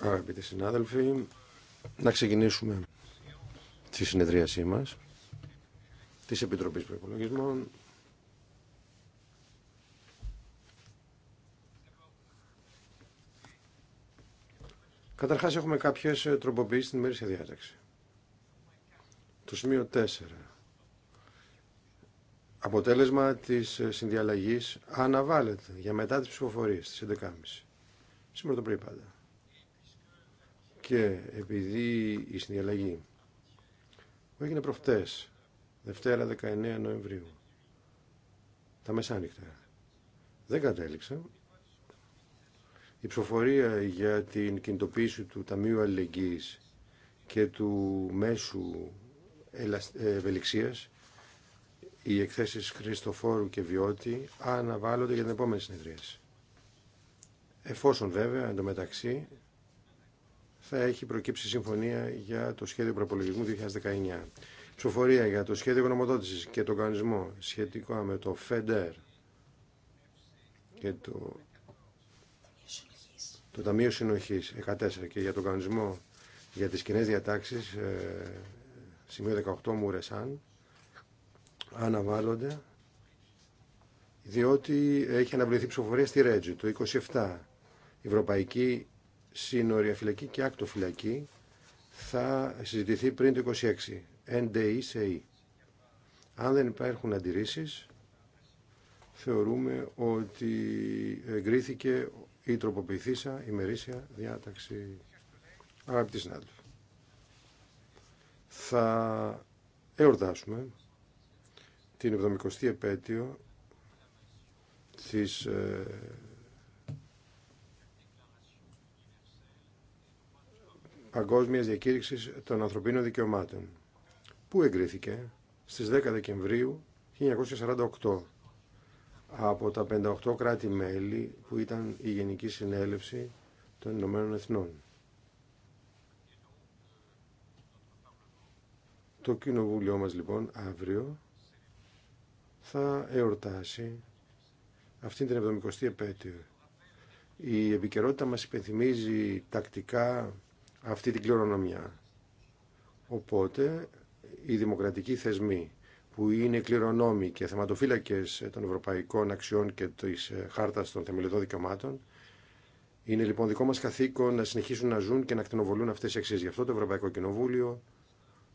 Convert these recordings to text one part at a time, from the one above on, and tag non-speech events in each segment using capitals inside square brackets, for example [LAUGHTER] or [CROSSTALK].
Αγαπητοί συνάδελφοι, να ξεκινήσουμε τη συνεδρίασή μας της Επιτροπής Προϋπολογισμών. Καταρχάς έχουμε κάποιες τροποποιήσεις στην ημέρησια διάταξη. Το σημείο 4. Αποτέλεσμα της συνδιαλλαγής αναβάλλεται για μετά τις ψηφοφορίες στις 11.30. Σήμερα το πρωί πάντα. Και επειδή η συνδιαλλαγή που έγινε προχτές, Δευτέρα 19 Νοεμβρίου, τα μεσάνυχτα, δεν κατέληξα, η ψηφοφορία για την κινητοποίηση του Ταμείου Αλληλεγγύης και του Μέσου ε, Ευελιξίας, οι εκθέσεις Χριστοφόρου και Βιώτη αναβάλλονται για την επόμενη συνεδρίαση. Εφόσον βέβαια εντωμεταξύ θα έχει προκύψει συμφωνία για το σχέδιο προπολογισμού 2019. Ψηφοφορία για το σχέδιο γνωμοδότησης και τον κανονισμό σχετικά με το ΦΕΝΤΕΡ και το, το Ταμείο Συνοχής 14 και για τον κανονισμό για τις κοινέ διατάξεις ε, σημείο 18 μου ρεσάν αναβάλλονται διότι έχει αναβληθεί ψηφοφορία στη Ρέτζη το 27 Ευρωπαϊκή συνοριαφυλακή και ακτοφυλακή θα συζητηθεί πριν το 26. NDE σε Αν δεν υπάρχουν αντιρρήσεις, θεωρούμε ότι εγκρίθηκε η τροποποιηθήσα ημερήσια διάταξη. Αγαπητοί συνάδελφοι, θα εορτάσουμε την 70η επέτειο της ε, Παγκόσμια Διακήρυξης των Ανθρωπίνων Δικαιωμάτων, που εγκρίθηκε στις 10 Δεκεμβρίου 1948 από τα 58 κράτη-μέλη που ήταν η Γενική Συνέλευση των Ηνωμένων Εθνών. Το κοινοβούλιο μας λοιπόν αύριο θα εορτάσει αυτήν την 70η επέτειο. Η επικαιρότητα μας υπενθυμίζει τακτικά αυτή την κληρονομιά. Οπότε οι δημοκρατικοί θεσμοί που είναι κληρονόμοι και θεματοφύλακες των ευρωπαϊκών αξιών και της ε, χάρτας των θεμελιωδών δικαιωμάτων είναι λοιπόν δικό μας καθήκον να συνεχίσουν να ζουν και να ακτινοβολούν αυτές οι αξίες. Γι' αυτό το Ευρωπαϊκό Κοινοβούλιο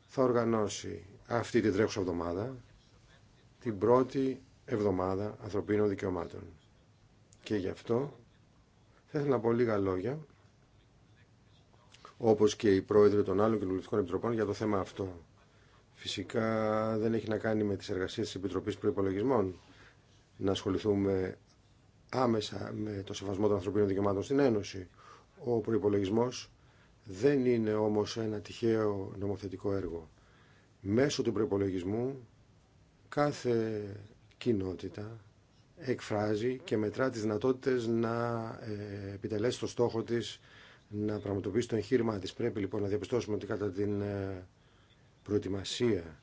θα οργανώσει αυτή την τρέχουσα εβδομάδα την πρώτη εβδομάδα ανθρωπίνων δικαιωμάτων. Και γι' αυτό θα ήθελα να πω λίγα λόγια όπως και οι πρόεδροι των άλλων κοινοβουλευτικών επιτροπών για το θέμα αυτό. Φυσικά δεν έχει να κάνει με τις εργασίες τη Επιτροπής προπολογισμών να ασχοληθούμε άμεσα με το σεβασμό των ανθρωπίνων δικαιωμάτων στην Ένωση. Ο προπολογισμό δεν είναι όμως ένα τυχαίο νομοθετικό έργο. Μέσω του προπολογισμού, κάθε κοινότητα εκφράζει και μετρά τις δυνατότητες να ε, επιτελέσει το στόχο της να πραγματοποιήσει το εγχείρημά της. Πρέπει λοιπόν να διαπιστώσουμε ότι κατά την ε, προετοιμασία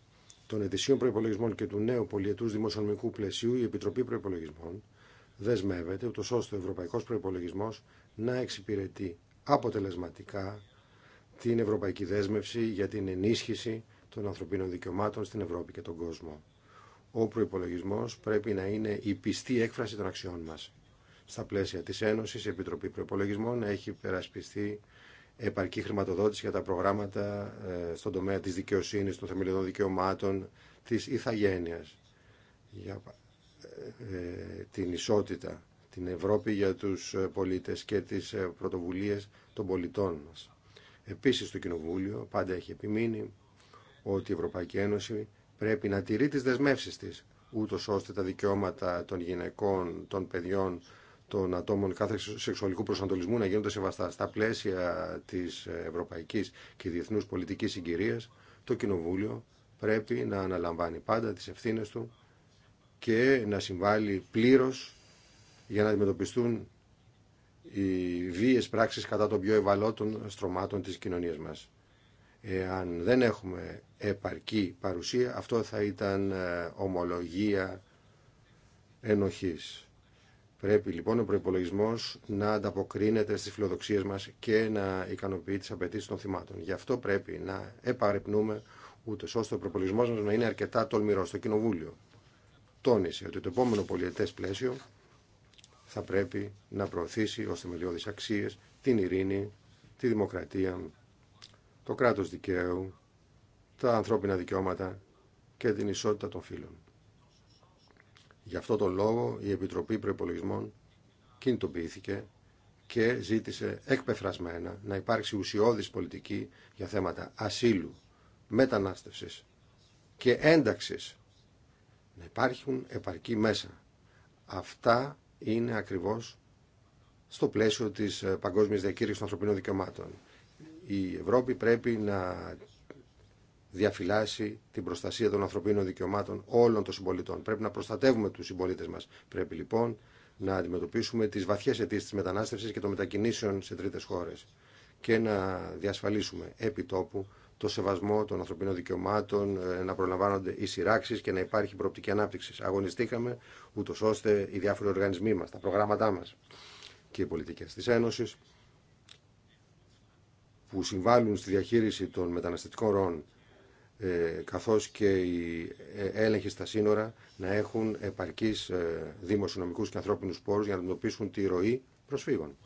των ετησίων προπολογισμών και του νέου πολιετού δημοσιονομικού πλαισίου, η Επιτροπή Προπολογισμών δεσμεύεται, ούτω ώστε ο ευρωπαϊκό προπολογισμό να εξυπηρετεί αποτελεσματικά την ευρωπαϊκή δέσμευση για την ενίσχυση των ανθρωπίνων δικαιωμάτων στην Ευρώπη και τον κόσμο. Ο προπολογισμό πρέπει να είναι η πιστή έκφραση των αξιών μας. Στα πλαίσια της Ένωσης, η Επιτροπή Προπολογισμών έχει περασπιστεί επαρκή χρηματοδότηση για τα προγράμματα ε, στον τομέα της δικαιοσύνης, των θεμελιωδών δικαιωμάτων, της ηθαγένειας, για ε, ε, την ισότητα, την Ευρώπη για τους πολίτες και τις πρωτοβουλίες των πολιτών μας. Επίσης, το Κοινοβούλιο πάντα έχει επιμείνει ότι η Ευρωπαϊκή Ένωση πρέπει να τηρεί τις δεσμεύσεις της, ούτω ώστε τα δικαιώματα των γυναικών, των παιδιών, των ατόμων κάθε σεξουαλικού προσανατολισμού να γίνονται σεβαστά. Στα πλαίσια της ευρωπαϊκής και διεθνούς πολιτικής συγκυρίας, το Κοινοβούλιο πρέπει να αναλαμβάνει πάντα τις ευθύνες του και να συμβάλλει πλήρως για να αντιμετωπιστούν οι βίες πράξεις κατά των πιο ευαλότων στρωμάτων της κοινωνίας μας. Αν δεν έχουμε επαρκή παρουσία, αυτό θα ήταν ε, ομολογία ενοχής. Πρέπει λοιπόν ο προπολογισμό να ανταποκρίνεται στι φιλοδοξίε μα και να ικανοποιεί τι απαιτήσει των θυμάτων. Γι' αυτό πρέπει να επαρρυπνούμε ούτε ώστε ο προπολογισμό μα να είναι αρκετά τολμηρό. στο Κοινοβούλιο τόνισε ότι το επόμενο πολιετέ πλαίσιο θα πρέπει να προωθήσει ω θεμελιώδει αξίε την ειρήνη, τη δημοκρατία, το κράτο δικαίου, τα ανθρώπινα δικαιώματα και την ισότητα των φίλων. Γι' αυτό τον λόγο η Επιτροπή Προπολογισμών κινητοποιήθηκε και ζήτησε εκπεφρασμένα να υπάρξει ουσιώδης πολιτική για θέματα ασύλου, μετανάστευσης και ένταξης. Να υπάρχουν επαρκή μέσα. Αυτά είναι ακριβώς στο πλαίσιο της ε, παγκόσμιας διακήρυξης των ανθρωπίνων δικαιωμάτων. Η Ευρώπη πρέπει να διαφυλάσει την προστασία των ανθρωπίνων δικαιωμάτων όλων των συμπολιτών. Πρέπει να προστατεύουμε του συμπολίτε μα. Πρέπει λοιπόν να αντιμετωπίσουμε τι βαθιέ αιτήσει τη μετανάστευση και των μετακινήσεων σε τρίτε χώρε και να διασφαλίσουμε επί τόπου το σεβασμό των ανθρωπίνων δικαιωμάτων, ε, να προλαμβάνονται οι σειράξει και να υπάρχει προοπτική ανάπτυξη. Αγωνιστήκαμε ούτω ώστε οι διάφοροι οργανισμοί μα, τα προγράμματά μα και οι πολιτικέ τη Ένωση που συμβάλλουν στη διαχείριση των μεταναστευτικών ροών ε, καθώς και οι ε, έλεγχοι στα σύνορα να έχουν επαρκείς ε, δημοσιονομικούς και ανθρώπινους πόρους για να αντιμετωπίσουν τη ροή προσφύγων.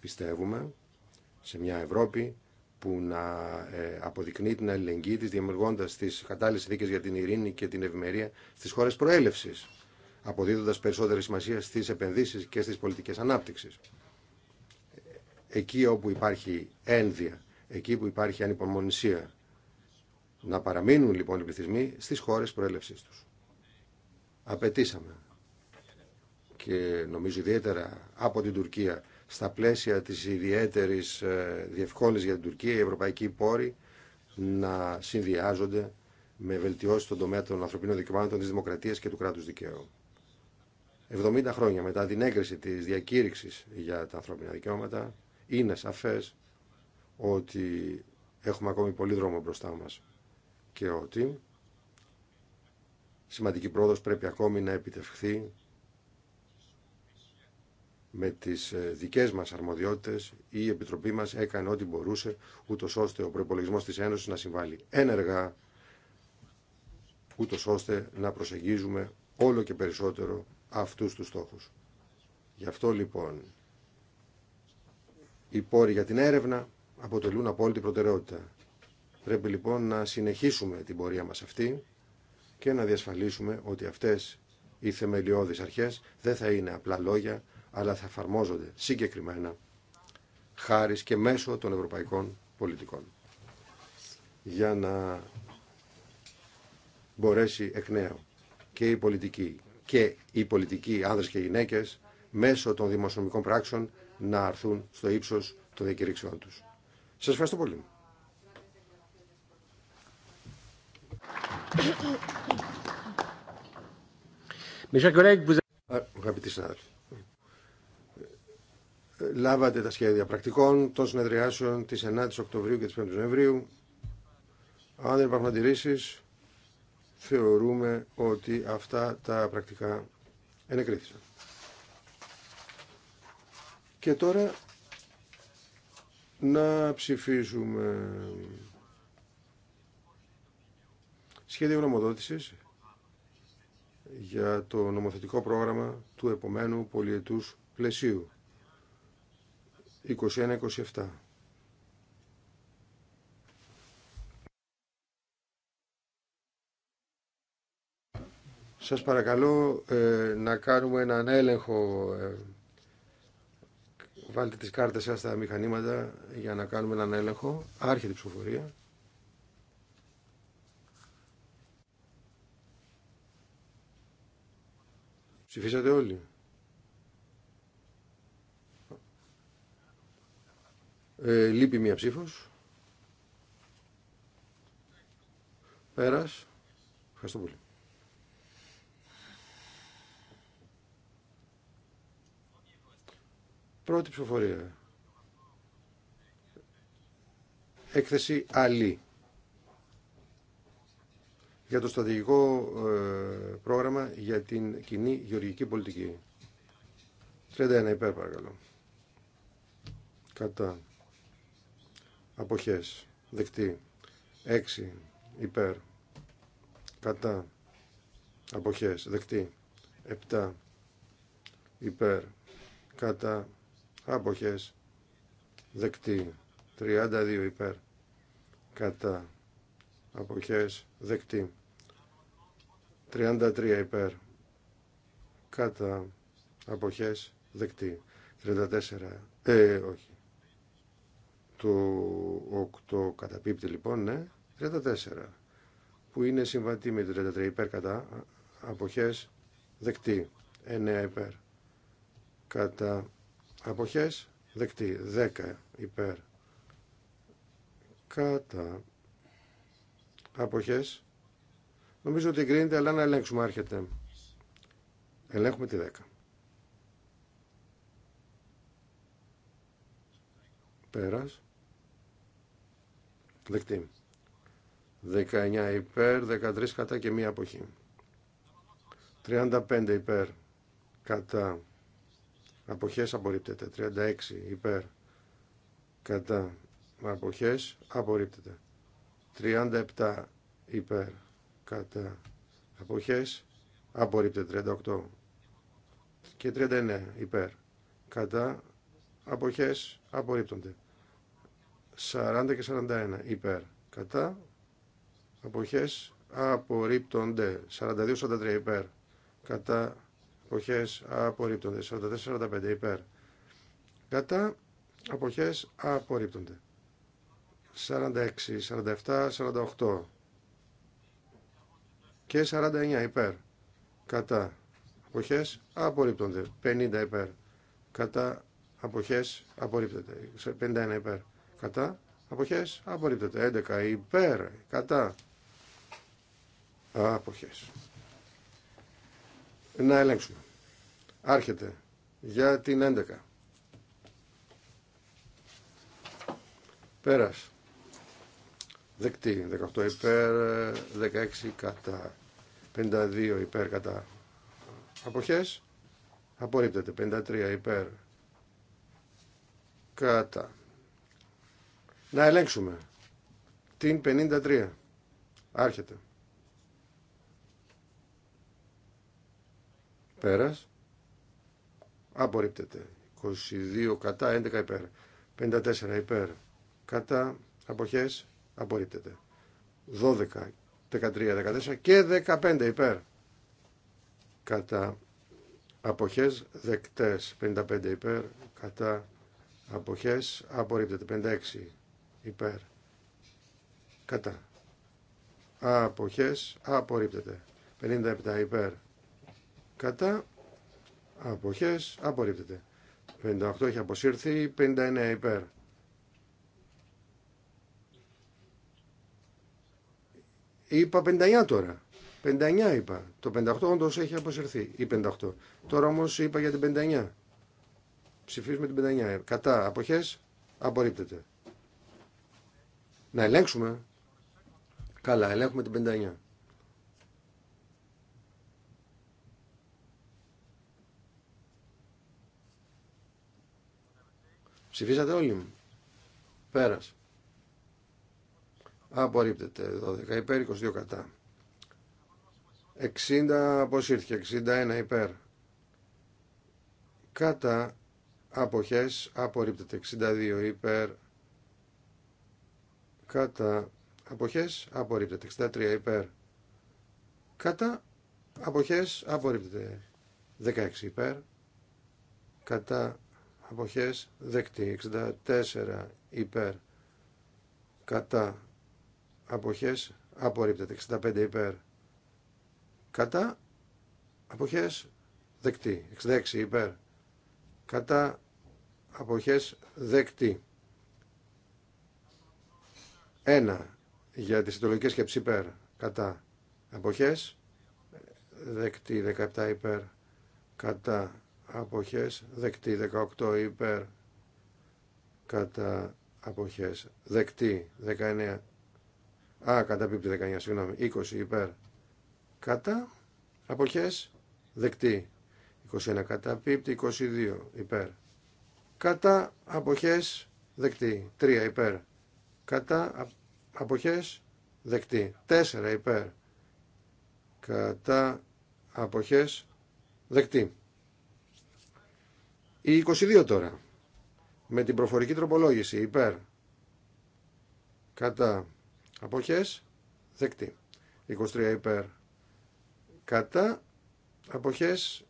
Πιστεύουμε σε μια Ευρώπη που να αποδεικνύει την αλληλεγγύη της δημιουργώντας τις κατάλληλες συνθήκες για την ειρήνη και την ευημερία στις χώρες προέλευσης, αποδίδοντας περισσότερη σημασία στις επενδύσεις και στις πολιτικές ανάπτυξης. Εκεί όπου υπάρχει ένδια, εκεί που υπάρχει ανυπομονησία, να παραμείνουν λοιπόν οι πληθυσμοί στις χώρες προέλευσής τους. Απαιτήσαμε και νομίζω ιδιαίτερα από την Τουρκία στα πλαίσια της ιδιαίτερης ε, διευκόλυνσης για την Τουρκία οι ευρωπαϊκοί πόροι να συνδυάζονται με βελτιώσει στον τομέα των ανθρωπίνων δικαιωμάτων, τη δημοκρατία και του κράτου δικαίου. 70 χρόνια μετά την έγκριση τη διακήρυξη για τα ανθρώπινα δικαιώματα, είναι σαφέ ότι έχουμε ακόμη πολύ δρόμο μπροστά μα και ότι σημαντική πρόοδος πρέπει ακόμη να επιτευχθεί με τις ε, δικές μας αρμοδιότητες η Επιτροπή μας έκανε ό,τι μπορούσε ούτως ώστε ο προπολογισμό της Ένωσης να συμβάλλει ένεργα ούτως ώστε να προσεγγίζουμε όλο και περισσότερο αυτούς τους στόχους. Γι' αυτό λοιπόν οι πόροι για την έρευνα αποτελούν απόλυτη προτεραιότητα. Πρέπει λοιπόν να συνεχίσουμε την πορεία μας αυτή και να διασφαλίσουμε ότι αυτές οι θεμελιώδεις αρχές δεν θα είναι απλά λόγια, αλλά θα εφαρμόζονται συγκεκριμένα χάρη και μέσω των ευρωπαϊκών πολιτικών. Για να μπορέσει εκ νέου και η πολιτική και οι πολιτικοί άνδρες και γυναίκες μέσω των δημοσιονομικών πράξεων να αρθούν στο ύψος των διακηρύξεων τους. Σας ευχαριστώ πολύ. vous avez... λάβατε τα σχέδια πρακτικών των συνεδριάσεων τη 9η Οκτωβρίου και τη 5η Νοεμβρίου. Αν δεν υπάρχουν αντιρρήσει, θεωρούμε ότι αυτά τα πρακτικά ενεκρίθησαν. Και τώρα να ψηφίσουμε σχέδιο νομοδότησης για το νομοθετικό πρόγραμμα του επομένου πολιετούς πλαισίου 21-27. Σας παρακαλώ ε, να κάνουμε έναν έλεγχο. Ε, βάλτε τις κάρτες σας στα μηχανήματα για να κάνουμε έναν έλεγχο. Άρχεται ψηφοφορία. Ψηφίσατε όλοι. Ε, λείπει μία ψήφος. Πέρας. Ευχαριστώ πολύ. Πρώτη ψηφοφορία. Έκθεση Αλή για το στρατηγικό ε, πρόγραμμα για την κοινή γεωργική πολιτική. 31 υπέρ παρακαλώ. Κατά. Αποχές. Δεκτή. 6 υπέρ. Κατά. Αποχές. Δεκτή. 7 υπέρ. Κατά. Αποχές. Δεκτή. 32 υπέρ. Κατά. Αποχές. Δεκτή. 33 υπέρ κατά αποχές δεκτή 34 ε όχι Το 8 καταπίπτει λοιπόν ναι 34 που είναι συμβατή με το 33 υπέρ κατά αποχές δεκτή 9 υπέρ κατά αποχές δεκτή 10 υπέρ κατά αποχές Νομίζω ότι εγκρίνεται, αλλά να ελέγξουμε άρχεται. Ελέγχουμε τη 10. Πέρας. Δεκτή. 19 υπέρ, 13 κατά και μία αποχή. 35 υπέρ, κατά. Αποχές απορρίπτεται. 36 υπέρ, κατά. Αποχές απορρίπτεται. 37 υπέρ, κατά αποχές απορρίπτε 38 και 39 υπέρ κατά αποχές απορρίπτονται 40 και 41 υπέρ κατά αποχές απορρίπτονται 42-43 υπέρ κατά αποχές απορρίπτονται 44-45 υπέρ κατά αποχές απορρίπτονται 46, 47, 48 και 49 υπέρ κατά αποχές απορρίπτονται 50 υπέρ κατά αποχές απορρίπτεται 51 υπέρ κατά αποχές απορρίπτεται 11 υπέρ κατά αποχές να ελέγξουμε άρχεται για την 11 Πέρασε. Δεκτή. 18 υπέρ, 16 κατά. 52 υπέρ κατά. Αποχές. Απορρίπτεται. 53 υπέρ. Κατά. Να ελέγξουμε. Την 53. Άρχεται. Πέρας. Απορρίπτεται. 22 κατά, 11 υπέρ. 54 υπέρ. Κατά. Αποχές. Απορρίπτεται. 12, 13, 14 και 15 υπέρ. Κατά αποχές δεκτές. 55 υπέρ. Κατά αποχές απορρίπτεται. 56 υπέρ. Κατά. Αποχές απορρίπτεται. 57 υπέρ. Κατά. Αποχές απορρίπτεται. 58 έχει αποσύρθει. 59 υπέρ Είπα 59 τώρα. 59 είπα. Το 58 όντω έχει αποσυρθεί. Ή 58. Τώρα όμω είπα για την 59. Ψηφίζουμε την 59. Ε, κατά αποχέ απορρίπτεται. Να ελέγξουμε. Καλά, ελέγχουμε την 59. Ψηφίσατε όλοι μου. Πέρασε. Απορρίπτεται 12 υπέρ, 22 κατά. 60 ήρθε, 61 υπέρ. Κατά αποχές απορρίπτεται 62 υπέρ. Κατά αποχές απορρίπτεται 63 υπέρ. Κατά αποχές απορρίπτεται 16 υπέρ. Κατά αποχές δεκτή 64 υπέρ. Κατά αποχές απορρίπτεται 65 υπέρ κατά αποχές δεκτή 66 υπέρ κατά αποχές δεκτή 1 για τις συντολογικές σκέψεις υπέρ κατά αποχές δεκτή 17 υπέρ κατά αποχές δεκτή 18 υπέρ κατά αποχές δεκτή 19 Α, κατά πίπτη 19, συγγνώμη. 20 υπέρ. Κατά. Αποχές. Δεκτή. 21 κατά πίπτη. 22 υπέρ. Κατά. Αποχές. Δεκτή. 3 υπέρ. Κατά. Αποχές. Δεκτή. 4 υπέρ. Κατά. Αποχές. Δεκτή. Η 22 τώρα. Με την προφορική τροπολόγηση. Υπέρ. Κατά Αποχές. Δεκτή. 23 υπέρ. Κατά. Αποχές.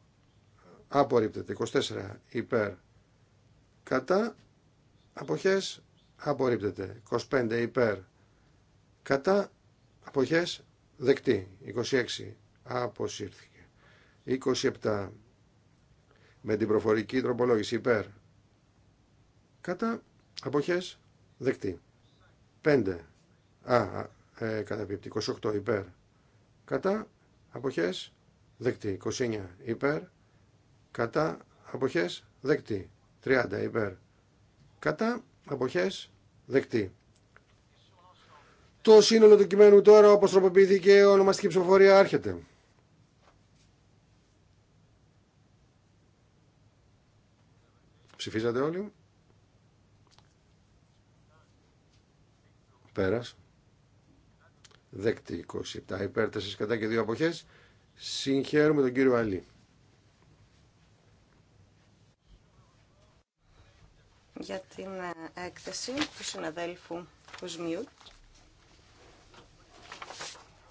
Απορρίπτεται. 24 υπέρ. Κατά. Αποχές. Απορρίπτεται. 25 υπέρ. Κατά. Αποχές. Δεκτή. 26. Αποσύρθηκε. 27. Με την προφορική τροπολόγηση υπέρ. Κατά. Αποχές. Δεκτή. 5 Α, ε, 28 υπέρ. Κατά αποχές δεκτή. 29 υπέρ. Κατά αποχές δεκτή. 30 υπέρ. Κατά αποχές δεκτή. Το σύνολο του κειμένου τώρα όπως τροποποιήθηκε ονομαστική ψηφοφορία άρχεται. Ψηφίζατε όλοι. Πέρας. Δέκτη 27 υπέρτασης κατά και δύο αποχές. Συγχαίρουμε τον κύριο Αλή. Για την ε, έκθεση του συναδέλφου Κουσμιούτ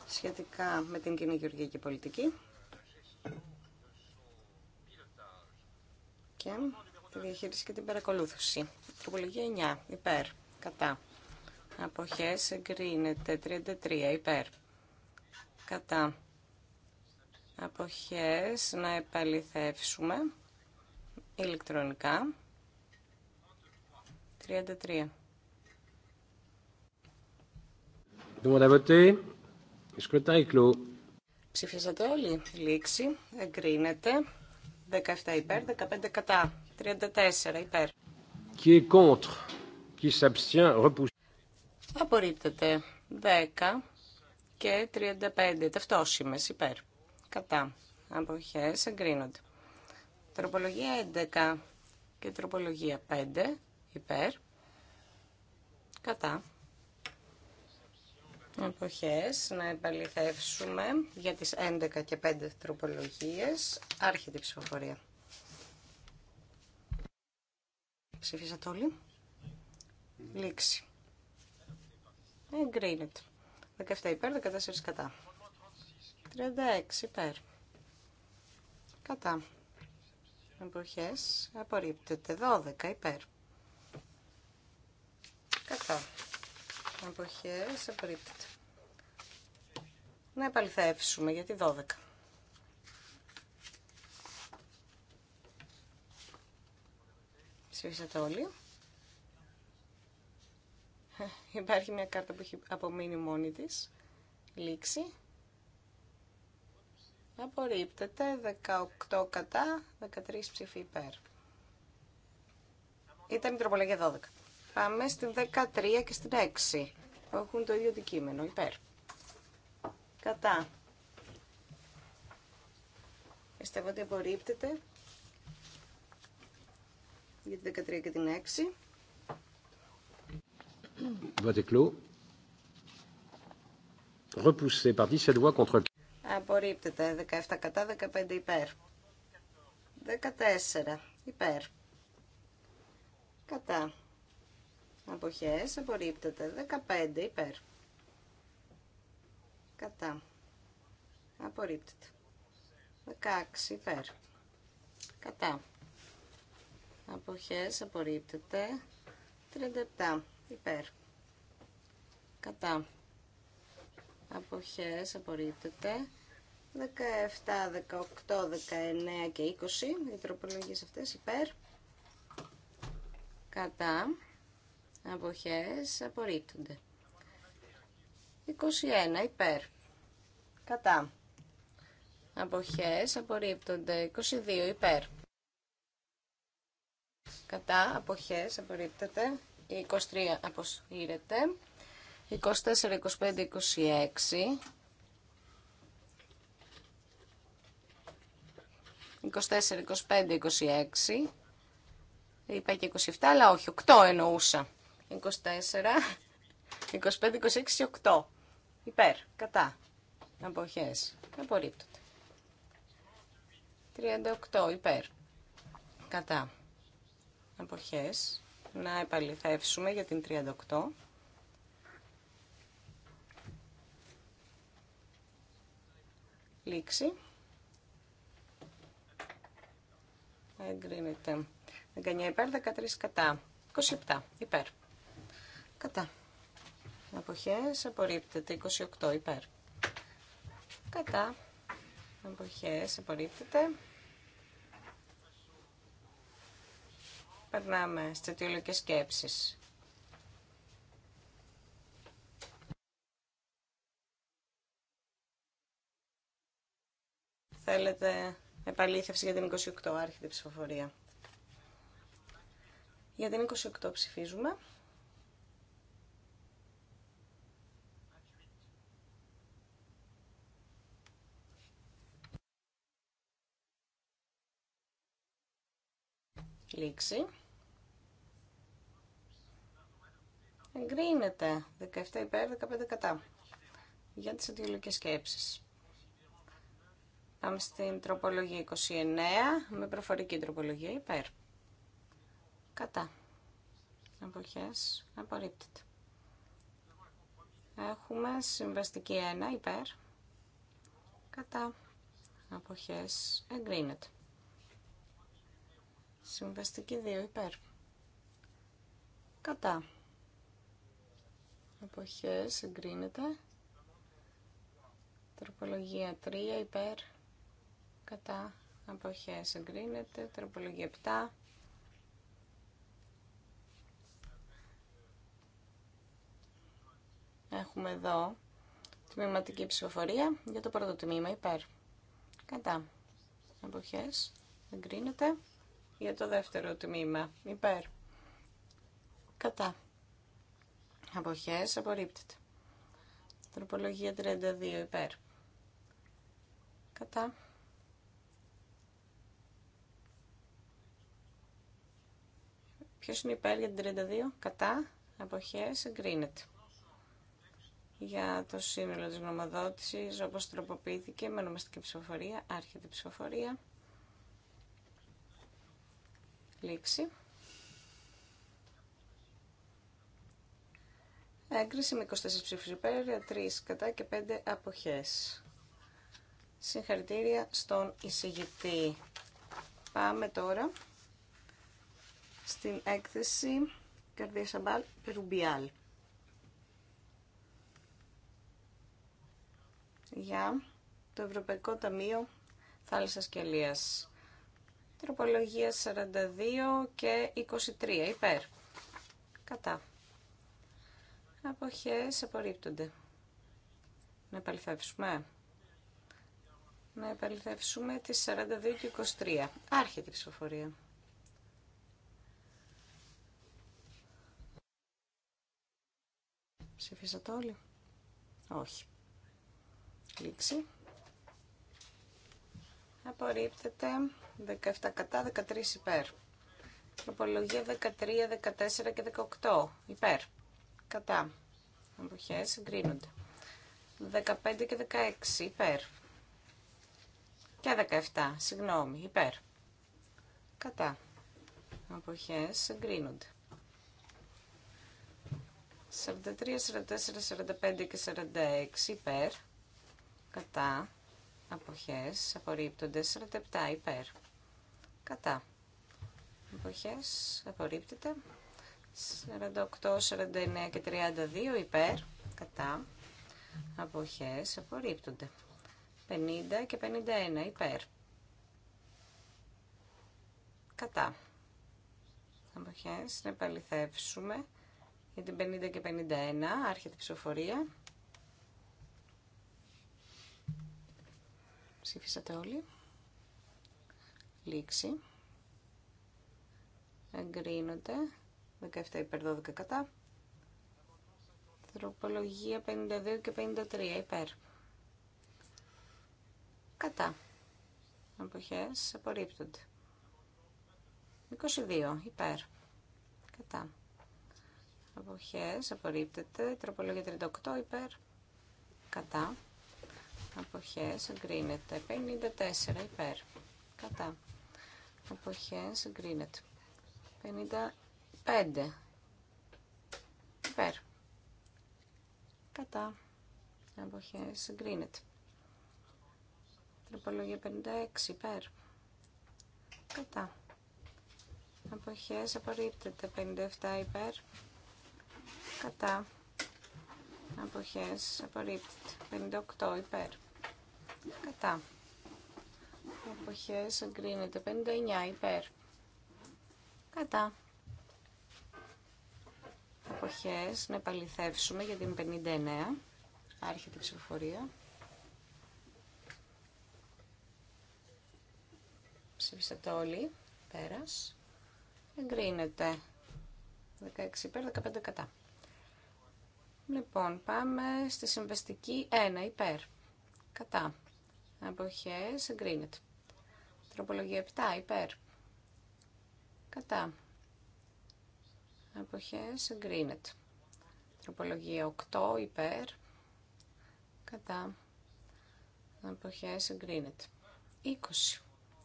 σχετικά με την κοινή γεωργική πολιτική και τη διαχείριση και την παρακολούθηση. Τροπολογία 9. Υπέρ. Κατά αποχές εγκρίνεται 33 υπέρ κατά αποχές να επαληθεύσουμε ηλεκτρονικά 33 Ψήφισατε όλοι. Λήξη. Εγκρίνεται. 17 υπέρ, 15 κατά. 34 υπέρ. Qui contre, qui Απορρίπτεται 10 και 35 ταυτόσημες υπέρ. Κατά. Αποχές εγκρίνονται. Τροπολογία 11 και τροπολογία 5 υπέρ. Κατά. αποχές να επαληθεύσουμε για τις 11 και 5 τροπολογίες. Άρχεται η ψηφοφορία. Ψηφίσατε όλοι. Λήξη. Εγκρίνεται. 17 υπέρ, 14 κατά. 36 υπέρ. Κατά. Εποχές απορρίπτεται. 12 υπέρ. Κατά. Εποχές απορρίπτεται. Να επαληθεύσουμε γιατί 12. Ψήφισατε όλοι. [LAUGHS] Υπάρχει μια κάρτα που έχει απομείνει μόνη τη. Λήξη. Απορρίπτεται. 18 κατά, 13 ψηφοί υπέρ. Ήταν η τροπολογία 12. Πάμε στην 13 και στην 6. Που έχουν το ίδιο αντικείμενο. Υπέρ. Κατά. Πιστεύω ότι απορρίπτεται για την 13 και την 6. Vote est clos. 17 voix Απορρίπτεται 17 κατά 15 υπέρ. 14 υπέρ. Κατά. Αποχές απορρίπτεται 15 υπέρ. Κατά. Απορρίπτεται. 16 υπέρ. Κατά. Αποχές απορρίπτεται 37 υπέρ κατά αποχές απορρίπτεται 17, 18, 19 και 20 οι τροπολογίες αυτές υπέρ κατά αποχές απορρίπτονται 21 υπέρ κατά αποχές απορρίπτονται 22 υπέρ κατά αποχές απορρίπτεται 23 αποσύρεται. 24, 25, 26. ...24, 25, 26... Είπα και 27, αλλά όχι, 8 εννοούσα. 24, 25, 26 8. Υπέρ, κατά. Αποχές. Απορρίπτονται. 38, υπέρ. Κατά. Αποχές να επαληθεύσουμε για την 38. Λήξη. Εγκρίνεται. 19 υπέρ, 13 κατά. 27 υπέρ. Κατά. Αποχές απορρίπτεται. 28 υπέρ. Κατά. Αποχές απορρίπτεται. Περνάμε στις αιτιολογικές σκέψεις. Θέλετε επαλήθευση για την 28 άρχιτη ψηφοφορία. Για την 28 ψηφίζουμε. Εγκρίνεται 17 υπέρ 15 κατά για τις αντιολογικές σκέψεις. Πάμε στην τροπολογία 29 με προφορική τροπολογία υπέρ. Κατά. Αποχές. Απορρίπτεται. Έχουμε συμβαστική 1 υπέρ. Κατά. Αποχές. Εγκρίνεται. Συμβαστική 2 υπέρ. Κατά. Αποχές εγκρίνεται. Τροπολογία 3 υπέρ. Κατά. Αποχές εγκρίνεται. Τροπολογία 7. Έχουμε εδώ τμήματική ψηφοφορία για το πρώτο τμήμα υπέρ. Κατά. Αποχές εγκρίνεται για το δεύτερο τμήμα. Υπέρ. Κατά. Αποχές απορρίπτεται. Τροπολογία 32 υπέρ. Κατά. Ποιος είναι υπέρ για την 32. Κατά. Αποχές εγκρίνεται. Για το σύνολο της γνωμοδότησης όπως τροποποιήθηκε με ονομαστική ψηφοφορία. Άρχεται ψηφοφορία. Λήξη. Έγκριση με 24 ψήφους υπέρ, 3 κατά και 5 αποχές. Συγχαρητήρια στον εισηγητή. Πάμε τώρα στην έκθεση Καρδία Σαμπάλ Περουμπιάλ. Για το Ευρωπαϊκό Ταμείο Θάλασσας και Ελίας. Τροπολογία 42 και 23 υπέρ. Κατά. Αποχές απορρίπτονται. Να επαληθεύσουμε. Να επαληθεύσουμε τις 42 και 23. Άρχεται η ψηφοφορία. Ψηφίσατε όλοι. Όχι. Λήξη απορρίπτεται 17 κατά 13 υπέρ. Τροπολογία 13, 14 και 18 υπέρ. Κατά. Αποχές εγκρίνονται. 15 και 16 υπέρ. Και 17, συγγνώμη, υπέρ. Κατά. Αποχές εγκρίνονται. 43, 44, 45 και 46 υπέρ. Κατά αποχές απορρίπτονται 47 υπέρ κατά αποχές απορρίπτεται 48, 49 και 32 υπέρ κατά αποχές απορρίπτονται 50 και 51 υπέρ κατά αποχές να επαληθεύσουμε για την 50 και 51 άρχεται η ψηφοφορία Ψηφίσατε όλοι. Λήξη. Εγκρίνονται. 17 υπέρ 12 κατά. Τροπολογία 52 και 53 υπέρ. Κατά. Αποχές απορρίπτονται. 22 υπέρ. Κατά. Αποχές απορρίπτεται. Τροπολογία 38 υπέρ. Κατά αποχές εγκρίνεται. 54 υπέρ. Κατά. Αποχές εγκρίνεται. 55 υπέρ. Κατά. Αποχές εγκρίνεται. Τροπολογία 56 υπέρ. Κατά. Αποχές απορρίπτεται. 57 υπέρ. Κατά. Αποχές απορρίπτεται. 58 υπέρ. Κατά. Εποχέ, εγκρίνεται. 59 υπέρ. Κατά. Εποχέ να επαληθεύσουμε για την 59. Άρχεται η ψηφοφορία. Ψηφίσατε όλοι. Πέρας. Εγκρίνεται. 16 υπέρ, 15 κατά. Λοιπόν, πάμε στη συμβαστική 1 υπέρ. Κατά. Αποχές εγκρίνεται. Τροπολογία 7 υπέρ. Κατά. Αποχές εγκρίνεται. Τροπολογία 8 υπέρ. Κατά. Αποχές εγκρίνεται. 20.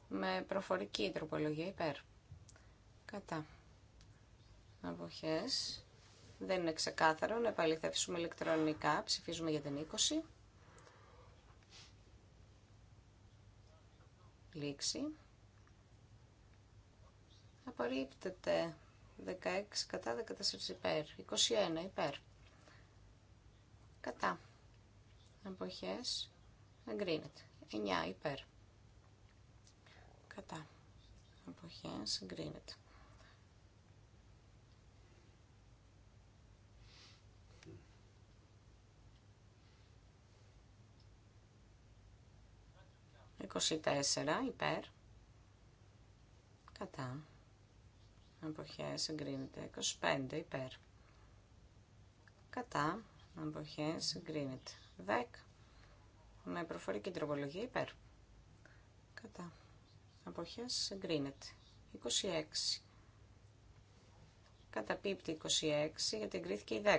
Με προφορική τροπολογία υπέρ. Κατά. Αποχές. Δεν είναι ξεκάθαρο. Να επαληθεύσουμε ηλεκτρονικά. Ψηφίζουμε για την 20. Λήξη. Απορρίπτεται 16 κατά 14 υπέρ. 21 υπέρ. Κατά. Αποχές. Εγκρίνεται. 9 υπέρ. Κατά. Αποχές. Εγκρίνεται. 24 υπέρ. Κατά. Αποχές Συγκρίνεται 25 υπέρ. Κατά. Αποχές συγκρίνεται 10. Με προφορική τροπολογία υπέρ. Κατά. Αποχές συγκρίνεται. 26. Καταπίπτει 26 γιατί εγκρίθηκε η 10.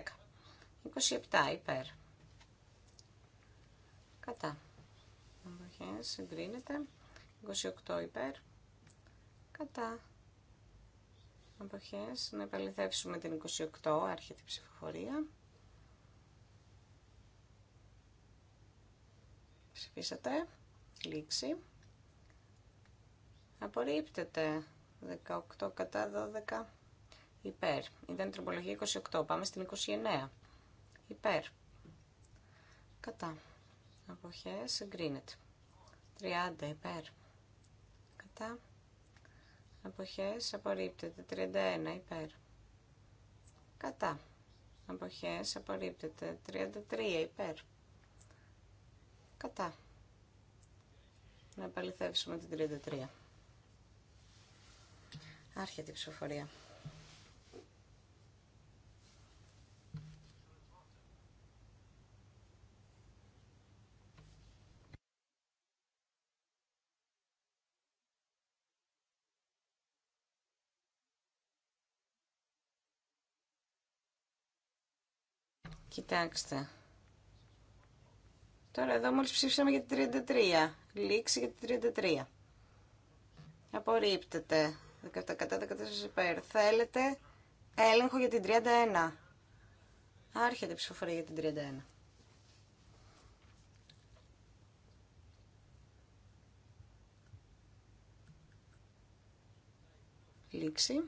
27 υπέρ. Κατά αποχές Συγκρίνεται. 28 υπέρ κατά αποχές να επαληθεύσουμε την 28 άρχεται η ψηφοφορία ψηφίσατε λήξη απορρίπτεται 18 κατά 12 υπέρ ήταν η τροπολογία 28 πάμε στην 29 υπέρ κατά αποχές Συγκρίνεται. 30 υπέρ. Κατά. Αποχές απορρίπτεται. 31 υπέρ. Κατά. Αποχές απορρίπτεται. 33 υπέρ. Κατά. Να επαληθεύσουμε την 33. Άρχεται η ψηφοφορία. Κοιτάξτε. Τώρα εδώ μόλις ψήφισαμε για την 33. Λήξη για την 33. Απορρίπτεται. 17 κατά 14 υπέρ. Θέλετε έλεγχο για την 31. Άρχεται ψηφοφορία για την 31. Λήξη.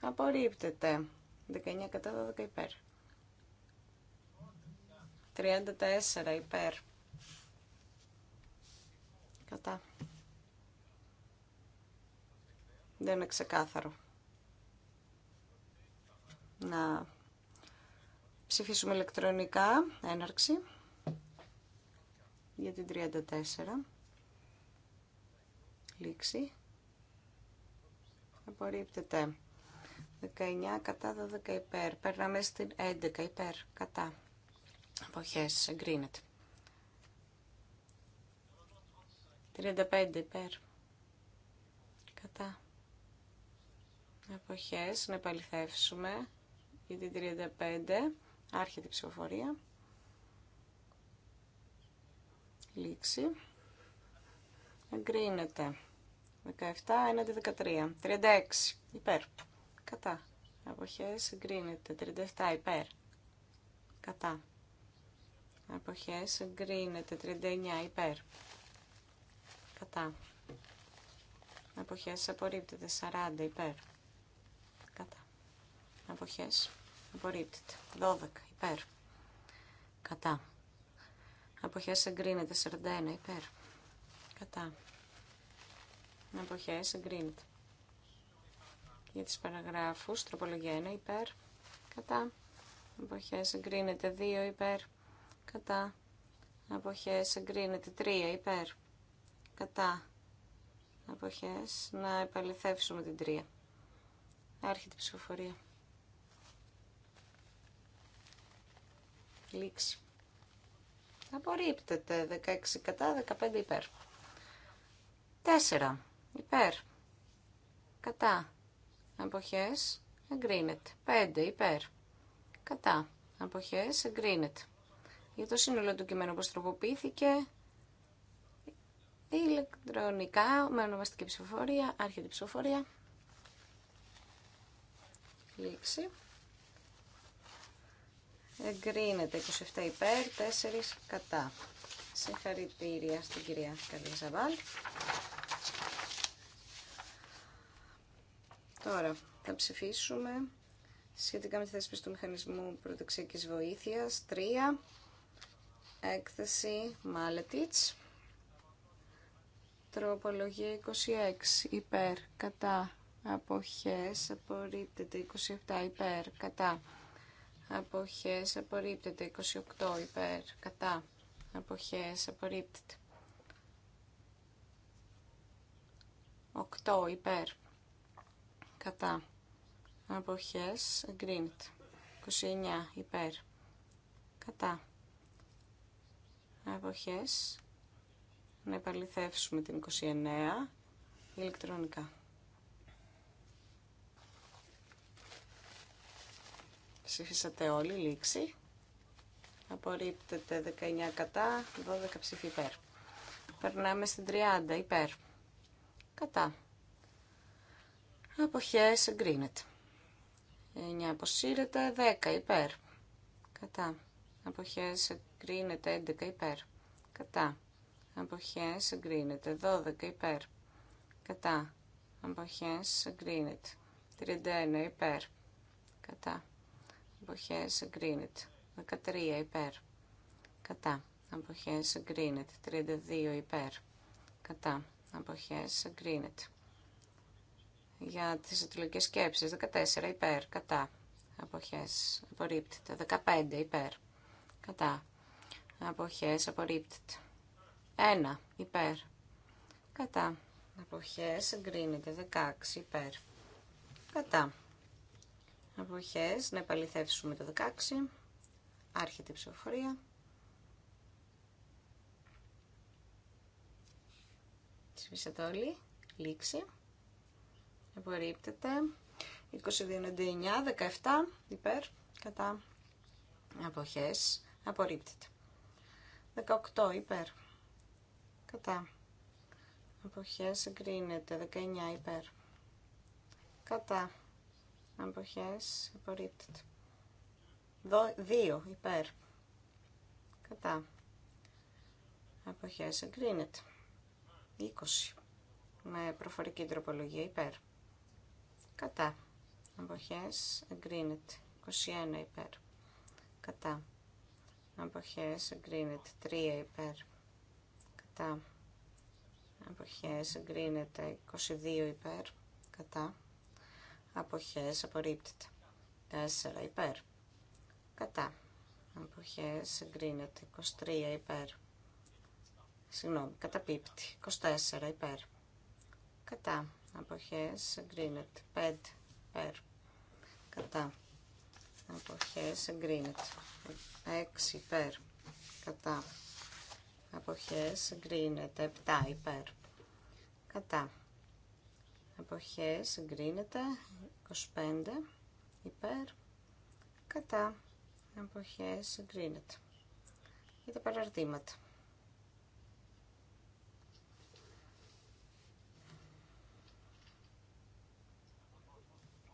Απορρίπτεται. 19 κατά 12 υπέρ. 34 υπέρ. Κατά. Δεν είναι ξεκάθαρο. Να ψηφίσουμε ηλεκτρονικά. Έναρξη. Για την 34. Λήξη. Απορρίπτεται. 19 κατά 12 υπέρ. Περνάμε στην 11 υπέρ. Κατά. Αποχές. Εγκρίνεται. 35 υπέρ. Κατά. Αποχές. Να επαληθεύσουμε Ήδη 35. Άρχεται η ψηφοφορία. Λήξη. Εγκρίνεται. 17 έναντι 13. 36 υπέρ. Κατά. Αποχές εγκρίνεται. 37 υπέρ. Κατά εποχές εγκρίνεται 39 υπέρ. Κατά. εποχές απορρίπτεται 40 υπέρ. Κατά. εποχές απορρίπτεται 12 υπέρ. Κατά. εποχές εγκρίνεται 41 υπέρ. Κατά. εποχές εγκρίνεται. Για τις παραγράφους τροπολογία 1 υπέρ. Κατά. εποχές εγκρίνεται 2 υπέρ κατά αποχές εγκρίνεται 3 υπέρ κατά αποχές να επαληθεύσουμε την 3 άρχεται η ψηφοφορία λήξη απορρίπτεται 16 κατά 15 υπέρ 4 υπέρ κατά αποχές εγκρίνεται 5 υπέρ κατά αποχές εγκρίνεται για το σύνολο του κειμένου όπως τροποποιήθηκε ηλεκτρονικά με ονομαστική ψηφοφορία, άρχιτη ψηφοφορία. Λήξη. Εγκρίνεται 27 υπέρ, 4 κατά. Συγχαρητήρια στην κυρία Καρδιζαβάλ. Τώρα θα ψηφίσουμε σχετικά με τη θέση του μηχανισμού προτεξιακής βοήθειας 3 Έκθεση Μάλετιτς. Τροπολογία 26. Υπέρ. Κατά. Αποχές. Απορρίπτεται. 27. Υπέρ. Κατά. Αποχές. Απορρίπτεται. 28. Υπέρ. Κατά. Αποχές. Απορρίπτεται. 8. Υπέρ. Κατά. Αποχές. Εγκρίνεται. 29. Υπέρ. Κατά αποχές να επαληθεύσουμε την 29 ηλεκτρονικά. Ψήφισατε όλοι, λήξη. Απορρίπτεται 19 κατά, 12 ψήφι υπέρ. Περνάμε στην 30 υπέρ. Κατά. Αποχές εγκρίνεται. 9 αποσύρεται, 10 υπέρ. Κατά αποχές εγκρίνεται 11 υπέρ. Κατά. Αποχές εγκρίνεται 12 υπέρ. Κατά. Αποχές εγκρίνεται 31 υπέρ. Κατά. Αποχές εγκρίνεται 13 υπέρ. Κατά. Αποχές εγκρίνεται 32 υπέρ. Κατά. Αποχές εγκρίνεται. Για τις αιτηλογικές σκέψεις 14 υπέρ. Κατά. Αποχές απορρίπτεται 15 υπέρ Κατά. Αποχές απορρίπτεται. 1 υπέρ. Κατά. Αποχές εγκρίνεται. 16 υπέρ. Κατά. Αποχές. Να επαληθεύσουμε το 16. Άρχεται η ψηφοφορία. Ψηφίσατε όλοι. Λήξη. Απορρίπτεται. 22.99, 17 υπέρ. Κατά. Αποχές. Απορρίπτεται. 18 υπέρ. Κατά. Αποχέ εγκρίνεται. 19 υπέρ. Κατά. Αποχέ απορρίπτεται. 2 υπέρ. Κατά. Αποχέ εγκρίνεται. 20. Με προφορική τροπολογία υπέρ. Κατά. Αποχέ εγκρίνεται. 21 υπέρ. Κατά αποχές εγκρίνεται 3 υπέρ κατά αποχές εγκρίνεται 22 υπέρ κατά αποχές απορρίπτεται 4 υπέρ κατά αποχές εγκρίνεται 23 υπέρ συγγνώμη καταπίπτει 24 υπέρ κατά αποχές εγκρίνεται 5 υπέρ κατά αποχές εγκρίνεται 6 υπέρ κατά αποχές εγκρίνεται 7 υπέρ κατά αποχές εγκρίνεται 25 υπέρ κατά αποχές εγκρίνεται για τα παραρτήματα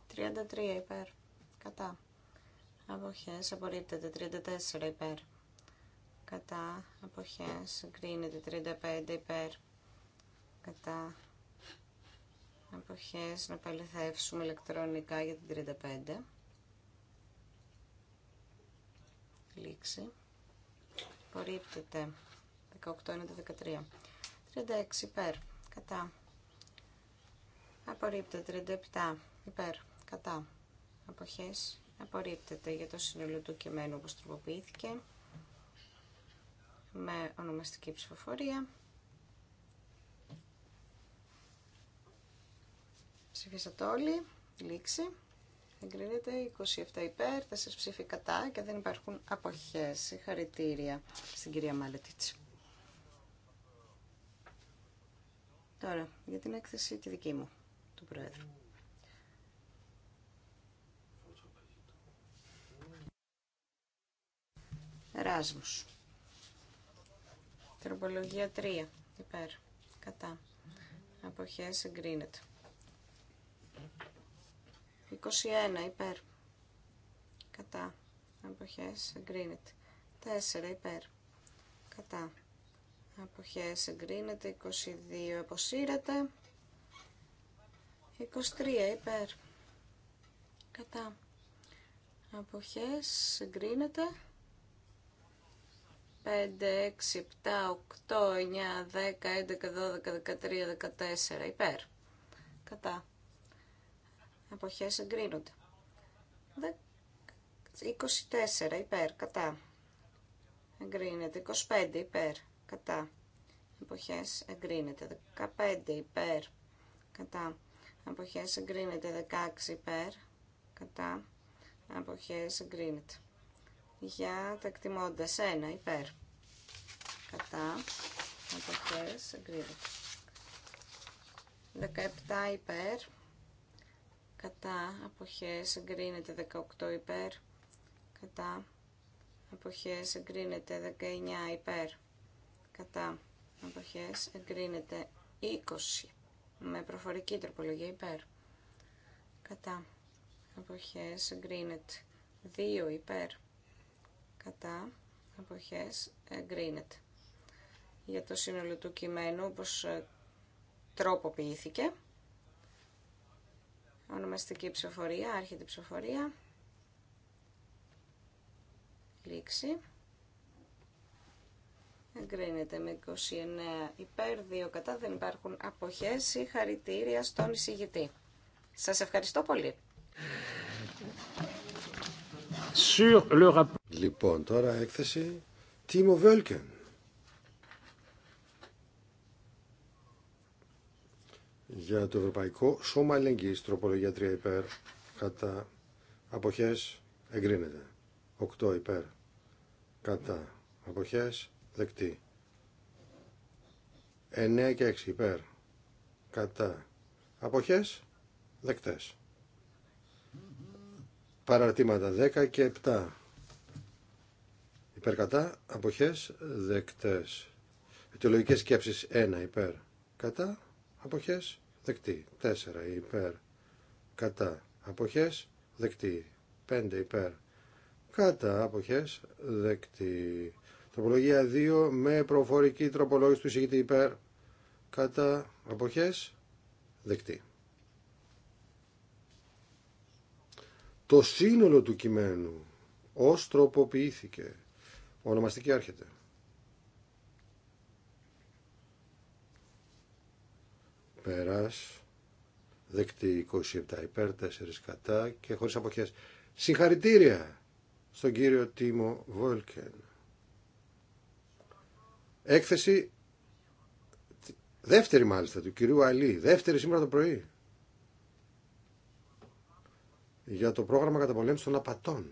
Τριάντα τρία υπέρ. Κατά αποχές απορρίπτεται 34 υπέρ κατά αποχές εγκρίνεται 35 υπέρ κατά αποχές να παληθεύσουμε ηλεκτρονικά για την 35 λήξη απορρίπτεται 18 είναι το 13 36 υπέρ κατά απορρίπτεται 37 υπέρ κατά αποχές Απορρίπτεται για το σύνολο του κειμένου όπως τροποποιήθηκε με ονομαστική ψηφοφορία. Ψηφίσατε όλοι. Λήξη. Εγκρίνεται 27 υπέρ, Θα σας ψήφι κατά και δεν υπάρχουν αποχές. Συγχαρητήρια στην κυρία Μάλετιτς. Τώρα, για την έκθεση τη δική μου, του Πρόεδρου. Εράσμους. Τροπολογία 3. Υπέρ. Κατά. Αποχές εγκρίνεται. 21. Υπέρ. Κατά. Αποχές εγκρίνεται. 4. Υπέρ. Κατά. Αποχές συγκρίνεται, 22. Αποσύρεται. 23. Υπέρ. Κατά. Αποχές συγκρίνεται. 5, 6, 7, 8, 9, 10, 11, 12, 13, 14 υπέρ. Κατά. Αποχές εγκρίνονται. 24 υπέρ. Κατά. Εγκρίνεται. 25 υπέρ. Κατά. Εποχές εγκρίνεται. 15 υπέρ. Κατά. Εποχές εγκρίνεται. 16 υπέρ. Κατά. Εποχές εγκρίνεται. Για τα εκτιμώντα 1 υπέρ κατά αποχές εγκρίνεται 17 υπέρ κατά αποχές εγκρίνεται 18 υπέρ κατά αποχές εγκρίνεται 19 υπέρ κατά αποχές εγκρίνεται 20 με προφορική τροπολογία υπέρ κατά αποχές εγκρίνεται 2 υπέρ κατά αποχές εγκρίνεται για το σύνολο του κειμένου όπως ε, τροποποιήθηκε. Ονομαστική ψηφοφορία, άρχιτη ψηφοφορία. Λήξη. Εγκρίνεται με 29 υπέρ, 2 κατά, δεν υπάρχουν αποχές ή χαρητήρια στον εισηγητή. Σας ευχαριστώ πολύ. Λοιπόν, τώρα έκθεση Τίμο Βέλκεν. για το Ευρωπαϊκό Σώμα Αλληλεγγύη τροπολογία 3 υπέρ, κατά αποχές εγκρίνεται. 8 υπέρ, κατά απόχέ, δεκτή. 9 και 6 υπέρ, κατά αποχές δεκτές. Παραρτήματα 10 και 7 υπέρ κατά αποχές δεκτές. Αιτιολογικές σκέψεις 1 υπέρ κατά αποχές δεκτή 4 υπέρ κατά αποχές δεκτή Πέντε υπέρ κατά αποχές δεκτή τροπολογία 2 με προφορική τροπολόγηση του εισηγητή υπέρ κατά αποχές δεκτή το σύνολο του κειμένου ως τροποποιήθηκε ονομαστική άρχεται Πέρας. Δεκτή 27 υπέρ, 4 κατά και χωρίς αποχές. Συγχαρητήρια στον κύριο Τίμο Βόλκεν. Έκθεση δεύτερη μάλιστα του κυρίου Αλή, δεύτερη σήμερα το πρωί. Για το πρόγραμμα καταπολέμησης των απατών.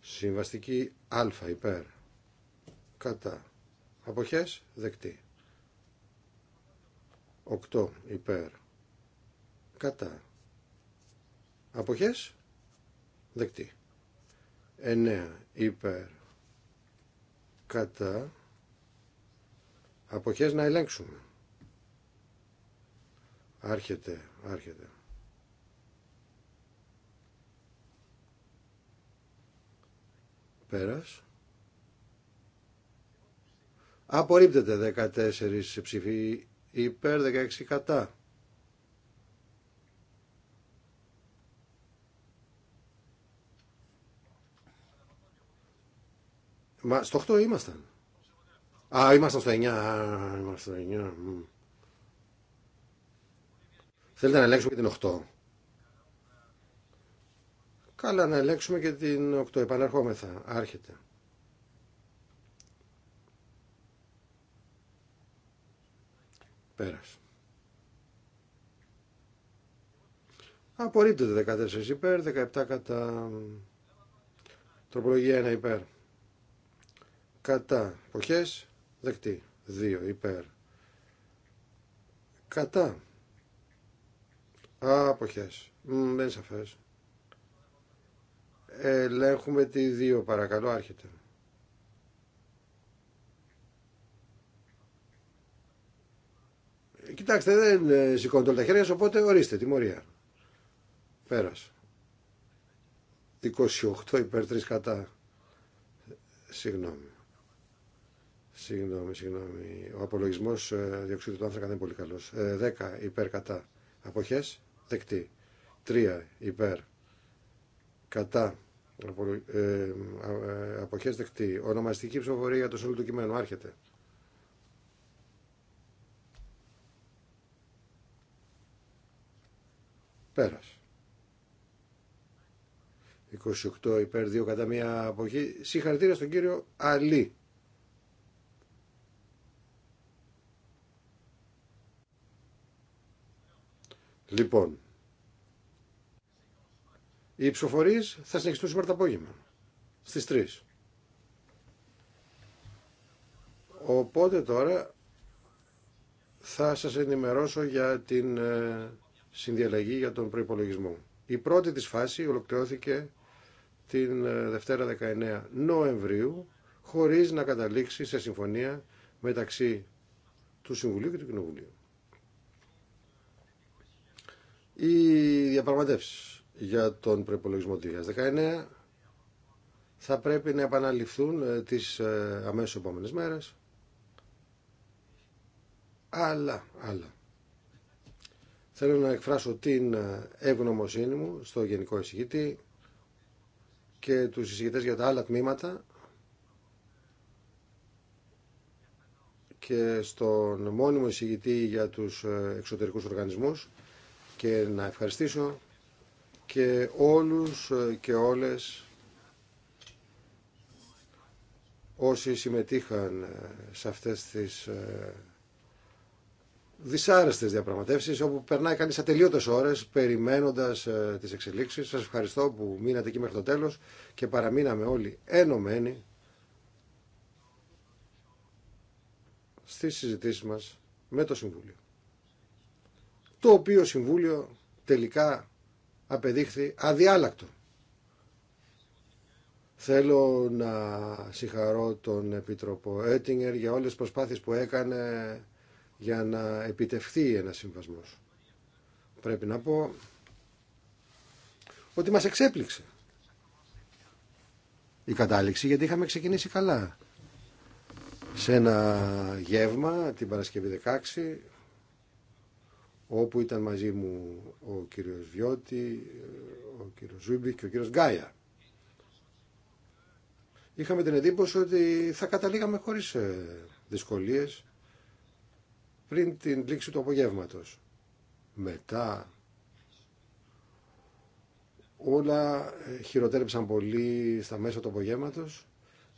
Συμβαστική α υπέρ. Κατά. Αποχές δεκτή. 8 υπέρ κατά αποχές δεκτή 9 υπέρ κατά αποχές να ελέγξουμε άρχεται άρχεται πέρας απορρίπτεται 14 ψηφί υπέρ 16 κατά. στο 8 ήμασταν. Α, ήμασταν στο 9. Α, στο 9. Θέλετε να ελέγξουμε και την 8. Καλά, να ελέγξουμε και την 8. Επαναρχόμεθα. Άρχεται. Πέρας. Απορρίπτεται 14 υπέρ, 17 κατά τροπολογία 1 υπέρ. Κατά εποχές, δεκτή. 2 υπέρ. Κατά. Αποχές. δεν σαφές. Ελέγχουμε τη 2 παρακαλώ, άρχεται. Κοιτάξτε, δεν ε, σηκώνετε όλα τα χέρια οπότε ορίστε, τιμωρία. Πέρας. 28 υπέρ 3 κατά. Συγγνώμη. Συγγνώμη, συγγνώμη. Ο απολογισμό ε, διοξείδιου του άνθρακα δεν είναι πολύ καλό. 10 ε, υπέρ κατά. Αποχέ. Δεκτή. 3 υπέρ κατά. Αποχέ δεκτή. Ονομαστική ψηφοφορία για το σύνολο του κειμένου. Άρχεται. Πέρας. 28 υπέρ 2 κατά μία αποχή. Συγχαρητήρια στον κύριο Αλή. Λοιπόν, οι ψηφοφορίε θα συνεχιστούν σήμερα το απόγευμα, στις 3. Οπότε τώρα θα σας ενημερώσω για την ε, συνδιαλλαγή για τον προπολογισμό. Η πρώτη της φάση ολοκληρώθηκε την ε, Δευτέρα 19 Νοεμβρίου χωρίς να καταλήξει σε συμφωνία μεταξύ του Συμβουλίου και του Κοινοβουλίου. Οι διαπραγματεύσει για τον προπολογισμό του 2019 θα πρέπει να επαναληφθούν ε, τις ε, αμέσως επόμενες μέρες αλλά, αλλά Θέλω να εκφράσω την ευγνωμοσύνη μου στο Γενικό Εισηγητή και τους εισηγητές για τα άλλα τμήματα και στον μόνιμο εισηγητή για τους εξωτερικούς οργανισμούς και να ευχαριστήσω και όλους και όλες όσοι συμμετείχαν σε αυτές τις δυσάρεστες διαπραγματεύσεις όπου περνάει κανείς ατελείωτες ώρες περιμένοντας ε, τις εξελίξεις. Σας ευχαριστώ που μείνατε εκεί μέχρι το τέλος και παραμείναμε όλοι ενωμένοι στις συζητήσεις μας με το Συμβούλιο. Το οποίο Συμβούλιο τελικά απεδείχθη αδιάλακτο. Θέλω να συγχαρώ τον Επίτροπο Έτινγκερ για όλες τις προσπάθειες που έκανε για να επιτευχθεί ένα συμβασμός. Πρέπει να πω ότι μας εξέπληξε η κατάληξη γιατί είχαμε ξεκινήσει καλά. Σε ένα γεύμα την Παρασκευή 16 όπου ήταν μαζί μου ο κύριος Βιώτη, ο κύριος Ζούμπη και ο κύριος Γκάια. Είχαμε την εντύπωση ότι θα καταλήγαμε χωρίς ε, δυσκολίες πριν την λήξη του απογεύματος. Μετά όλα χειροτέρεψαν πολύ στα μέσα του απογεύματος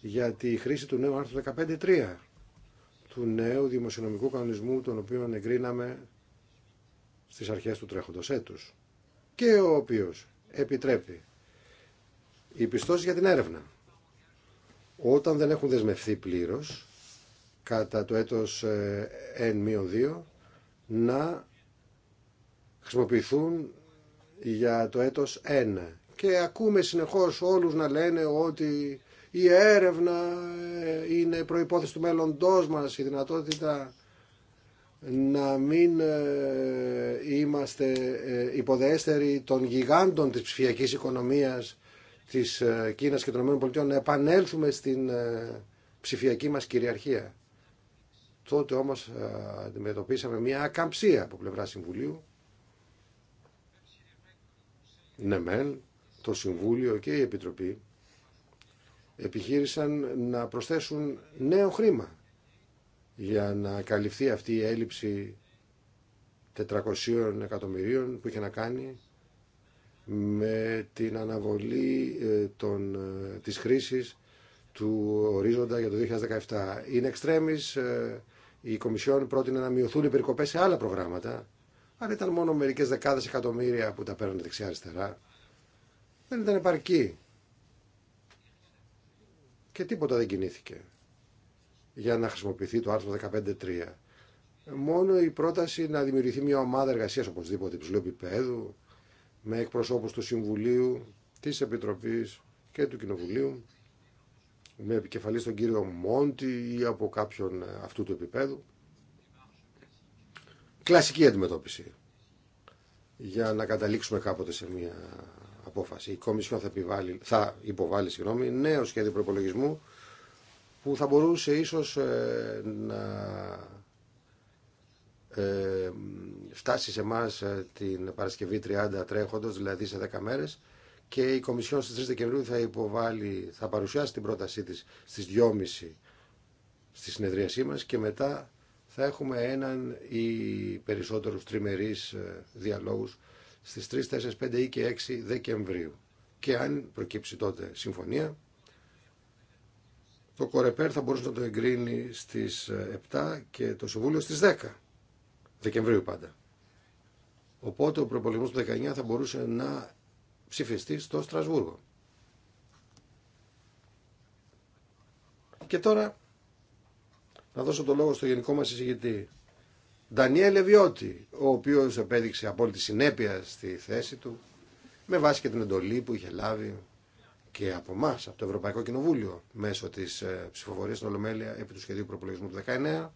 για τη χρήση του νέου άρθρου 15.3 του νέου δημοσιονομικού κανονισμού τον οποίο εγκρίναμε στις αρχές του τρέχοντος έτους και ο οποίος επιτρέπει οι πιστώσεις για την έρευνα όταν δεν έχουν δεσμευθεί πλήρως κατά το έτος N-2 ε, να χρησιμοποιηθούν για το έτος 1. Και ακούμε συνεχώς όλους να λένε ότι η έρευνα ε, είναι προϋπόθεση του μέλλοντός μας, η δυνατότητα να μην ε, είμαστε υποδέστεροι των γιγάντων της ψηφιακής οικονομίας της Κίνας και των ΗΠΑ να επανέλθουμε στην ψηφιακή μας κυριαρχία. Τότε όμω ε, αντιμετωπίσαμε μια ακαμψία από πλευρά Συμβουλίου. Ναι, μεν, το Συμβούλιο και η Επιτροπή επιχείρησαν να προσθέσουν νέο χρήμα για να καλυφθεί αυτή η έλλειψη 400 εκατομμυρίων που είχε να κάνει με την αναβολή ε, των, ε, της χρήσης του ορίζοντα για το 2017. Είναι εξτρέμις η Κομισιόν πρότεινε να μειωθούν οι περικοπέ σε άλλα προγράμματα, αλλά ήταν μόνο μερικέ δεκάδε εκατομμύρια που τα παίρνουν δεξιά-αριστερά. Δεν ήταν επαρκή. Και τίποτα δεν κινήθηκε για να χρησιμοποιηθεί το άρθρο 15.3. Μόνο η πρόταση να δημιουργηθεί μια ομάδα εργασία οπωσδήποτε υψηλού επίπεδου με εκπροσώπους του Συμβουλίου, της Επιτροπής και του Κοινοβουλίου με επικεφαλή στον κύριο Μόντι ή από κάποιον ε, αυτού του επίπεδου. Κλασική αντιμετώπιση για να καταλήξουμε κάποτε σε μια απόφαση. Η Κομισιόν θα, θα υποβάλει συγγνώμη, νέο σχέδιο προπολογισμού που θα μπορούσε ίσως ε, να ε, φτάσει σε εμά ε, την Παρασκευή 30 τρέχοντος, δηλαδή σε 10 μέρες και η Κομισιόν στις 3 Δεκεμβρίου θα υποβάλει, θα παρουσιάσει την πρότασή της στις 2.30 στη συνεδρίασή μας και μετά θα έχουμε έναν ή περισσότερους τριμερείς ε, διαλόγους στις 3, 4, 5 ή και 6 Δεκεμβρίου. Και αν προκύψει τότε συμφωνία, το Κορεπέρ θα μπορούσε να το εγκρίνει στις 7 ε, και το Συμβούλιο στις 10 Δεκεμβρίου πάντα. Οπότε ο προπολογισμό του 19 θα μπορούσε να ψηφιστή στο Στρασβούργο. Και τώρα να δώσω το λόγο στο γενικό μας εισηγητή. Ντανιέλ Λεβιώτη ο οποίος επέδειξε απόλυτη συνέπεια στη θέση του, με βάση και την εντολή που είχε λάβει και από εμά, από το Ευρωπαϊκό Κοινοβούλιο, μέσω τη ε, ψηφοφορία στην Ολομέλεια επί του σχεδίου προπολογισμού του 19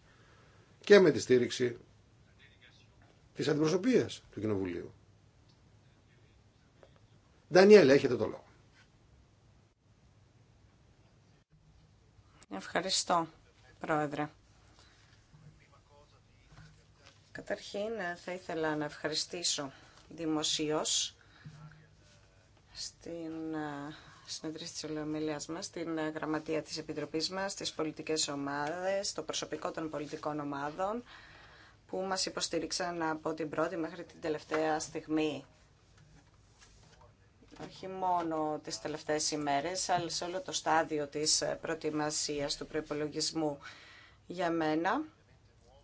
και με τη στήριξη τη αντιπροσωπεία του Κοινοβουλίου. Ντανιέλα, έχετε το λόγο. Ευχαριστώ, Πρόεδρε. Καταρχήν θα ήθελα να ευχαριστήσω δημοσίως στην ε, συνεδρία της Ολομιλίας μας, στην ε, γραμματεία της Επιτροπής μας, στις πολιτικές ομάδες, το προσωπικό των πολιτικών ομάδων που μας υποστήριξαν από την πρώτη μέχρι την τελευταία στιγμή όχι μόνο τις τελευταίες ημέρες, αλλά σε όλο το στάδιο της προετοιμασίας του προϋπολογισμού για μένα.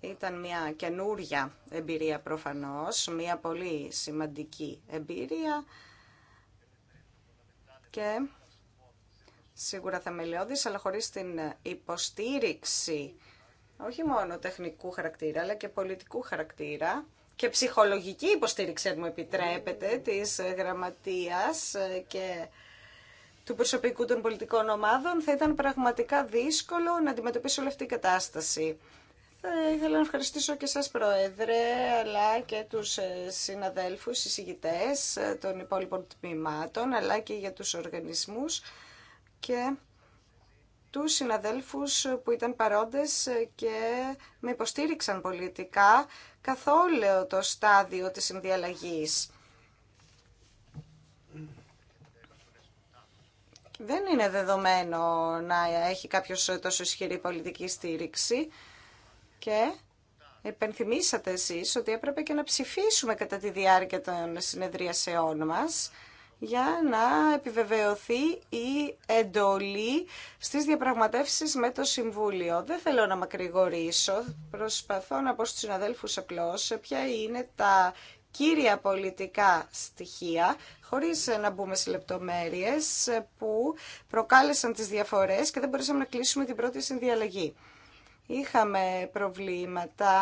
Ήταν μια καινούρια εμπειρία προφανώς, μια πολύ σημαντική εμπειρία και σίγουρα θεμελιώδης, αλλά χωρίς την υποστήριξη όχι μόνο τεχνικού χαρακτήρα, αλλά και πολιτικού χαρακτήρα και ψυχολογική υποστήριξη, αν μου επιτρέπετε, της ε, γραμματείας ε, και του προσωπικού των πολιτικών ομάδων, θα ήταν πραγματικά δύσκολο να αντιμετωπίσω όλη αυτή η κατάσταση. Θα ήθελα να ευχαριστήσω και σας Πρόεδρε, αλλά και τους ε, συναδέλφους, συζητητές των υπόλοιπων τμήματων, αλλά και για τους οργανισμούς και του συναδέλφους που ήταν παρόντες και με υποστήριξαν πολιτικά καθόλου το στάδιο της συνδιαλλαγής. Δεν είναι δεδομένο να έχει κάποιος τόσο ισχυρή πολιτική στήριξη και υπενθυμίσατε εσείς ότι έπρεπε και να ψηφίσουμε κατά τη διάρκεια των συνεδριασεών μας για να επιβεβαιωθεί η εντολή στις διαπραγματεύσεις με το Συμβούλιο. Δεν θέλω να μακρηγορήσω, προσπαθώ να πω στους συναδέλφους απλώς ποια είναι τα κύρια πολιτικά στοιχεία, χωρίς να μπούμε σε λεπτομέρειες, που προκάλεσαν τις διαφορές και δεν μπορούσαμε να κλείσουμε την πρώτη συνδιαλλαγή είχαμε προβλήματα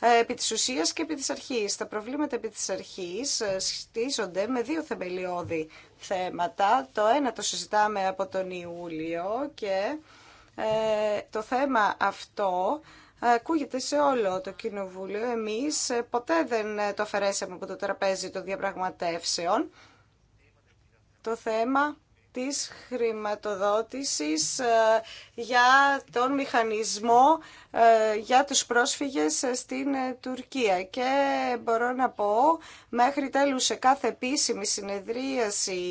ε, επί της ουσίας και επί της αρχής. Τα προβλήματα επί της αρχής ε, στήσονται με δύο θεμελιώδη θέματα. Το ένα το συζητάμε από τον Ιούλιο και ε, το θέμα αυτό ακούγεται σε όλο το Κοινοβούλιο. Εμείς ποτέ δεν το αφαιρέσαμε από το τραπέζι των διαπραγματεύσεων. Το θέμα της χρηματοδότησης ε, για τον μηχανισμό ε, για τους πρόσφυγες στην ε, Τουρκία. Και μπορώ να πω, μέχρι τέλους σε κάθε επίσημη συνεδρίαση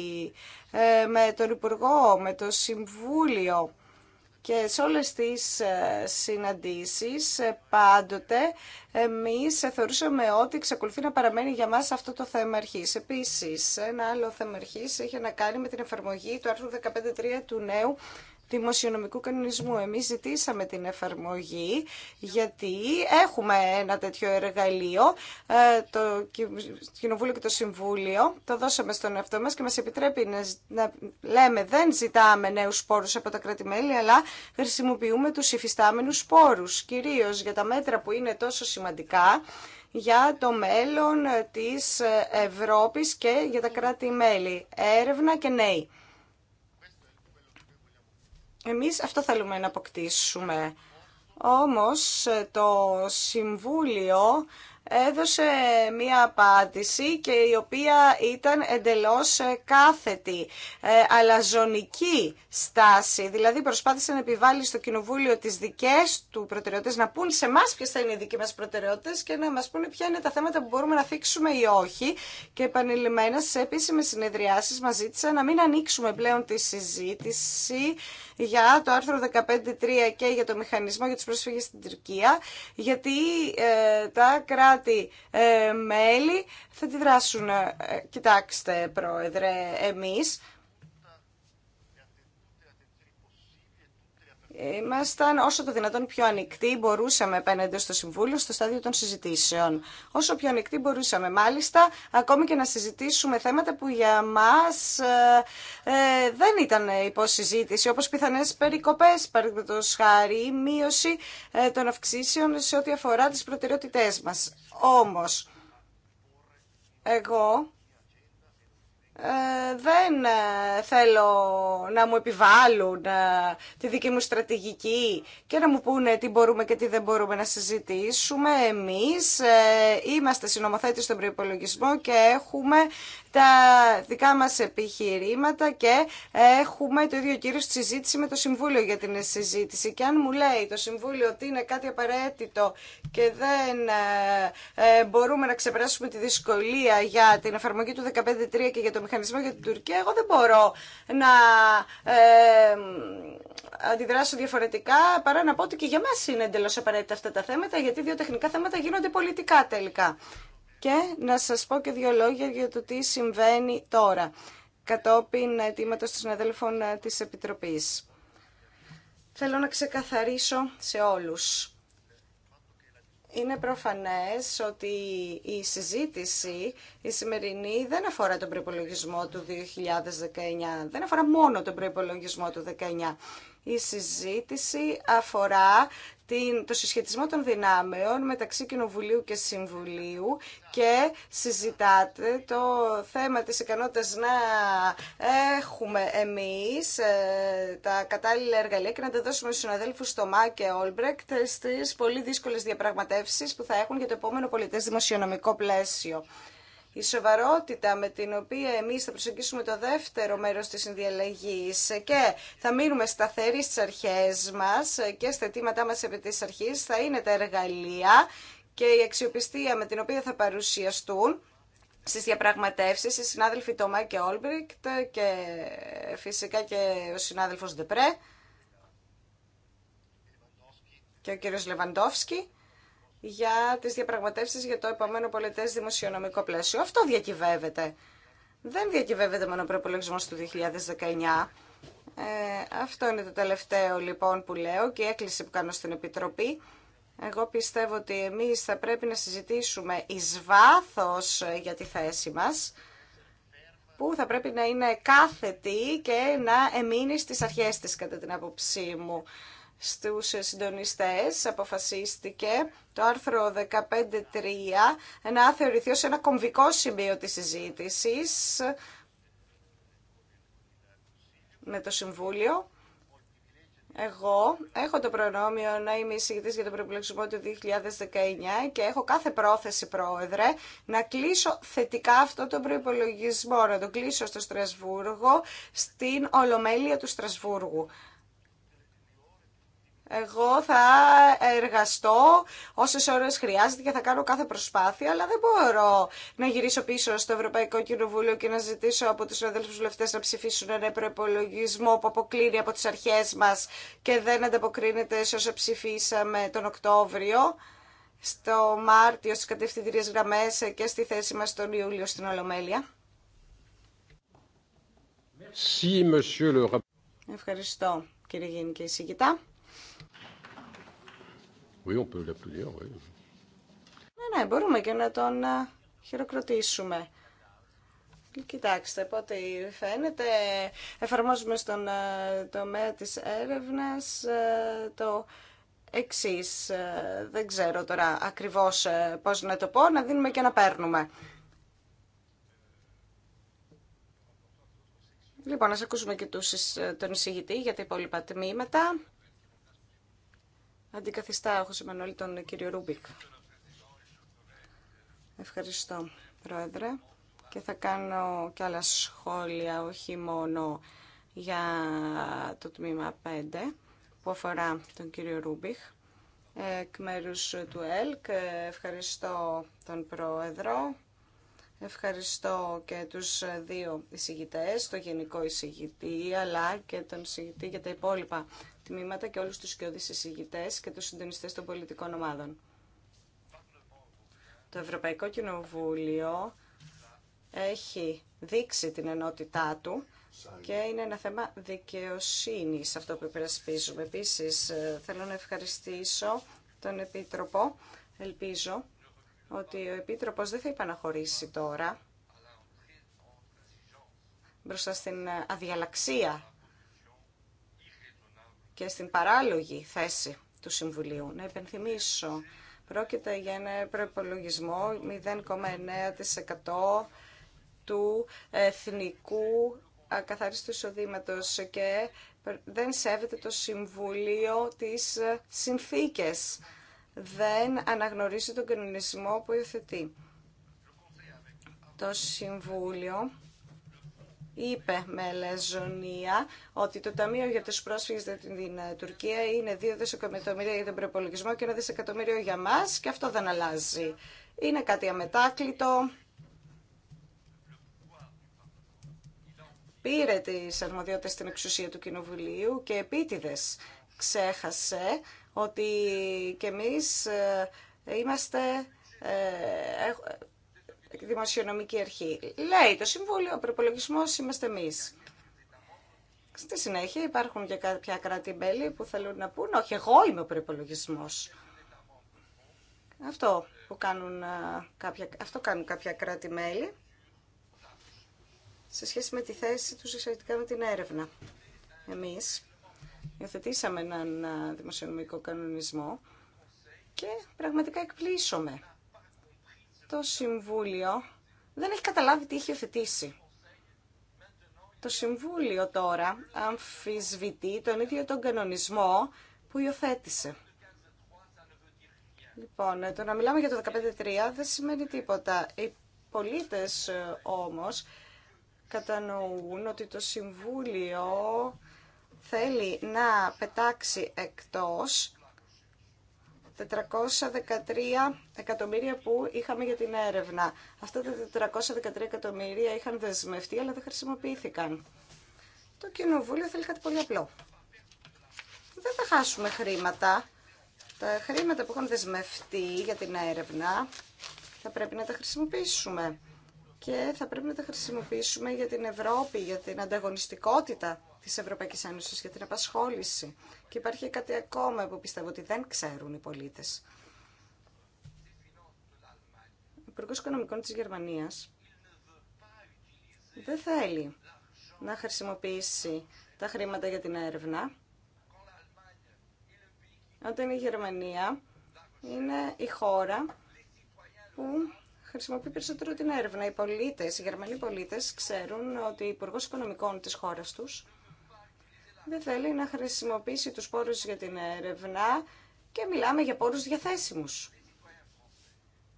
με τον Υπουργό, με το Συμβούλιο, και σε όλες τις ε, συναντήσεις ε, πάντοτε εμείς θεωρούσαμε ότι εξακολουθεί να παραμένει για μας αυτό το θέμα αρχής. Επίσης, ένα άλλο θέμα αρχής είχε να κάνει με την εφαρμογή του άρθρου 15.3 του νέου δημοσιονομικού κανονισμού. Εμείς ζητήσαμε την εφαρμογή γιατί έχουμε ένα τέτοιο εργαλείο, ε, το Κοινοβούλιο και το Συμβούλιο, το δώσαμε στον εαυτό μας και μας επιτρέπει να λέμε δεν ζητάμε νέους σπόρους από τα κρατη αλλά χρησιμοποιούμε τους υφιστάμενους σπόρους, κυρίως για τα μέτρα που είναι τόσο σημαντικά για το μέλλον της Ευρώπης και για τα κράτη-μέλη, έρευνα και νέοι. Εμείς αυτό θέλουμε να αποκτήσουμε. Όμως το Συμβούλιο έδωσε μία απάντηση και η οποία ήταν εντελώς ε, κάθετη, ε, αλαζονική στάση. Δηλαδή προσπάθησε να επιβάλλει στο Κοινοβούλιο τις δικές του προτεραιότητες, να πούν σε εμά ποιες θα είναι οι δικές μας προτεραιότητες και να μας πούνε ποια είναι τα θέματα που μπορούμε να θίξουμε ή όχι. Και επανειλημμένα σε επίσημες συνεδριάσεις μας ζήτησαν να μην ανοίξουμε πλέον τη συζήτηση για το άρθρο 15.3 και για το μηχανισμό για τους πρόσφυγες στην Τουρκία, γιατί ε, τα κράτη-μέλη ε, θα τη δράσουν. Ε, κοιτάξτε, Πρόεδρε, εμείς ήμασταν όσο το δυνατόν πιο ανοιχτοί μπορούσαμε απέναντι στο Συμβούλιο στο στάδιο των συζητήσεων. Όσο πιο ανοιχτοί μπορούσαμε μάλιστα ακόμη και να συζητήσουμε θέματα που για μας ε, ε δεν ήταν συζήτηση, όπως πιθανές περικοπές, παραδείγματο χάρη μείωση ε, των αυξήσεων σε ό,τι αφορά τι προτεραιότητε μα. Όμω, εγώ ε, δεν ε, θέλω να μου επιβάλλουν ε, τη δική μου στρατηγική και να μου πούνε τι μπορούμε και τι δεν μπορούμε να συζητήσουμε. Εμείς είμαστε συνομοθέτες στον προϋπολογισμό και έχουμε τα δικά μας επιχειρήματα και έχουμε το ίδιο κύριο στη συζήτηση με το Συμβούλιο για την συζήτηση. Και αν μου λέει το Συμβούλιο ότι είναι κάτι απαραίτητο και δεν μπορούμε να ξεπεράσουμε τη δυσκολία για την εφαρμογή του 15.3 και για το μηχανισμό για την Τουρκία, εγώ δεν μπορώ να ε, αντιδράσω διαφορετικά παρά να πω ότι και για μας είναι εντελώς απαραίτητα αυτά τα θέματα, γιατί δύο τεχνικά θέματα γίνονται πολιτικά τελικά. Και να σας πω και δύο λόγια για το τι συμβαίνει τώρα, κατόπιν αιτήματος των συναδέλφων ε, της Επιτροπής. Θέλω να ξεκαθαρίσω σε όλους είναι προφανές ότι η συζήτηση η σημερινή δεν αφορά τον προϋπολογισμό του 2019, δεν αφορά μόνο τον προϋπολογισμό του 2019 η συζήτηση αφορά το συσχετισμό των δυνάμεων μεταξύ Κοινοβουλίου και Συμβουλίου και συζητάτε το θέμα της ικανότητας να έχουμε εμείς ε, τα κατάλληλα εργαλεία και να τα δώσουμε στους συναδέλφους στο και Όλμπρεκτ στις πολύ δύσκολες διαπραγματεύσεις που θα έχουν για το επόμενο πολιτές δημοσιονομικό πλαίσιο η σοβαρότητα με την οποία εμείς θα προσεγγίσουμε το δεύτερο μέρος της συνδιαλλαγής και θα μείνουμε σταθεροί στις αρχές μας και στα αιτήματά μας επί της αρχής θα είναι τα εργαλεία και η αξιοπιστία με την οποία θα παρουσιαστούν στις διαπραγματεύσεις οι συνάδελφοι Τόμα και Όλμπρικτ και φυσικά και ο συνάδελφος Ντεπρέ και ο κύριος Λεβαντόφσκι για τις διαπραγματεύσεις για το επόμενο πολιτές δημοσιονομικό πλαίσιο. Αυτό διακυβεύεται. Δεν διακυβεύεται μόνο ο προπολογισμός του 2019. Ε, αυτό είναι το τελευταίο λοιπόν που λέω και η έκκληση που κάνω στην Επιτροπή. Εγώ πιστεύω ότι εμείς θα πρέπει να συζητήσουμε εις βάθος για τη θέση μας, που θα πρέπει να είναι κάθετη και να εμείνει στις αρχές της κατά την άποψή μου στους συντονιστές αποφασίστηκε το άρθρο 15.3 να θεωρηθεί ως ένα κομβικό σημείο της συζήτηση με το Συμβούλιο. Εγώ έχω το προνόμιο να είμαι εισηγητής για τον προεπιλεξισμό του 2019 και έχω κάθε πρόθεση, Πρόεδρε, να κλείσω θετικά αυτό τον προϋπολογισμό, να τον κλείσω στο Στρασβούργο, στην Ολομέλεια του Στρασβούργου. Εγώ θα εργαστώ όσε ώρε χρειάζεται και θα κάνω κάθε προσπάθεια, αλλά δεν μπορώ να γυρίσω πίσω στο Ευρωπαϊκό Κοινοβούλιο και να ζητήσω από του αδέλφους βουλευτέ να ψηφίσουν ένα προπολογισμό που αποκλίνει από τι αρχέ μα και δεν ανταποκρίνεται σε όσα ψηφίσαμε τον Οκτώβριο, στο Μάρτιο, στι κατευθυντήριε γραμμέ και στη θέση μα τον Ιούλιο στην Ολομέλεια. Ευχαριστώ, κύριε Γενική Συγκητά. Ναι, ναι, μπορούμε και να τον χειροκροτήσουμε. Κοιτάξτε, πότε φαίνεται, εφαρμόζουμε στον τομέα της έρευνας το εξής. Δεν ξέρω τώρα ακριβώς πώς να το πω, να δίνουμε και να παίρνουμε. Λοιπόν, ας ακούσουμε και τον εισηγητή για τα υπόλοιπα τμήματα. Αντικαθιστά ο Χωσημανώλη τον κύριο Ρούμπικ. Ευχαριστώ, Πρόεδρε. Και θα κάνω και άλλα σχόλια, όχι μόνο για το τμήμα 5, που αφορά τον κύριο Ρούμπιχ. Εκ μέρους του ΕΛΚ, ευχαριστώ τον Πρόεδρο Ευχαριστώ και τους δύο εισηγητές, το Γενικό Εισηγητή, αλλά και τον εισηγητή για τα υπόλοιπα τμήματα και όλους τους σκιώδεις εισηγητές και τους συντονιστές των πολιτικών ομάδων. Το Ευρωπαϊκό Κοινοβούλιο έχει δείξει την ενότητά του και είναι ένα θέμα δικαιοσύνης αυτό που υπερασπίζουμε. Επίσης, ε, θέλω να ευχαριστήσω τον Επίτροπο, ελπίζω, ότι ο Επίτροπος δεν θα υπαναχωρήσει τώρα μπροστά στην αδιαλαξία και στην παράλογη θέση του Συμβουλίου. Να υπενθυμίσω, πρόκειται για ένα προπολογισμό 0,9% του εθνικού ακαθαρίστου εισοδήματο και δεν σέβεται το Συμβουλίο τις συνθήκες δεν αναγνωρίζει τον κανονισμό που υιοθετεί. Το Συμβούλιο είπε με λεζονία ότι το Ταμείο για τους πρόσφυγες την Τουρκία είναι 2 δισεκατομμύρια για τον προπολογισμό και ένα δισεκατομμύριο για μας και αυτό δεν αλλάζει. Είναι κάτι αμετάκλητο. Πήρε τις αρμοδιότητες στην εξουσία του Κοινοβουλίου και επίτηδες ξέχασε ότι και εμείς ε, είμαστε ε, δημοσιονομική αρχή. Λέει το Συμβούλιο, ο προπολογισμό είμαστε εμείς. Στη συνέχεια υπάρχουν και κάποια κράτη-μέλη που θέλουν να πούν όχι εγώ είμαι ο προπολογισμό. Αυτό που κάνουν ε, κάποια, αυτό κάνουν κάποια κράτη-μέλη σε σχέση με τη θέση τους σχετικά με την έρευνα. Εμείς Υιοθετήσαμε έναν δημοσιονομικό κανονισμό και πραγματικά εκπλήσωμε. Το Συμβούλιο δεν έχει καταλάβει τι έχει υιοθετήσει. Το Συμβούλιο τώρα αμφισβητεί τον ίδιο τον κανονισμό που υιοθέτησε. Λοιπόν, ε, το να μιλάμε για το 15.3 δεν σημαίνει τίποτα. Οι πολίτες ε, όμως κατανοούν ότι το Συμβούλιο θέλει να πετάξει εκτός 413 εκατομμύρια που είχαμε για την έρευνα. Αυτά τα 413 εκατομμύρια είχαν δεσμευτεί αλλά δεν χρησιμοποιήθηκαν. Το κοινοβούλιο θέλει κάτι πολύ απλό. Δεν θα χάσουμε χρήματα. Τα χρήματα που έχουν δεσμευτεί για την έρευνα θα πρέπει να τα χρησιμοποιήσουμε. Και θα πρέπει να τα χρησιμοποιήσουμε για την Ευρώπη, για την ανταγωνιστικότητα της Ευρωπαϊκής Ένωσης για την απασχόληση. Και υπάρχει κάτι ακόμα που πιστεύω ότι δεν ξέρουν οι πολίτες. Ο Υπουργό Οικονομικών της Γερμανίας δεν θέλει να χρησιμοποιήσει τα χρήματα για την έρευνα όταν η Γερμανία είναι η χώρα που χρησιμοποιεί περισσότερο την έρευνα. Οι πολίτες, οι Γερμανοί πολίτες ξέρουν ότι ο Υπουργός Οικονομικών της χώρας τους δεν θέλει να χρησιμοποιήσει τους πόρους για την έρευνα και μιλάμε για πόρους διαθέσιμους.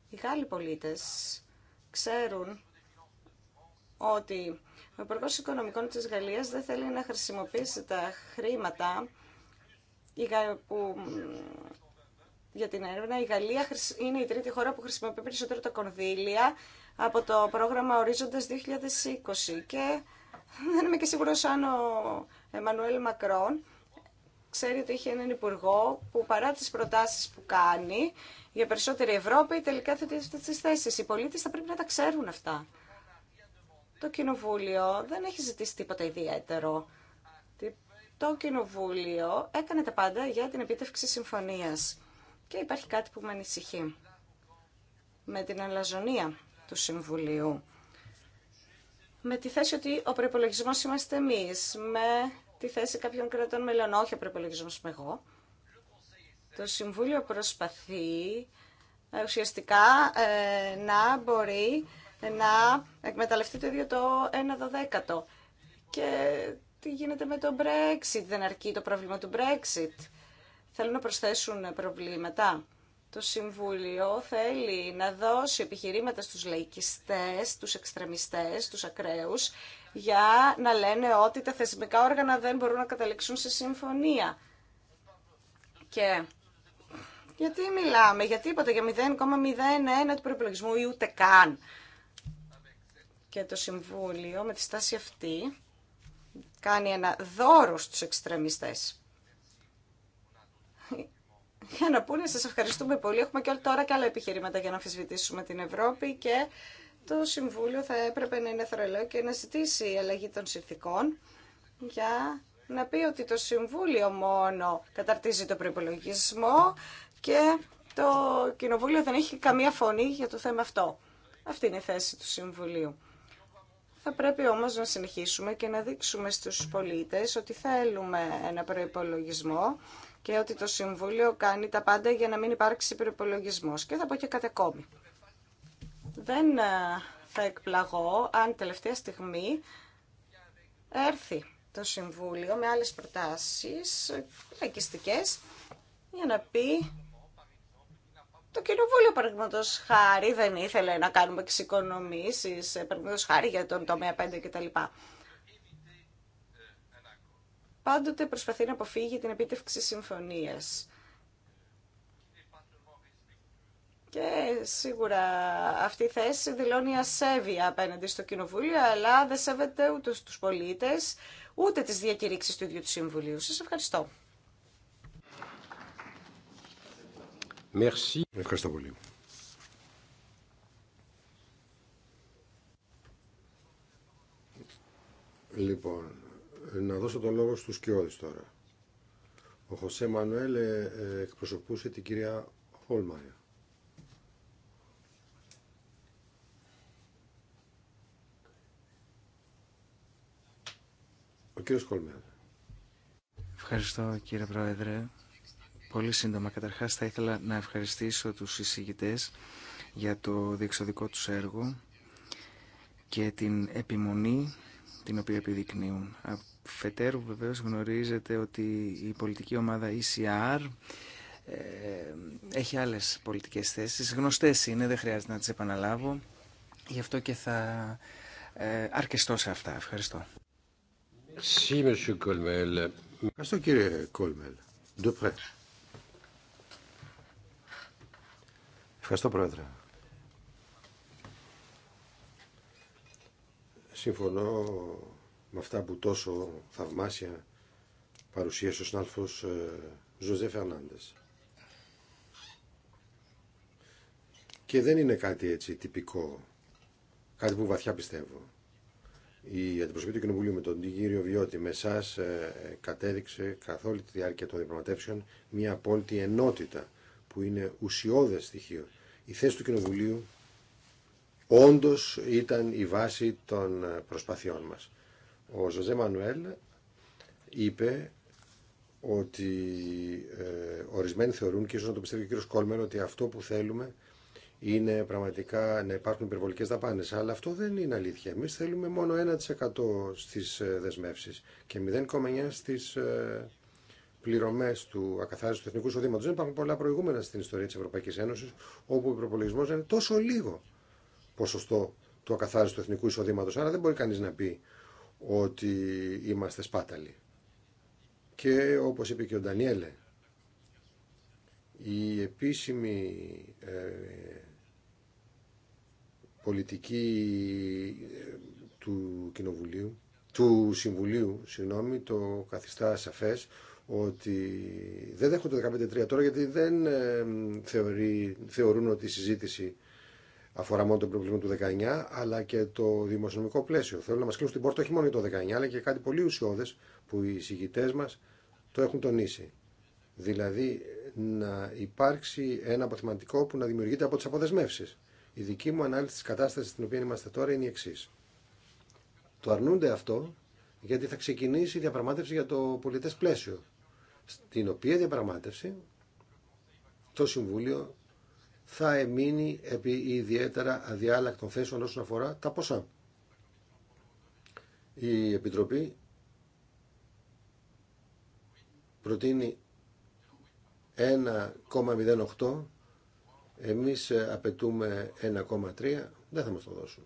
Οι Γάλλοι πολίτες ξέρουν ότι ο Υπουργό Οικονομικών της Γαλλίας δεν θέλει να χρησιμοποιήσει τα χρήματα που για την έρευνα. Η Γαλλία είναι η τρίτη χώρα που χρησιμοποιεί περισσότερο τα κονδύλια από το πρόγραμμα Ορίζοντας 2020 και δεν είμαι και σίγουρος αν ο Εμμανουέλ Μακρόν ξέρει ότι είχε έναν υπουργό που παρά τις προτάσεις που κάνει για περισσότερη Ευρώπη τελικά θα αυτές τις θέσεις. Οι πολίτες θα πρέπει να τα ξέρουν αυτά. Το Κοινοβούλιο δεν έχει ζητήσει τίποτα ιδιαίτερο. Το Κοινοβούλιο έκανε τα πάντα για την επίτευξη συμφωνίας. Και υπάρχει κάτι που με ανησυχεί. Με την αλαζονία του Συμβουλίου με τη θέση ότι ο προπολογισμό είμαστε εμεί, με τη θέση κάποιων κρατών μελών. Όχι, ο προπολογισμό είμαι εγώ. Το Συμβούλιο προσπαθεί ε, ουσιαστικά ε, να μπορεί να εκμεταλλευτεί το ίδιο το 1 12 Και τι γίνεται με το Brexit, δεν αρκεί το πρόβλημα του Brexit. Θέλουν να προσθέσουν προβλήματα το Συμβούλιο θέλει να δώσει επιχειρήματα στους λαϊκιστές, τους εξτρεμιστές, τους ακραίους, για να λένε ότι τα θεσμικά όργανα δεν μπορούν να καταλήξουν σε συμφωνία. Και γιατί μιλάμε για τίποτα, για 0,01 του προπολογισμού ή ούτε καν. Και το Συμβούλιο με τη στάση αυτή κάνει ένα δώρο στους εξτρεμιστές για να πούνε σας ευχαριστούμε πολύ. Έχουμε και τώρα και άλλα επιχειρήματα για να αμφισβητήσουμε την Ευρώπη και το Συμβούλιο θα έπρεπε να είναι θρελό και να ζητήσει η αλλαγή των συνθηκών για να πει ότι το Συμβούλιο μόνο καταρτίζει το προπολογισμό και το Κοινοβούλιο δεν έχει καμία φωνή για το θέμα αυτό. Αυτή είναι η θέση του Συμβουλίου. Θα πρέπει όμως να συνεχίσουμε και να δείξουμε στους πολίτες ότι θέλουμε ένα προϋπολογισμό και ότι το Συμβούλιο κάνει τα πάντα για να μην υπάρξει προπολογισμό. Και θα πω και κάτι ακόμη. Δεν ε, θα εκπλαγώ αν τελευταία στιγμή έρθει το Συμβούλιο με άλλες προτάσεις λαϊκιστικές για να πει το κοινοβούλιο, παραδείγματο χάρη, δεν ήθελε να κάνουμε εξοικονομήσει, ε, παραδείγματο χάρη για τον τομέα 5 κτλ πάντοτε προσπαθεί να αποφύγει την επίτευξη συμφωνίας. Και σίγουρα αυτή η θέση δηλώνει ασέβεια απέναντι στο Κοινοβούλιο, αλλά δεν σέβεται ούτε στους πολίτες, ούτε τις διακηρύξεις του ίδιου του Συμβουλίου. Σας ευχαριστώ. Merci. Ευχαριστώ πολύ. Λοιπόν, να δώσω το λόγο στους Κιώδης τώρα. Ο Χωσέ Μανουέλ ε, ε, εκπροσωπούσε την κυρία Χόλμαια. Ο κύριος Χόλμαια. Ευχαριστώ κύριε Πρόεδρε. Πολύ σύντομα. Καταρχάς θα ήθελα να ευχαριστήσω τους εισηγητές για το διεξοδικό τους έργο και την επιμονή την οποία επιδεικνύουν. Φετέρου βεβαίως γνωρίζετε ότι η πολιτική ομάδα ECR ε, έχει άλλες πολιτικές θέσεις. Γνωστές είναι, δεν χρειάζεται να τις επαναλάβω. Γι' αυτό και θα ε, αρκεστώ σε αυτά. Ευχαριστώ. Ευχαριστώ κύριε Κόλμελ. Ευχαριστώ πρόεδρε. Συμφωνώ με αυτά που τόσο θαυμάσια παρουσίασε ο συνάδελφος ε, Ζωζέ Φερνάντες. Και δεν είναι κάτι έτσι τυπικό, κάτι που βαθιά πιστεύω. Η αντιπροσωπή του Κοινοβουλίου με τον κύριο Βιώτη με εσά ε, ε, κατέδειξε καθ' όλη τη διάρκεια των διαπραγματεύσεων μια απόλυτη ενότητα που είναι ουσιώδες στοιχείο. Η θέση του Κοινοβουλίου όντως ήταν η βάση των προσπαθειών μας. Ο Ζωζέ Μανουέλ είπε ότι ε, ορισμένοι θεωρούν και ίσως να το πιστεύει ο κ. Κόλμερ ότι αυτό που θέλουμε είναι πραγματικά να υπάρχουν υπερβολικέ δαπάνε. Αλλά αυτό δεν είναι αλήθεια. Εμεί θέλουμε μόνο 1% στι ε, δεσμεύσει και 0,9% στις ε, πληρωμές του ακαθάριστου του εθνικού εισοδήματος. Δεν υπάρχουν πολλά προηγούμενα στην ιστορία τη Ευρωπαϊκή Ένωση, όπου ο προπολογισμό είναι τόσο λίγο ποσοστό του ακαθάριστου εθνικού εισοδήματο. Άρα δεν μπορεί κανεί να πει ότι είμαστε σπάταλοι. Και όπως είπε και ο Ντανιέλε, η επίσημη ε, πολιτική ε, του Κοινοβουλίου, του Συμβουλίου, συγγνώμη, το καθιστά σαφές ότι δεν δέχονται το 15 τώρα γιατί δεν ε, θεωρεί, θεωρούν ότι η συζήτηση αφορά μόνο το προβλήμα του 19, αλλά και το δημοσιονομικό πλαίσιο. Θέλω να μα κλείσουν την πόρτα όχι μόνο για το 19, αλλά και κάτι πολύ ουσιώδε που οι συγκητέ μα το έχουν τονίσει. Δηλαδή να υπάρξει ένα αποθυματικό που να δημιουργείται από τι αποδεσμεύσει. Η δική μου ανάλυση τη κατάσταση στην οποία είμαστε τώρα είναι η εξή. Το αρνούνται αυτό γιατί θα ξεκινήσει η διαπραγμάτευση για το πολιτέ πλαίσιο. Στην οποία διαπραγμάτευση το Συμβούλιο θα εμείνει επί ιδιαίτερα αδιάλακτων θέσεων όσον αφορά τα ποσά. Η Επιτροπή προτείνει 1,08 εμείς απαιτούμε 1,3 δεν θα μας το δώσουν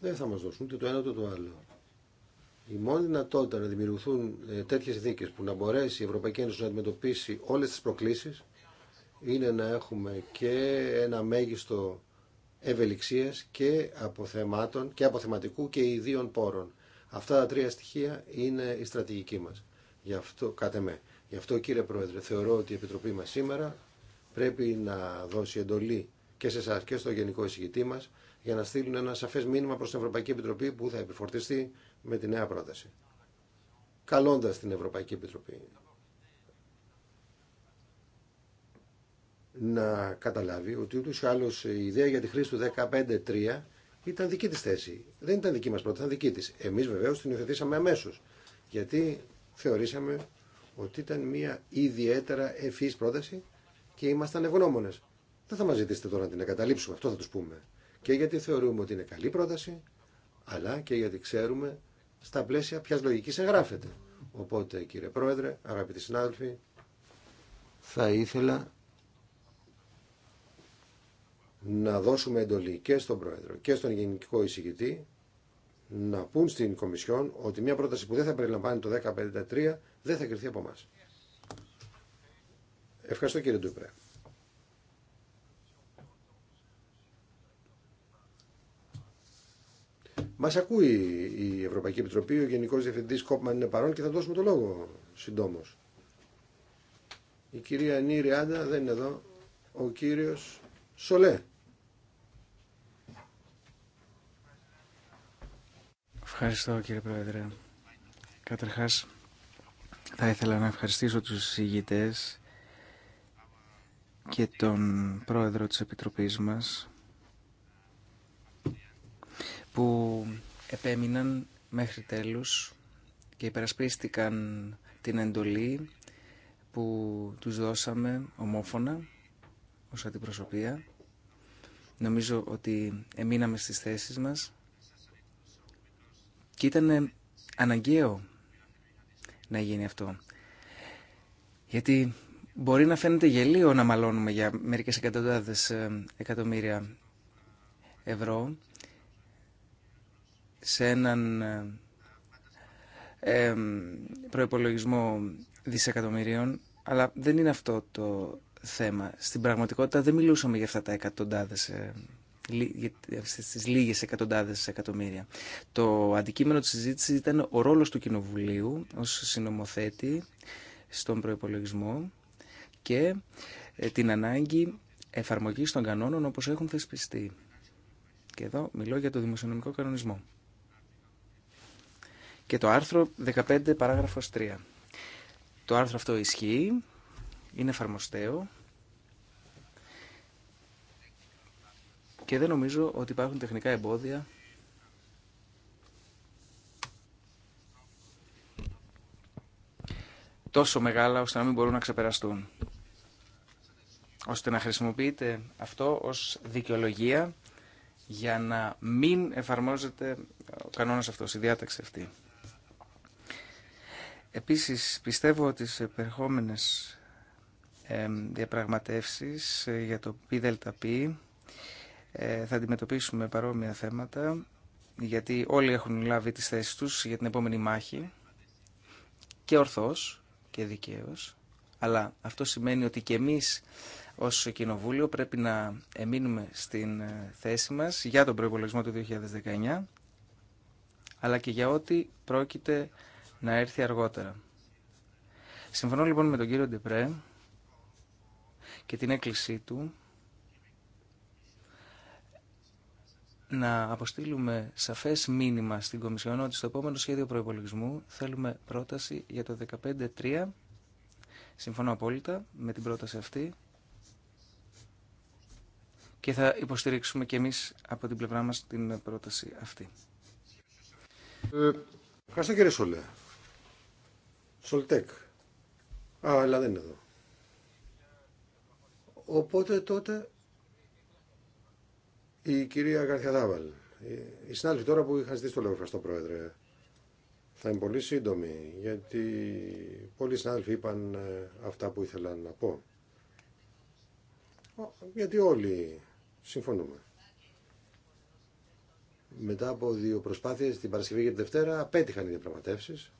δεν θα μας δώσουν ούτε το ένα ούτε το άλλο η μόνη δυνατότητα να δημιουργηθούν ε, τέτοιες δίκες που να μπορέσει η Ευρωπαϊκή Ένωση να αντιμετωπίσει όλες τις προκλήσεις είναι να έχουμε και ένα μέγιστο ευελιξίας και αποθεμάτων και αποθεματικού και ιδίων πόρων. Αυτά τα τρία στοιχεία είναι η στρατηγική μας. Γι' αυτό, κάτε Γι' αυτό κύριε Πρόεδρε θεωρώ ότι η Επιτροπή μας σήμερα πρέπει να δώσει εντολή και σε εσά και στο Γενικό Εισηγητή μα για να στείλουν ένα σαφέ μήνυμα προ την Ευρωπαϊκή Επιτροπή που θα επιφορτιστεί με τη νέα πρόταση. καλώντα την Ευρωπαϊκή Επιτροπή να καταλάβει ότι ούτως ή άλλως η ιδέα για τη χρήση του 15-3 ήταν δική της θέση. Δεν ήταν δική μας πρόταση, ήταν δική της. Εμείς βεβαίως την υιοθετήσαμε αμέσως, γιατί θεωρήσαμε ότι ήταν μια ιδιαίτερα ευφύης πρόταση και ήμασταν ευγνώμονες. Δεν θα μας ζητήσετε τώρα να την εγκαταλείψουμε, αυτό θα τους πούμε. Και γιατί θεωρούμε ότι είναι καλή πρόταση, αλλά και γιατί ξέρουμε στα πλαίσια ποιας λογικής εγγράφεται. Οπότε κύριε Πρόεδρε, αγαπητοί συνάδελφοι, θα ήθελα να δώσουμε εντολή και στον Πρόεδρο και στον Γενικό Εισηγητή να πούν στην Κομισιόν ότι μια πρόταση που δεν θα περιλαμβάνει το 1053 δεν θα κριθεί από εμά. Ευχαριστώ κύριε Ντούπρε. Μα ακούει η Ευρωπαϊκή Επιτροπή, ο Γενικό Διευθυντή Κόπμαν είναι παρόν και θα δώσουμε το λόγο συντόμω. Η κυρία Νίρη Άντα δεν είναι εδώ. Ο κύριο Σολέ. Ευχαριστώ κύριε Πρόεδρε. Καταρχάς θα ήθελα να ευχαριστήσω τους συζητητές και τον πρόεδρο της Επιτροπής μας που επέμειναν μέχρι τέλους και υπερασπίστηκαν την εντολή που τους δώσαμε ομόφωνα ως αντιπροσωπεία. Νομίζω ότι εμείναμε στις θέσεις μας και ήταν ε, αναγκαίο να γίνει αυτό. Γιατί μπορεί να φαίνεται γελίο να μαλώνουμε για μερικές εκατοντάδες ε, εκατομμύρια ευρώ σε έναν ε, ε, προϋπολογισμό δισεκατομμυρίων, αλλά δεν είναι αυτό το θέμα. Στην πραγματικότητα δεν μιλούσαμε για αυτά τα εκατοντάδες Στι λίγε εκατοντάδες εκατομμύρια. Το αντικείμενο της συζήτηση ήταν ο ρόλος του Κοινοβουλίου ως συνομοθέτη στον προπολογισμό και ε, την ανάγκη εφαρμογής των κανόνων όπως έχουν θεσπιστεί. Και εδώ μιλώ για το δημοσιονομικό κανονισμό. Και το άρθρο 15 παράγραφος 3. Το άρθρο αυτό ισχύει, είναι εφαρμοστέο και δεν νομίζω ότι υπάρχουν τεχνικά εμπόδια τόσο μεγάλα ώστε να μην μπορούν να ξεπεραστούν. Ώστε να χρησιμοποιείται αυτό ως δικαιολογία για να μην εφαρμόζεται ο κανόνας αυτός, η διάταξη αυτή. Επίσης πιστεύω ότι σε επερχόμενες διαπραγματεύσεις ε, για το πι-δελτα-πι ε, θα αντιμετωπίσουμε παρόμοια θέματα γιατί όλοι έχουν λάβει τις θέσεις τους για την επόμενη μάχη και ορθώς και δικαίως αλλά αυτό σημαίνει ότι και εμείς ως Κοινοβούλιο πρέπει να εμείνουμε στην ε, θέση μας για τον προϋπολογισμό του 2019 αλλά και για ό,τι πρόκειται να έρθει αργότερα. Συμφωνώ λοιπόν με τον κύριο Ντεπρέ και την έκκλησή του να αποστείλουμε σαφές μήνυμα στην Κομισιόν ότι στο επόμενο σχέδιο προπολογισμού θέλουμε πρόταση για το 15-3 Συμφωνώ απόλυτα με την πρόταση αυτή και θα υποστηρίξουμε και εμείς από την πλευρά μας την πρόταση αυτή. Ε, ευχαριστώ κύριε Σολέ. Σολτέκ. Α, αλλά δεν είναι εδώ. Οπότε τότε η κυρία Καρθιαδάβαλ, η συνάδελφοι τώρα που είχα ζητήσει το λόγο, ευχαριστώ πρόεδρε. Θα είμαι πολύ σύντομη, γιατί πολλοί συνάδελφοι είπαν ε, αυτά που ήθελαν να πω. Γιατί όλοι συμφωνούμε. Μετά από δύο προσπάθειες, την Παρασκευή και την Δευτέρα, απέτυχαν οι διαπραγματεύσεις.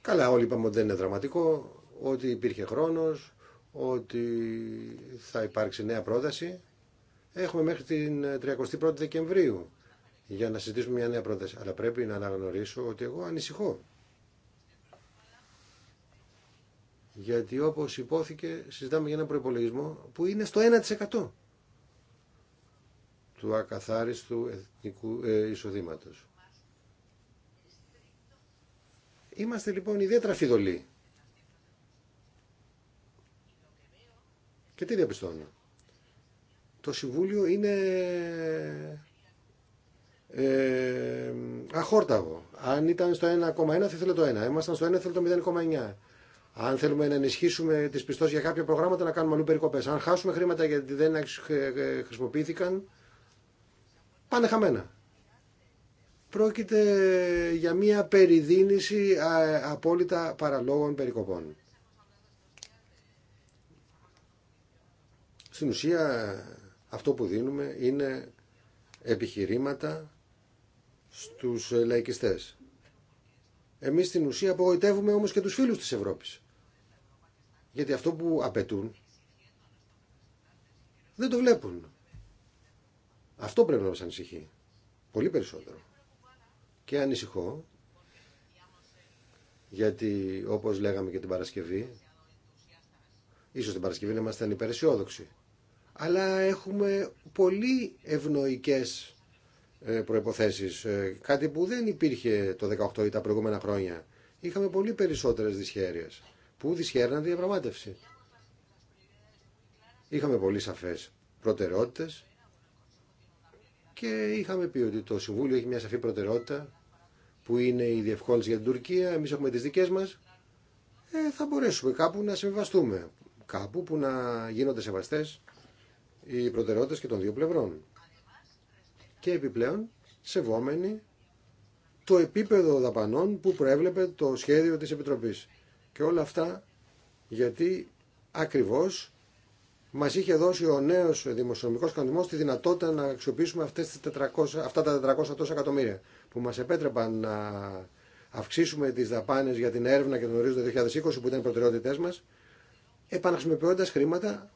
Καλά, όλοι είπαμε ότι δεν είναι δραματικό, ότι υπήρχε χρόνος, ότι θα υπάρξει νέα πρόταση Έχουμε μέχρι την 31η ε, Δεκεμβρίου για να συζητήσουμε μια νέα πρόταση. Αλλά πρέπει να αναγνωρίσω ότι εγώ ανησυχώ. Γιατί όπως υπόθηκε συζητάμε για ένα προϋπολογισμό που είναι στο 1% του ακαθάριστου εθνικού ε, εισοδήματος. Είμαστε λοιπόν ιδιαίτερα φιδωλοί. Και τι διαπιστώνω το Συμβούλιο είναι ε, αχόρταγο. Αν ήταν στο 1,1 θα ήθελε το 1. Ήμασταν στο 1 θα ήθελε το 0,9. Αν θέλουμε να ενισχύσουμε τις πιστώσεις για κάποια προγράμματα να κάνουμε αλλού περικοπές. Αν χάσουμε χρήματα γιατί δεν ε, ε, χρησιμοποιήθηκαν πάνε χαμένα. Πρόκειται για μια περιδίνηση ε, απόλυτα παραλόγων περικοπών. Στην ουσία αυτό που δίνουμε είναι επιχειρήματα στους ε, λαϊκιστές. Εμείς στην ουσία απογοητεύουμε όμως και τους φίλους της Ευρώπης. Γιατί αυτό που απαιτούν δεν το βλέπουν. Αυτό πρέπει να μας ανησυχεί. Πολύ περισσότερο. Και ανησυχώ γιατί όπως λέγαμε και την Παρασκευή ίσως την Παρασκευή να είμαστε ανυπεραισιόδοξοι αλλά έχουμε πολύ ευνοϊκές ε, προϋποθέσεις, ε, κάτι που δεν υπήρχε το 18 ή τα προηγούμενα χρόνια. Είχαμε πολύ περισσότερες δυσχέρειες που δυσχέρναν τη διαπραγμάτευση. Είχαμε πολύ σαφές προτεραιότητες και είχαμε πει ότι το Συμβούλιο έχει μια σαφή προτεραιότητα που είναι η τα προηγουμενα χρονια ειχαμε πολυ περισσοτερες δυσχερειες που δυσχερναν διαπραγματευση ειχαμε πολυ σαφες προτεραιοτητες και ειχαμε πει οτι το συμβουλιο εχει μια σαφη προτεραιοτητα που ειναι η διευκολυνση για την Τουρκία, εμείς έχουμε τις δικές μας, ε, θα μπορέσουμε κάπου να συμβιβαστούμε, κάπου που να γίνονται σεβαστές οι προτεραιότητες και των δύο πλευρών. Και επιπλέον σεβόμενοι το επίπεδο δαπανών που προέβλεπε το σχέδιο της Επιτροπής. Και όλα αυτά γιατί ακριβώς μας είχε δώσει ο νέος δημοσιονομικός κανονισμός τη δυνατότητα να αξιοποιήσουμε αυτές τις 400, αυτά τα 400 τόσα εκατομμύρια που μας επέτρεπαν να αυξήσουμε τις δαπάνες για την έρευνα και τον ορίζοντα 2020 που ήταν οι προτεραιότητές μας επαναχρησιμοποιώντα χρήματα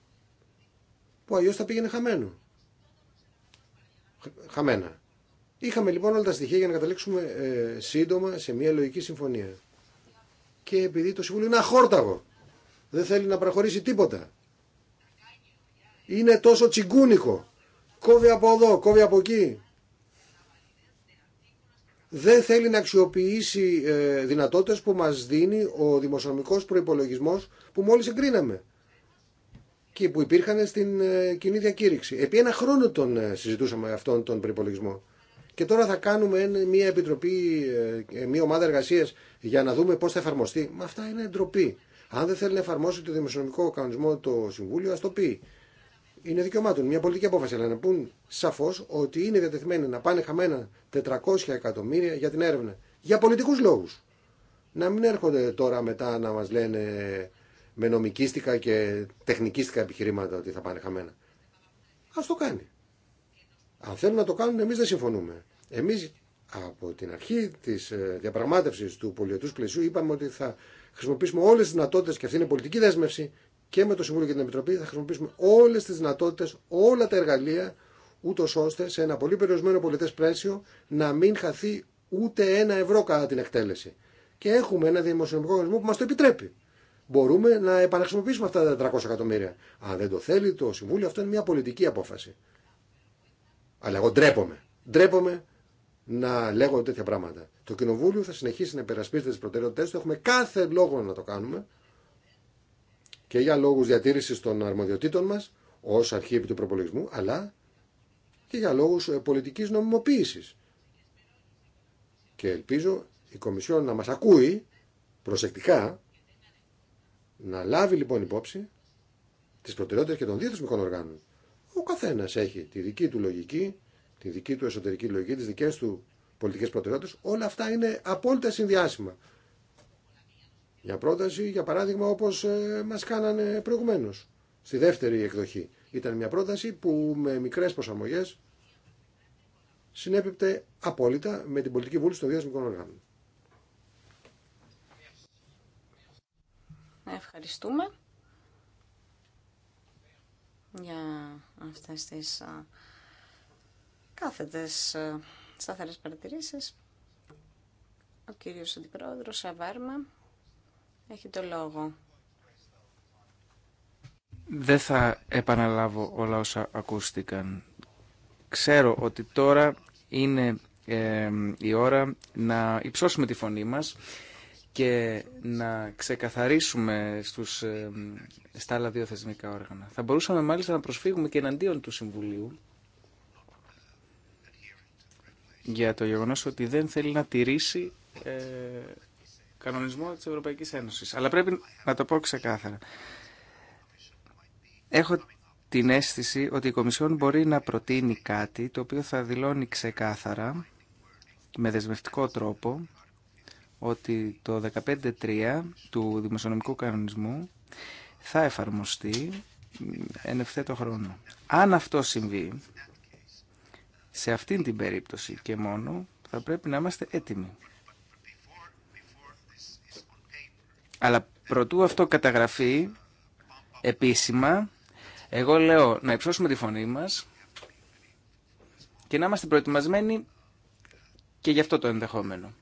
που αλλιώ θα πήγαινε χαμένο. Χαμένα. Είχαμε λοιπόν όλα τα στοιχεία για να καταλήξουμε ε, σύντομα σε μια λογική συμφωνία. Και επειδή το Συμβούλιο είναι αχόρταγο, δεν θέλει να προχωρήσει τίποτα. Είναι τόσο τσιγκούνικο. Κόβει από εδώ, κόβει από εκεί. Δεν θέλει να αξιοποιήσει ε, δυνατότητες που μας δίνει ο δημοσιονομικός προϋπολογισμός που μόλις εγκρίναμε και που υπήρχαν στην ε, κοινή διακήρυξη. Επί ένα χρόνο τον ε, συζητούσαμε αυτόν τον προπολογισμό. Και τώρα θα κάνουμε μια επιτροπή, ε, μια ομάδα εργασία για να δούμε πώ θα εφαρμοστεί. Μα αυτά είναι ντροπή. Αν δεν θέλει να εφαρμόσει το δημοσιονομικό κανονισμό το Συμβούλιο, α το πει. Είναι δικαιωμάτων. Μια πολιτική απόφαση. Αλλά να πούν σαφώ ότι είναι διατεθειμένοι να πάνε χαμένα 400 εκατομμύρια για την έρευνα. Για πολιτικού λόγου. Να μην έρχονται τώρα μετά να μα λένε με νομικήστικα και τεχνικήστικα επιχειρήματα ότι θα πάνε χαμένα. Α το κάνει. Αν θέλουν να το κάνουν εμεί δεν συμφωνούμε. Εμεί από την αρχή τη ε, διαπραγματεύση του πολιετού πλαισίου είπαμε ότι θα χρησιμοποιήσουμε όλε τι δυνατότητε και αυτή είναι πολιτική δέσμευση και με το Συμβούλιο και την Επιτροπή θα χρησιμοποιήσουμε όλε τι δυνατότητε, όλα τα εργαλεία ούτω ώστε σε ένα πολύ περιορισμένο πολιτέ πλαίσιο να μην χαθεί ούτε ένα ευρώ κατά την εκτέλεση. Και έχουμε ένα δημοσιονομικό οργανισμό που μα το επιτρέπει μπορούμε να επαναχρησιμοποιήσουμε αυτά τα 300 εκατομμύρια. Αν δεν το θέλει το Συμβούλιο, αυτό είναι μια πολιτική απόφαση. Αλλά εγώ ντρέπομαι. Ντρέπομαι να λέγω τέτοια πράγματα. Το Κοινοβούλιο θα συνεχίσει να υπερασπίζεται τι προτεραιότητέ του. Έχουμε κάθε λόγο να το κάνουμε και για λόγου διατήρηση των αρμοδιοτήτων μα ω αρχή επί του προπολογισμού, αλλά και για λόγου ε, πολιτική νομιμοποίηση. Και ελπίζω η Κομισιόν να μα ακούει προσεκτικά να λάβει λοιπόν υπόψη τις προτεραιότητε και των δύο οργάνων. Ο καθένα έχει τη δική του λογική, τη δική του εσωτερική λογική, τις δικές του πολιτικές προτεραιότητες. Όλα αυτά είναι απόλυτα συνδυάσιμα. Μια πρόταση, για παράδειγμα, όπως ε, μας κάνανε προηγουμένω. στη δεύτερη εκδοχή. Ήταν μια πρόταση που με μικρέ προσαρμογέ συνέπεπτε απόλυτα με την πολιτική βούληση των δύο οργάνων. Ευχαριστούμε για αυτές τις κάθετες σταθερές παρατηρήσεις. Ο κύριος Αντιπρόεδρος Σαβάρμα έχει το λόγο. Δεν θα επαναλάβω όλα όσα ακούστηκαν. Ξέρω ότι τώρα είναι ε, η ώρα να υψώσουμε τη φωνή μας και να ξεκαθαρίσουμε στους, ε, στα άλλα δύο θεσμικά όργανα. Θα μπορούσαμε μάλιστα να προσφύγουμε και εναντίον του Συμβουλίου για το γεγονός ότι δεν θέλει να τηρήσει ε, κανονισμό της Ευρωπαϊκής Ένωσης. Αλλά πρέπει να το πω ξεκάθαρα. Έχω την αίσθηση ότι η Κομισιόν μπορεί να προτείνει κάτι το οποίο θα δηλώνει ξεκάθαρα με δεσμευτικό τρόπο ότι το 15.3 του δημοσιονομικού κανονισμού θα εφαρμοστεί εν ευθέτω χρόνο. Αν αυτό συμβεί, σε αυτήν την περίπτωση και μόνο, θα πρέπει να είμαστε έτοιμοι. Αλλά προτού αυτό καταγραφεί επίσημα, εγώ λέω να υψώσουμε τη φωνή μας και να είμαστε προετοιμασμένοι και γι' αυτό το ενδεχόμενο.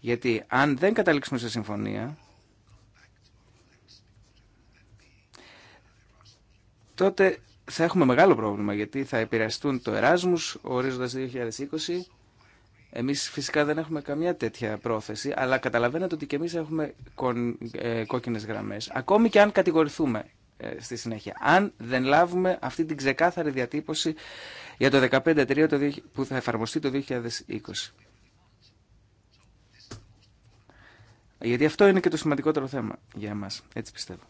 Γιατί αν δεν καταλήξουμε σε συμφωνία, τότε θα έχουμε μεγάλο πρόβλημα, γιατί θα επηρεαστούν το Εράσμους, ορίζοντας 2020. Εμείς φυσικά δεν έχουμε καμιά τέτοια πρόθεση, αλλά καταλαβαίνετε ότι και εμείς έχουμε ε, κόκκινες γραμμές. Ακόμη και αν κατηγορηθούμε ε, στη συνέχεια. Αν δεν λάβουμε αυτή την ξεκάθαρη διατύπωση για το 15 που θα εφαρμοστεί το 2020. Γιατί αυτό είναι και το σημαντικότερο θέμα για εμάς. Έτσι πιστεύω.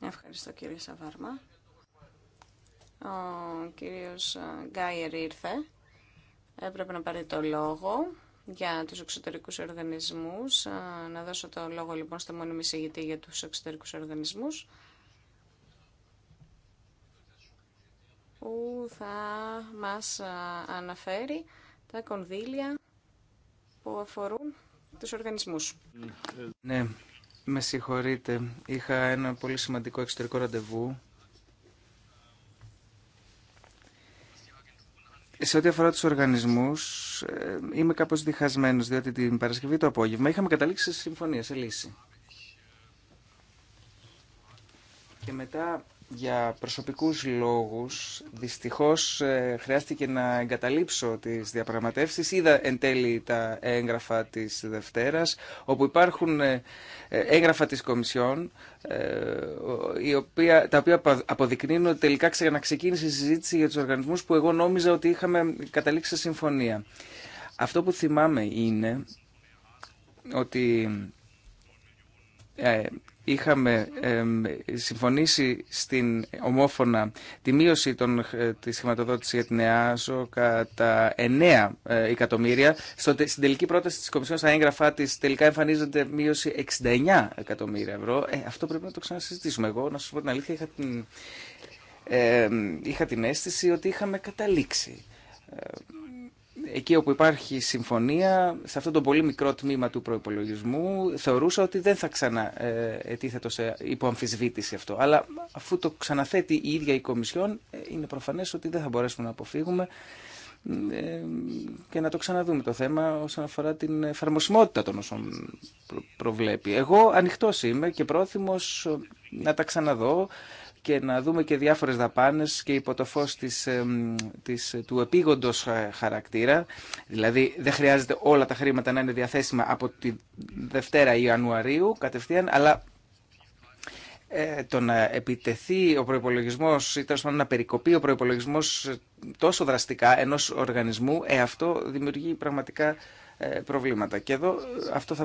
Ευχαριστώ κύριε Σαβάρμα. Ο κύριος ε, Γκάιερ ήρθε. Έπρεπε να πάρει το λόγο για τους εξωτερικούς οργανισμούς. Ε, να δώσω το λόγο λοιπόν στο μόνιμο εισηγητή για τους εξωτερικούς οργανισμούς. Που θα μας ε, αναφέρει τα κονδύλια που αφορούν τους οργανισμούς. Ναι, με συγχωρείτε. Είχα ένα πολύ σημαντικό εξωτερικό ραντεβού. Σε ό,τι αφορά τους οργανισμούς, ε, είμαι κάπως διχασμένος, διότι την Παρασκευή το απόγευμα είχαμε καταλήξει σε συμφωνία, σε λύση. Και μετά για προσωπικούς λόγους δυστυχώς ε, χρειάστηκε να εγκαταλείψω τις διαπραγματεύσεις. Είδα εν τέλει τα έγγραφα της Δευτέρας όπου υπάρχουν ε, ε, έγγραφα της Κομισιόν η οποία, τα οποία αποδεικνύουν ότι τελικά ξαναξεκίνησε η συζήτηση για τους οργανισμούς που εγώ νόμιζα ότι είχαμε καταλήξει σε συμφωνία. Αυτό που θυμάμαι είναι ότι είχαμε συμφωνήσει στην ομόφωνα τη μείωση των, ε, της χρηματοδότησης για την ΕΑΖΟ κατά 9 ε, εκατομμύρια. Στο, στην τελική πρόταση της Κομισιόν στα έγγραφά της τελικά εμφανίζονται μείωση 69 εκατομμύρια ευρώ. Ε, αυτό πρέπει να το ξανασυζητήσουμε. Εγώ, να σας πω την αλήθεια, είχα την, είχα την αίσθηση ότι είχαμε καταλήξει εκεί όπου υπάρχει συμφωνία, σε αυτό το πολύ μικρό τμήμα του προϋπολογισμού, θεωρούσα ότι δεν θα ξαναετίθετο ε, σε υποαμφισβήτηση αυτό. Αλλά αφού το ξαναθέτει η ίδια η Κομισιόν, ε, είναι προφανές ότι δεν θα μπορέσουμε να αποφύγουμε ε, και να το ξαναδούμε το θέμα όσον αφορά την εφαρμοσιμότητα των όσων προβλέπει. Εγώ ανοιχτός είμαι και πρόθυμος να τα ξαναδώ και να δούμε και διάφορες δαπάνες και υπό το φως της, του επίγοντος ε, χαρακτήρα. Δηλαδή δεν χρειάζεται όλα τα χρήματα να είναι διαθέσιμα από τη Δευτέρα Ιανουαρίου κατευθείαν, αλλά ε, το να επιτεθεί ο προπολογισμό ή τέλο πάντων να περικοπεί ο προπολογισμό τόσο δραστικά ενό οργανισμού, ε, αυτό δημιουργεί πραγματικά ε, προβλήματα. Και εδώ ε, αυτό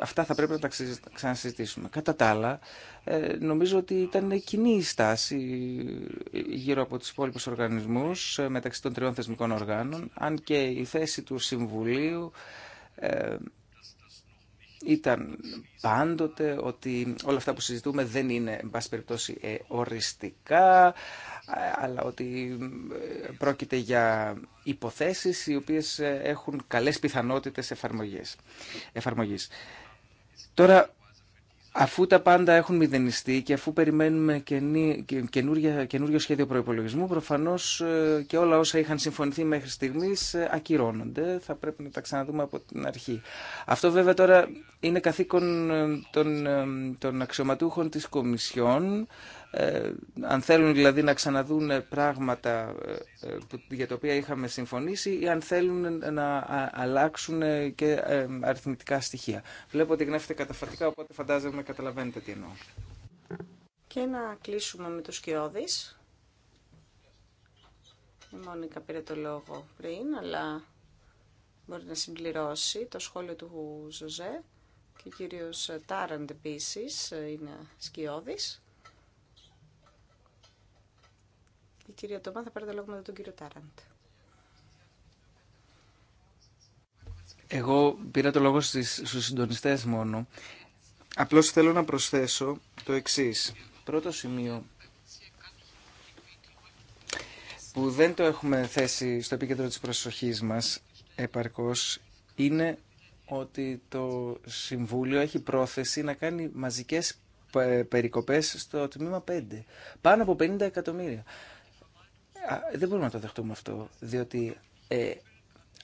αυτά θα πρέπει να τα ξανασυζητήσουμε. Κατά τα άλλα, ε, νομίζω ότι ήταν κοινή η στάση γύρω από τους υπόλοιπους οργανισμούς μεταξύ των τριών θεσμικών οργάνων, αν και η θέση του Συμβουλίου ήταν πάντοτε ότι όλα αυτά που συζητούμε δεν είναι, εν πάση περιπτώσει, οριστικά. Ε, αλλά ότι ε, πρόκειται για υποθέσεις οι οποίες ε, έχουν καλές πιθανότητες εφαρμογής. εφαρμογής. Τώρα, αφού τα πάντα έχουν μηδενιστεί και αφού περιμένουμε καινούριο σχέδιο προϋπολογισμού, προφανώς και όλα όσα είχαν συμφωνηθεί μέχρι στιγμής ακυρώνονται. Θα πρέπει να τα ξαναδούμε από την αρχή. Αυτό βέβαια τώρα είναι καθήκον των, των αξιωματούχων της Κομισιόν ε, αν θέλουν δηλαδή να ξαναδούν πράγματα ε, ε, για τα οποία είχαμε συμφωνήσει ή αν θέλουν να αλλάξουν και αριθμητικά στοιχεία. Βλέπω ότι γνέφεται καταφατικά, οπότε φαντάζομαι καταλαβαίνετε τι εννοώ. Και να κλείσουμε με τους Κιώδης. Η Μόνικα πήρε το λόγο πριν, αλλά μπορεί να συμπληρώσει το σχόλιο του Ζωζέ και ο κύριος Τάραντ επίσης είναι σκιώδης. Η κυρία Τόμα, θα πάρει το λόγο μετά τον κύριο Τάραντ. Εγώ πήρα το λόγο στις, στους συντονιστές μόνο. Απλώς θέλω να προσθέσω το εξής. Πρώτο σημείο που δεν το έχουμε θέσει στο επίκεντρο της προσοχής μας επαρκώς είναι ότι το Συμβούλιο έχει πρόθεση να κάνει μαζικές ε, περικοπές στο τμήμα 5. Πάνω από 50 εκατομμύρια δεν μπορούμε να το δεχτούμε αυτό, διότι ε,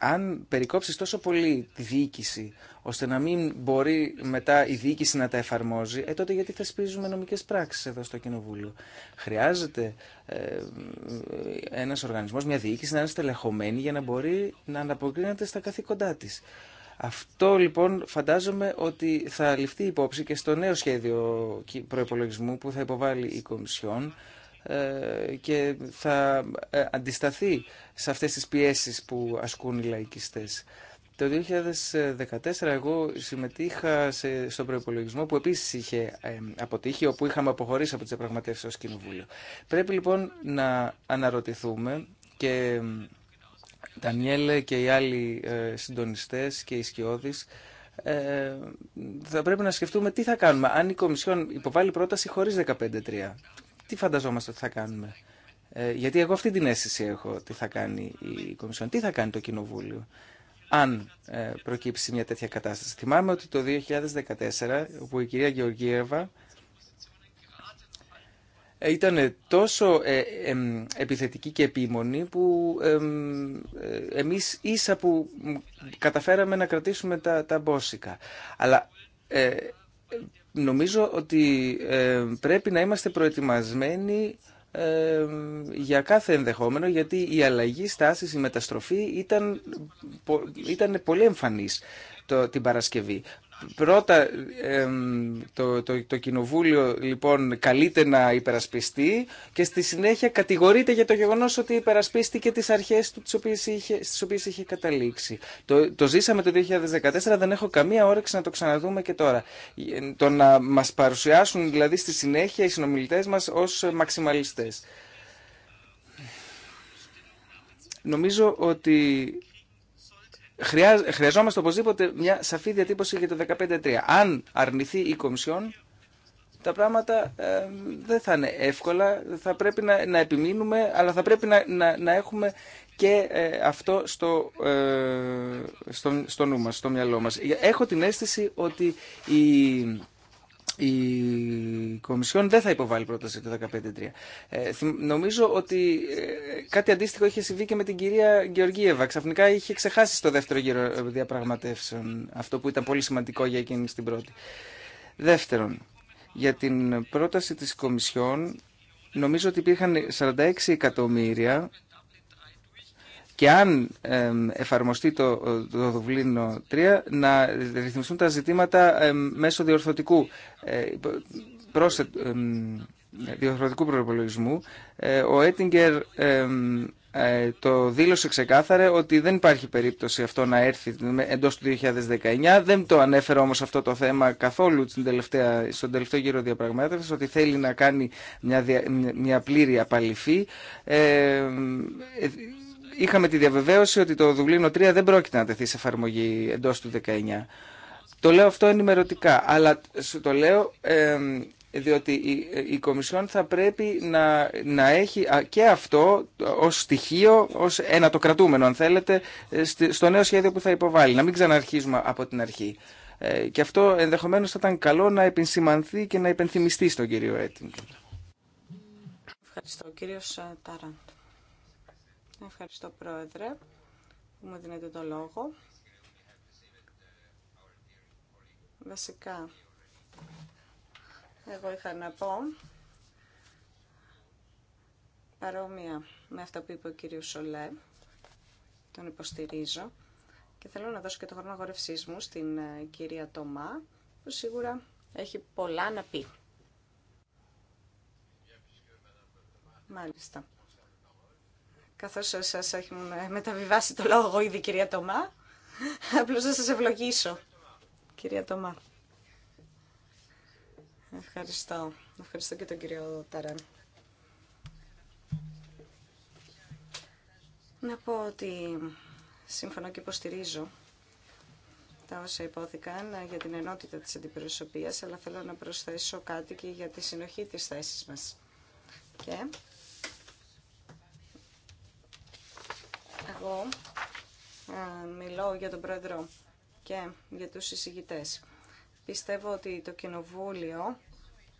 αν περικόψεις τόσο πολύ τη διοίκηση, ώστε να μην μπορεί μετά η διοίκηση να τα εφαρμόζει, ε, τότε γιατί θεσπίζουμε νομικές πράξεις εδώ στο Κοινοβούλιο. Χρειάζεται ε, ένας οργανισμός, μια διοίκηση να είναι στελεχωμένη για να μπορεί να αναποκρίνεται στα καθήκοντά της. Αυτό λοιπόν φαντάζομαι ότι θα ληφθεί υπόψη και στο νέο σχέδιο προπολογισμού που θα υποβάλει η Κομισιόν, ε, και θα ε, αντισταθεί σε αυτές τις πιέσεις που ασκούν οι λαϊκιστές. Το 2014 εγώ συμμετείχα σε, στον προπολογισμό που επίσης είχε ε, αποτύχει, όπου είχαμε αποχωρήσει από τις διαπραγματεύσεις ως Κοινοβούλιο. Πρέπει λοιπόν να αναρωτηθούμε και Τανιέλε και οι άλλοι συντονιστές και οι σκιώδεις θα πρέπει να σκεφτούμε τι θα κάνουμε αν η Κομισιόν υποβάλει πρόταση χωρίς 15-3 τι φανταζόμαστε ότι θα κάνουμε. Ε, γιατί εγώ αυτή την αίσθηση έχω τι θα κάνει η Κομισιόν, τι θα κάνει το Κοινοβούλιο αν ε, προκύψει μια τέτοια κατάσταση. Θυμάμαι ότι το 2014, όπου η κυρία Γεωργίευα ε, ήταν τόσο ε, επιθετική και επίμονη που εμείς ίσα που καταφέραμε να κρατήσουμε τα, τα μπόσικα. Αλλά νομίζω ότι ε, πρέπει να είμαστε προετοιμασμένοι ε, για κάθε ενδεχόμενο γιατί η αλλαγή στάσης, η μεταστροφή ήταν, ήταν πολύ εμφανής το, την Παρασκευή. Πρώτα το, το, το Κοινοβούλιο λοιπόν καλείται να υπερασπιστεί και στη συνέχεια κατηγορείται για το γεγονός ότι υπερασπίστηκε τις αρχές του τις οποίες είχε, στις οποίες είχε καταλήξει. Το, το ζήσαμε το 2014, δεν έχω καμία όρεξη να το ξαναδούμε και τώρα. Το να μας παρουσιάσουν δηλαδή στη συνέχεια οι συνομιλητές μας ως μαξιμαλιστές. Νομίζω ότι χρειαζόμαστε οπωσδήποτε μια σαφή διατύπωση για το 15-3. Αν αρνηθεί η Κομισιόν, τα πράγματα ε, δεν θα είναι εύκολα, θα πρέπει να, να επιμείνουμε, αλλά θα πρέπει να, να, έχουμε και ε, αυτό στο, ε, στο, στο νου μας, στο μυαλό μας. Έχω την αίσθηση ότι η η Κομισιόν δεν θα υποβάλει πρόταση το 15 Ε, νομίζω ότι ε, κάτι αντίστοιχο είχε συμβεί και με την κυρία Γεωργίευα. Ξαφνικά είχε ξεχάσει στο δεύτερο γύρο ε, διαπραγματεύσεων αυτό που ήταν πολύ σημαντικό για εκείνη στην πρώτη. Δεύτερον, για την πρόταση της Κομισιόν νομίζω ότι υπήρχαν 46 εκατομμύρια και αν εφαρμοστεί το, το Δουβλίνο 3 να ρυθμιστούν τα ζητήματα μέσω διορθωτικού, ε, διορθωτικού προπολογισμού. Ε, ο Έτιγκερ ε, το δήλωσε ξεκάθαρε ότι δεν υπάρχει περίπτωση αυτό να έρθει εντός του 2019. Δεν το ανέφερε όμως αυτό το θέμα καθόλου στην τελευταία, στον τελευταίο γύρο διαπραγμάτευσης ότι θέλει να κάνει μια, μια πλήρη απαλυφή. Ε, είχαμε τη διαβεβαίωση ότι το Δουβλίνο 3 δεν πρόκειται να τεθεί σε εφαρμογή εντό του 19. Το λέω αυτό ενημερωτικά, αλλά σου το λέω ε, διότι η, η Κομισιόν θα πρέπει να, να έχει και αυτό ως στοιχείο, ως ένα το κρατούμενο αν θέλετε, ε, στο νέο σχέδιο που θα υποβάλει, να μην ξαναρχίζουμε από την αρχή. Ε, και αυτό ενδεχομένως θα ήταν καλό να επισημανθεί και να υπενθυμιστεί στον κύριο Έτινγκ. Ευχαριστώ. Κύριος ε, Τάραντ. Ευχαριστώ Πρόεδρε που μου δίνετε το λόγο. Βασικά, εγώ είχα να πω παρόμοια με αυτά που είπε ο κύριος Σολέ, τον υποστηρίζω και θέλω να δώσω και το χρόνο αγορευσής μου στην ε, κυρία Τομά που σίγουρα έχει πολλά να πει. Μάλιστα καθώς σας έχουμε μεταβιβάσει το λόγο ήδη κυρία Τωμά. Απλώς να σας ευλογήσω, κυρία Τωμά. Ευχαριστώ. Ευχαριστώ και τον κύριο Ταράν. Να πω ότι συμφωνώ και υποστηρίζω τα όσα υπόθηκαν για την ενότητα της αντιπροσωπείας, αλλά θέλω να προσθέσω κάτι και για τη συνοχή της θέσης μας. Και Εγώ ε, μιλώ για τον πρόεδρο και για τους εισηγητές. Πιστεύω ότι το Κοινοβούλιο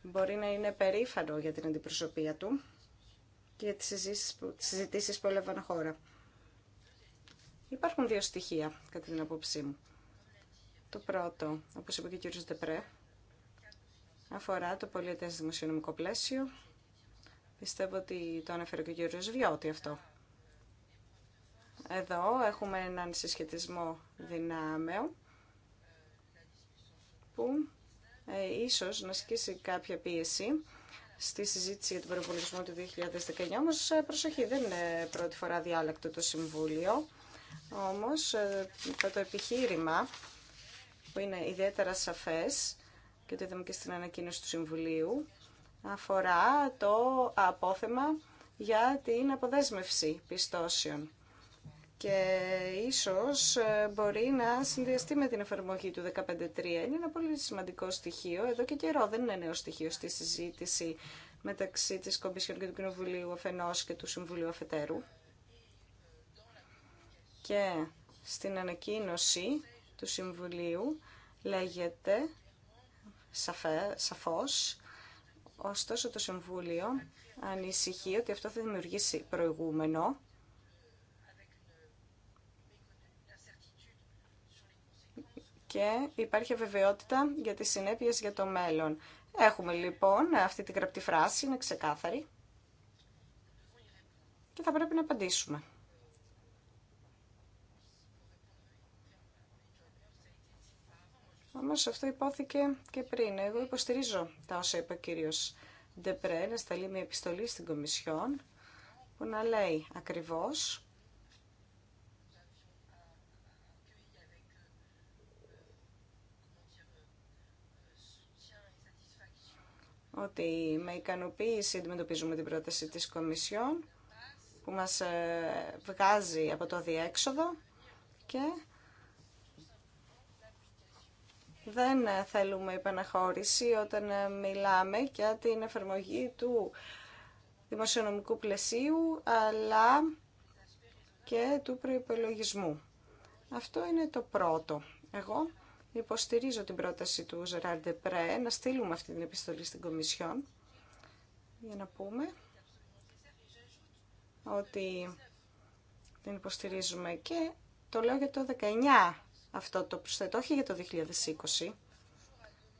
μπορεί να είναι περήφανο για την αντιπροσωπεία του και για τις συζητήσεις που έλαβαν χώρα. Υπάρχουν δύο στοιχεία, κατά την απόψή μου. Το πρώτο, όπως είπε και ο κ. Δεπρέ, αφορά το πολιτές δημοσιονομικό πλαίσιο. Πιστεύω ότι το ανέφερε και ο κ. Βιώτη αυτό. Εδώ έχουμε έναν συσχετισμό δυνάμεων που ε, ίσως να σκίσει κάποια πίεση στη συζήτηση για τον προπολογισμό του 2019, όμως ε, προσοχή, δεν είναι πρώτη φορά διάλεκτο το Συμβούλιο. Όμως ε, το επιχείρημα που είναι ιδιαίτερα σαφές και το είδαμε και στην ανακοίνωση του Συμβουλίου αφορά το απόθεμα για την αποδέσμευση πιστώσεων και ίσως ε, μπορεί να συνδυαστεί με την εφαρμογή του 15.3. Είναι ένα πολύ σημαντικό στοιχείο, εδώ και καιρό δεν είναι νέο στοιχείο στη συζήτηση μεταξύ της Κομπισιόν και του Κοινοβουλίου αφενός και του Συμβουλίου αφετέρου. Και στην ανακοίνωση του Συμβουλίου λέγεται σαφέ, σαφώς, ωστόσο το Συμβούλιο ανησυχεί ότι αυτό θα δημιουργήσει προηγούμενο και υπάρχει αβεβαιότητα για τις συνέπειες για το μέλλον. Έχουμε λοιπόν αυτή την γραπτή φράση, είναι ξεκάθαρη και θα πρέπει να απαντήσουμε. Όμως αυτό υπόθηκε και πριν. Εγώ υποστηρίζω τα όσα είπε ο κύριος Ντεπρέ, να σταλεί μια επιστολή στην Κομισιόν που να λέει ακριβώς ότι με ικανοποίηση αντιμετωπίζουμε την πρόταση της Κομισιόν που μας ε, βγάζει από το διέξοδο και δεν θέλουμε επαναχώρηση όταν ε, μιλάμε για την εφαρμογή του δημοσιονομικού πλαισίου αλλά και του προϋπολογισμού. Αυτό είναι το πρώτο. Εγώ Υποστηρίζω την πρόταση του Ζεράρ Ντεπρέ να στείλουμε αυτή την επιστολή στην Κομισιόν για να πούμε ότι την υποστηρίζουμε και το λέω για το 19 αυτό το προσθέτω, όχι για το 2020.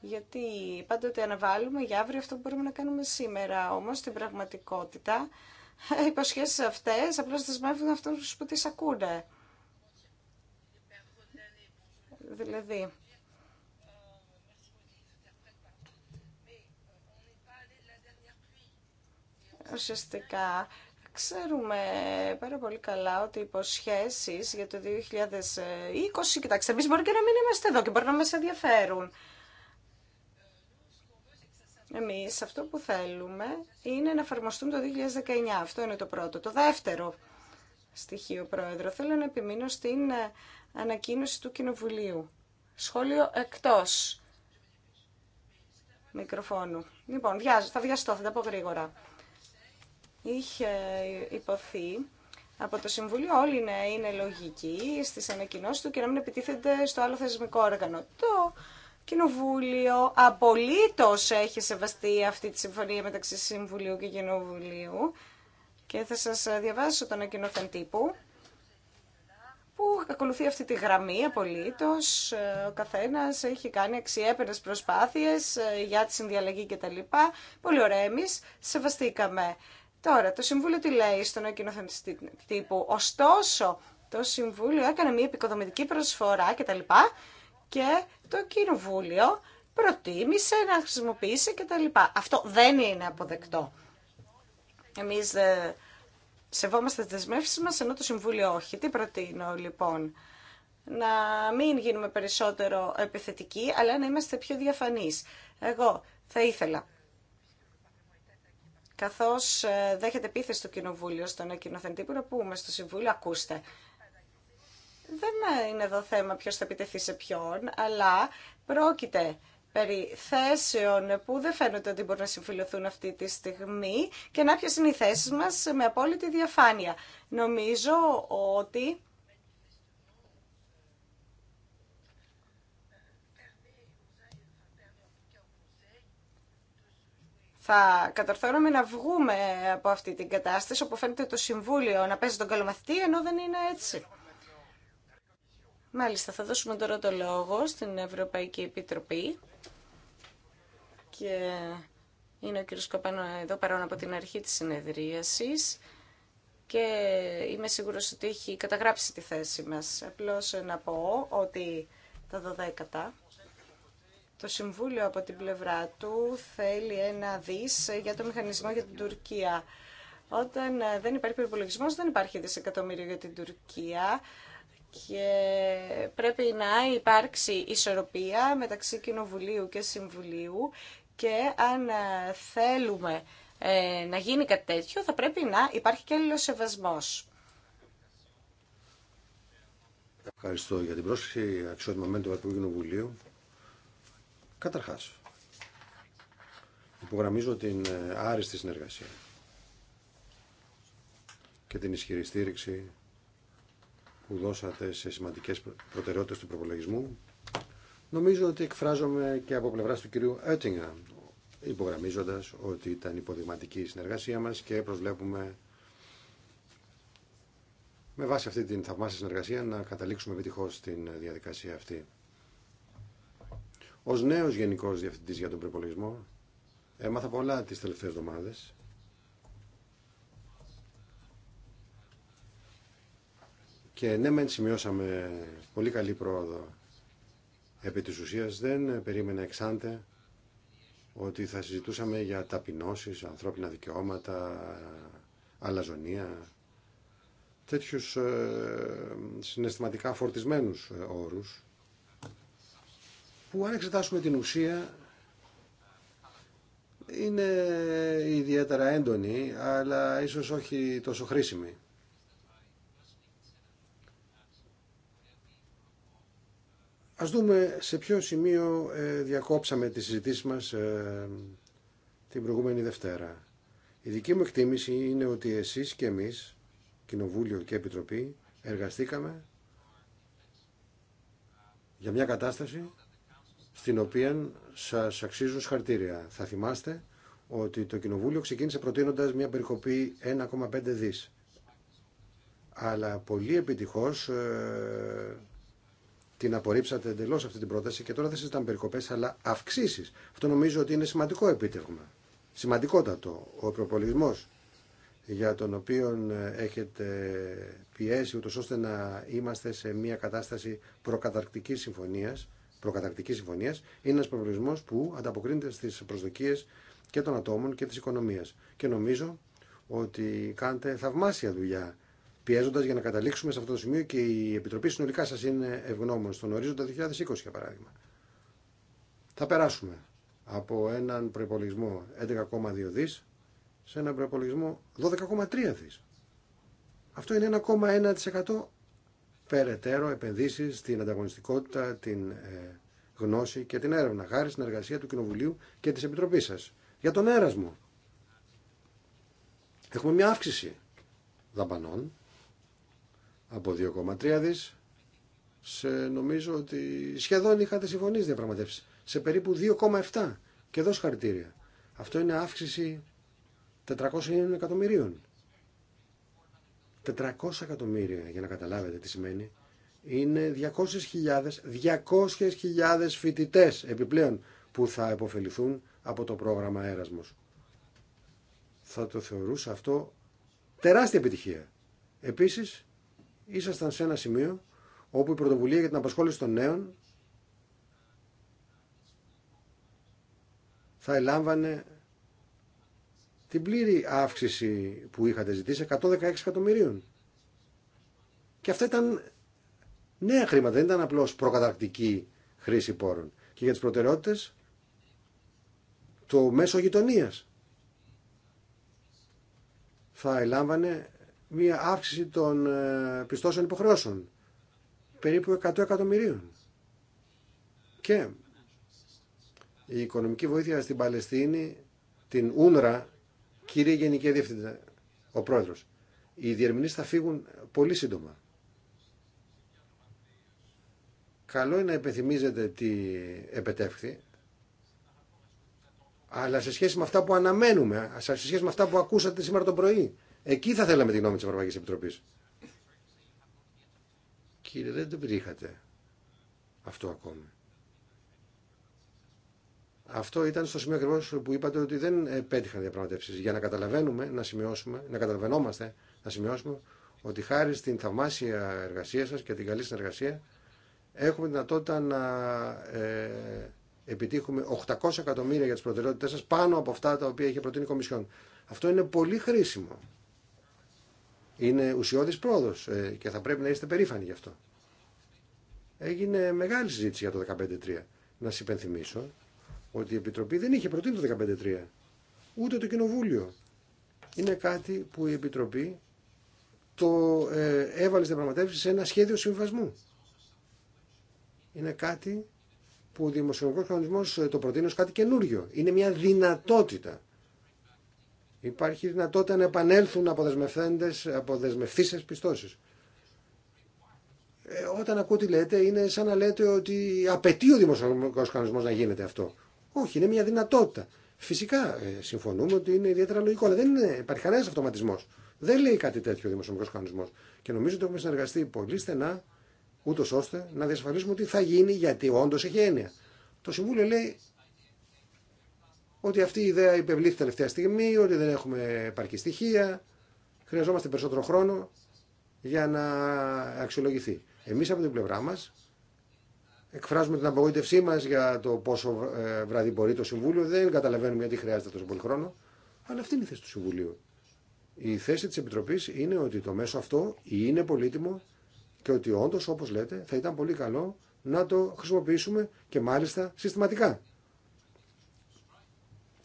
Γιατί πάντοτε αναβάλουμε για αύριο αυτό που μπορούμε να κάνουμε σήμερα. Όμως στην πραγματικότητα [LAUGHS] οι υποσχέσεις αυτές απλώς δεσμεύουν αυτούς που τις ακούνε. Δηλαδή, ουσιαστικά ξέρουμε πάρα πολύ καλά ότι οι υποσχέσει για το 2020, κοιτάξτε, Εμεί μπορεί και να μην είμαστε εδώ και μπορεί να μα ενδιαφέρουν. Εμείς αυτό που θέλουμε είναι να εφαρμοστούν το 2019. Αυτό είναι το πρώτο. Το δεύτερο στοιχείο, Πρόεδρο, θέλω να επιμείνω στην ε, ανακοίνωση του Κοινοβουλίου. Σχόλιο εκτός μικροφώνου. Λοιπόν, θα βιαστώ, θα τα πω γρήγορα είχε υποθεί από το Συμβουλίο όλοι να είναι λογικοί στις ανακοινώσεις του και να μην επιτίθενται στο άλλο θεσμικό όργανο. Το Κοινοβούλιο απολύτως έχει σεβαστεί αυτή τη συμφωνία μεταξύ Συμβουλίου και Κοινοβουλίου και θα σας διαβάσω τον ανακοινώθεν τύπου που ακολουθεί αυτή τη γραμμή απολύτως. Ο καθένας έχει κάνει αξιέπαινες προσπάθειες ε, για τη συνδιαλλαγή κτλ. Πολύ ωραία εμείς σεβαστήκαμε Τώρα, το Συμβούλιο τι λέει στον κοινό τύπου. Ωστόσο, το Συμβούλιο έκανε μια επικοδομητική προσφορά κτλ. Και το Κοινοβούλιο προτίμησε να χρησιμοποιήσει κτλ. Αυτό δεν είναι αποδεκτό. Εμείς ε, σεβόμαστε τις δεσμεύσει μα ενώ το Συμβούλιο όχι. Τι προτείνω λοιπόν. Να μην γίνουμε περισσότερο επιθετικοί, αλλά να είμαστε πιο διαφανείς. Εγώ θα ήθελα καθώς ε, δέχεται επίθεση στο Κοινοβούλιο στον κοινοθεντή που να πούμε στο Συμβούλιο, ακούστε, δεν είναι εδώ θέμα ποιο θα επιτεθεί σε ποιον, αλλά πρόκειται περί θέσεων που δεν φαίνεται ότι μπορούν να συμφιλωθούν αυτή τη στιγμή και να ποιε είναι οι θέσει μα με απόλυτη διαφάνεια. Νομίζω ότι θα κατορθώναμε να βγούμε από αυτή την κατάσταση όπου φαίνεται το Συμβούλιο να παίζει τον καλομαθητή ενώ δεν είναι έτσι. Μάλιστα, θα δώσουμε τώρα το λόγο στην Ευρωπαϊκή Επιτροπή και είναι ο κ. Κοπάνο εδώ παρόν από την αρχή της συνεδρίασης και είμαι σίγουρος ότι έχει καταγράψει τη θέση μας. Απλώς να πω ότι τα 12 το Συμβούλιο από την πλευρά του θέλει ένα δις για το μηχανισμό για την Τουρκία. Όταν ε, δεν υπάρχει προπολογισμό, δεν υπάρχει δισεκατομμύριο για την Τουρκία και πρέπει να υπάρξει ισορροπία μεταξύ Κοινοβουλίου και Συμβουλίου και αν ε, θέλουμε ε, να γίνει κάτι τέτοιο θα πρέπει να υπάρχει και αλληλοσεβασμός. Ευχαριστώ για την πρόσκληση αξιότιμα μέλη του Ευρωπαϊκού Κοινοβουλίου. Καταρχάς, υπογραμμίζω την ε, άριστη συνεργασία και την ισχυρή στήριξη που δώσατε σε σημαντικές προτεραιότητες του προπολογισμού. Νομίζω ότι εκφράζομαι και από πλευράς του κυρίου Έτιγκα, υπογραμμίζοντας ότι ήταν υποδειγματική η συνεργασία μας και προσβλέπουμε με βάση αυτή την θαυμάσια συνεργασία να καταλήξουμε επιτυχώς στην διαδικασία αυτή. Ω νέος Γενικός Διευθυντής για τον Προπολογισμό έμαθα πολλά τις τελευταίε εβδομάδε. Και ναι, μεν σημειώσαμε πολύ καλή πρόοδο. Επί της ουσίας δεν περίμενα εξάντε ότι θα συζητούσαμε για ταπεινώσεις, ανθρώπινα δικαιώματα, αλαζονία, τέτοιους ε, συναισθηματικά φορτισμένους ε, όρους που αν εξετάσουμε την ουσία είναι ιδιαίτερα έντονη, αλλά ίσως όχι τόσο χρήσιμη. Ας δούμε σε ποιο σημείο ε, διακόψαμε τη συζήτηση μας ε, την προηγούμενη Δευτέρα. Η δική μου εκτίμηση είναι ότι εσείς και εμείς, Κοινοβούλιο και Επιτροπή, εργαστήκαμε για μια κατάσταση στην οποία σας αξίζουν συγχαρητήρια. Θα θυμάστε ότι το Κοινοβούλιο ξεκίνησε προτείνοντας μια περικοπή 1,5 δι. Αλλά πολύ επιτυχώς ε, την απορρίψατε εντελώ αυτή την πρόταση και τώρα δεν συζητάμε περικοπέ, αλλά αυξήσει. Αυτό νομίζω ότι είναι σημαντικό επίτευγμα. Σημαντικότατο ο προπολογισμό για τον οποίο ε, έχετε πιέσει ούτως ώστε να είμαστε σε μια κατάσταση προκαταρκτικής συμφωνίας προκαταρκτική συμφωνία είναι ένα προβληματισμό που ανταποκρίνεται στι προσδοκίε και των ατόμων και τη οικονομία. Και νομίζω ότι κάνετε θαυμάσια δουλειά πιέζοντα για να καταλήξουμε σε αυτό το σημείο και η Επιτροπή συνολικά σα είναι ευγνώμων στον ορίζοντα 2020 για παράδειγμα. Θα περάσουμε από έναν προπολογισμό 11,2 δι σε έναν προπολογισμό 12,3 δι. Αυτό είναι 1,1% περαιτέρω επενδύσει στην ανταγωνιστικότητα, την ε, γνώση και την έρευνα, χάρη στην εργασία του Κοινοβουλίου και τη Επιτροπή σα Για τον έρασμο. Έχουμε μια αύξηση δαπανών από 2,3 δι σε νομίζω ότι σχεδόν είχατε συμφωνήσει διαπραγματεύσει σε περίπου 2,7 και εδώ χαρτίρια. Αυτό είναι αύξηση 400 εκατομμυρίων 400 εκατομμύρια, για να καταλάβετε τι σημαίνει, είναι 200.000 200.000 φοιτητές επιπλέον που θα επωφεληθούν από το πρόγραμμα έρασμο. Θα το θεωρούσα αυτό τεράστια επιτυχία. Επίσης, ήσασταν σε ένα σημείο όπου η πρωτοβουλία για την απασχόληση των νέων θα ελάμβανε την πλήρη αύξηση που είχατε ζητήσει 116 εκατομμυρίων. Και αυτά ήταν νέα χρήματα, δεν ήταν απλώς προκαταρκτική χρήση πόρων. Και για τι προτεραιότητε, το μέσο γειτονία θα ελάμβανε μία αύξηση των ε, πιστώσεων υποχρεώσεων, περίπου 100 εκατομμυρίων. Και η οικονομική βοήθεια στην Παλαιστίνη, την Ούνρα, Κύριε Γενική Διευθυντή, ο Πρόεδρος, οι διερμηνείς θα φύγουν πολύ σύντομα. Καλό είναι να επιθυμίζετε τι επετεύχθη, αλλά σε σχέση με αυτά που αναμένουμε, σε σχέση με αυτά που ακούσατε σήμερα το πρωί, εκεί θα θέλαμε τη γνώμη της Ευρωπαϊκής Επιτροπής. Κύριε, δεν το πετύχατε αυτό ακόμη. Αυτό ήταν στο σημείο ακριβώ που είπατε ότι δεν ε, πέτυχαν διαπραγματεύσει. Για να καταλαβαίνουμε, να σημειώσουμε, να καταλαβαίνόμαστε, να σημειώσουμε ότι χάρη στην θαυμάσια εργασία σα και την καλή συνεργασία έχουμε δυνατότητα να ε, επιτύχουμε 800 εκατομμύρια για τι προτεραιότητέ σα πάνω από αυτά τα οποία είχε προτείνει η Κομισιόν. Αυτό είναι πολύ χρήσιμο. Είναι ουσιώδη πρόοδο ε, και θα πρέπει να είστε περήφανοι γι' αυτό. Έγινε μεγάλη συζήτηση για το 15-3. Να σα υπενθυμίσω ότι η Επιτροπή δεν είχε προτείνει το 15.3, ούτε το Κοινοβούλιο. Είναι κάτι που η Επιτροπή το ε, έβαλε στην πραγματεύση σε ένα σχέδιο συμβασμού. Είναι κάτι που ο δημοσιονομικός κανονισμός ε, το προτείνει ως κάτι καινούργιο. Είναι μια δυνατότητα. Υπάρχει δυνατότητα να επανέλθουν αποδεσμευθείς πιστώσεις. Ε, όταν ακούω τι λέτε, είναι σαν να λέτε ότι απαιτεί ο δημοσιονομικός κανονισμός να γίνεται αυτό. Όχι, είναι μια δυνατότητα. Φυσικά ε, συμφωνούμε ότι είναι ιδιαίτερα λογικό, αλλά δεν είναι, υπάρχει κανένα αυτοματισμό. Δεν λέει κάτι τέτοιο ο δημοσιονομικό κανονισμό. Και νομίζω ότι έχουμε συνεργαστεί πολύ στενά, ούτω ώστε να διασφαλίσουμε ότι θα γίνει, γιατί όντω έχει έννοια. Το Συμβούλιο λέει ότι αυτή η ιδέα υπευλήθη τελευταία στιγμή, ότι δεν έχουμε επαρκή στοιχεία, χρειαζόμαστε περισσότερο χρόνο για να αξιολογηθεί. Εμεί από την πλευρά μα εκφράζουμε την απογοήτευσή μα για το πόσο ε, βράδυ μπορεί το Συμβούλιο. Δεν καταλαβαίνουμε γιατί χρειάζεται τόσο πολύ χρόνο. Αλλά αυτή είναι η θέση του Συμβουλίου. Η θέση τη Επιτροπή είναι ότι το μέσο αυτό είναι πολύτιμο και ότι όντω, όπω λέτε, θα ήταν πολύ καλό να το χρησιμοποιήσουμε και μάλιστα συστηματικά.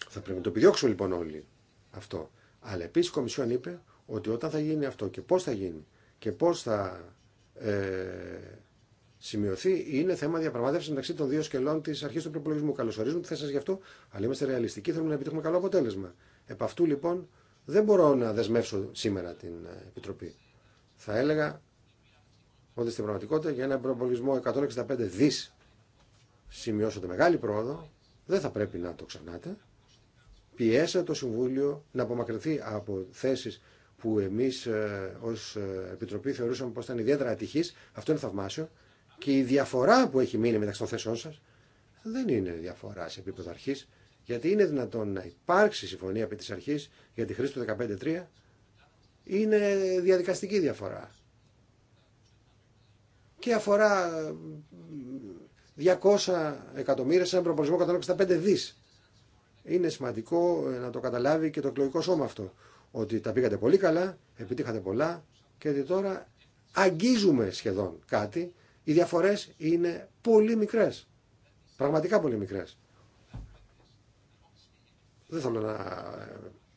Θα πρέπει να το επιδιώξουμε λοιπόν όλοι αυτό. Αλλά επίση η Κομισιόν είπε ότι όταν θα γίνει αυτό και πώ θα γίνει και πώ θα ε, σημειωθεί είναι θέμα διαπραγμάτευση μεταξύ των δύο σκελών τη αρχή του προπολογισμού. Καλωσορίζουμε τη θέση σα γι' αυτό, αλλά είμαστε ρεαλιστικοί, θέλουμε να επιτύχουμε καλό αποτέλεσμα. Επ' αυτού λοιπόν δεν μπορώ να δεσμεύσω σήμερα την ε, Επιτροπή. Θα έλεγα ότι στην πραγματικότητα για ένα προπολογισμό 165 δι σημειώσονται μεγάλη πρόοδο, δεν θα πρέπει να το ξανάτε. Πιέσα το Συμβούλιο να απομακρυνθεί από θέσει που εμεί ε, ω ε, Επιτροπή θεωρούσαμε πω ήταν ιδιαίτερα ατυχή, Αυτό είναι θαυμάσιο και η διαφορά που έχει μείνει μεταξύ των θέσεών σα δεν είναι διαφορά σε επίπεδο αρχή, γιατί είναι δυνατόν να υπάρξει συμφωνία επί τη αρχή για τη χρήση του 15.3. Είναι διαδικαστική διαφορά. Και αφορά 200 εκατομμύρια σε έναν προπολογισμό 165 δις. Είναι σημαντικό ε, να το καταλάβει και το εκλογικό σώμα αυτό. Ότι τα πήγατε πολύ καλά, επιτύχατε πολλά και ότι τώρα αγγίζουμε σχεδόν κάτι οι διαφορές είναι πολύ μικρές. Πραγματικά πολύ μικρές. Δεν θέλω να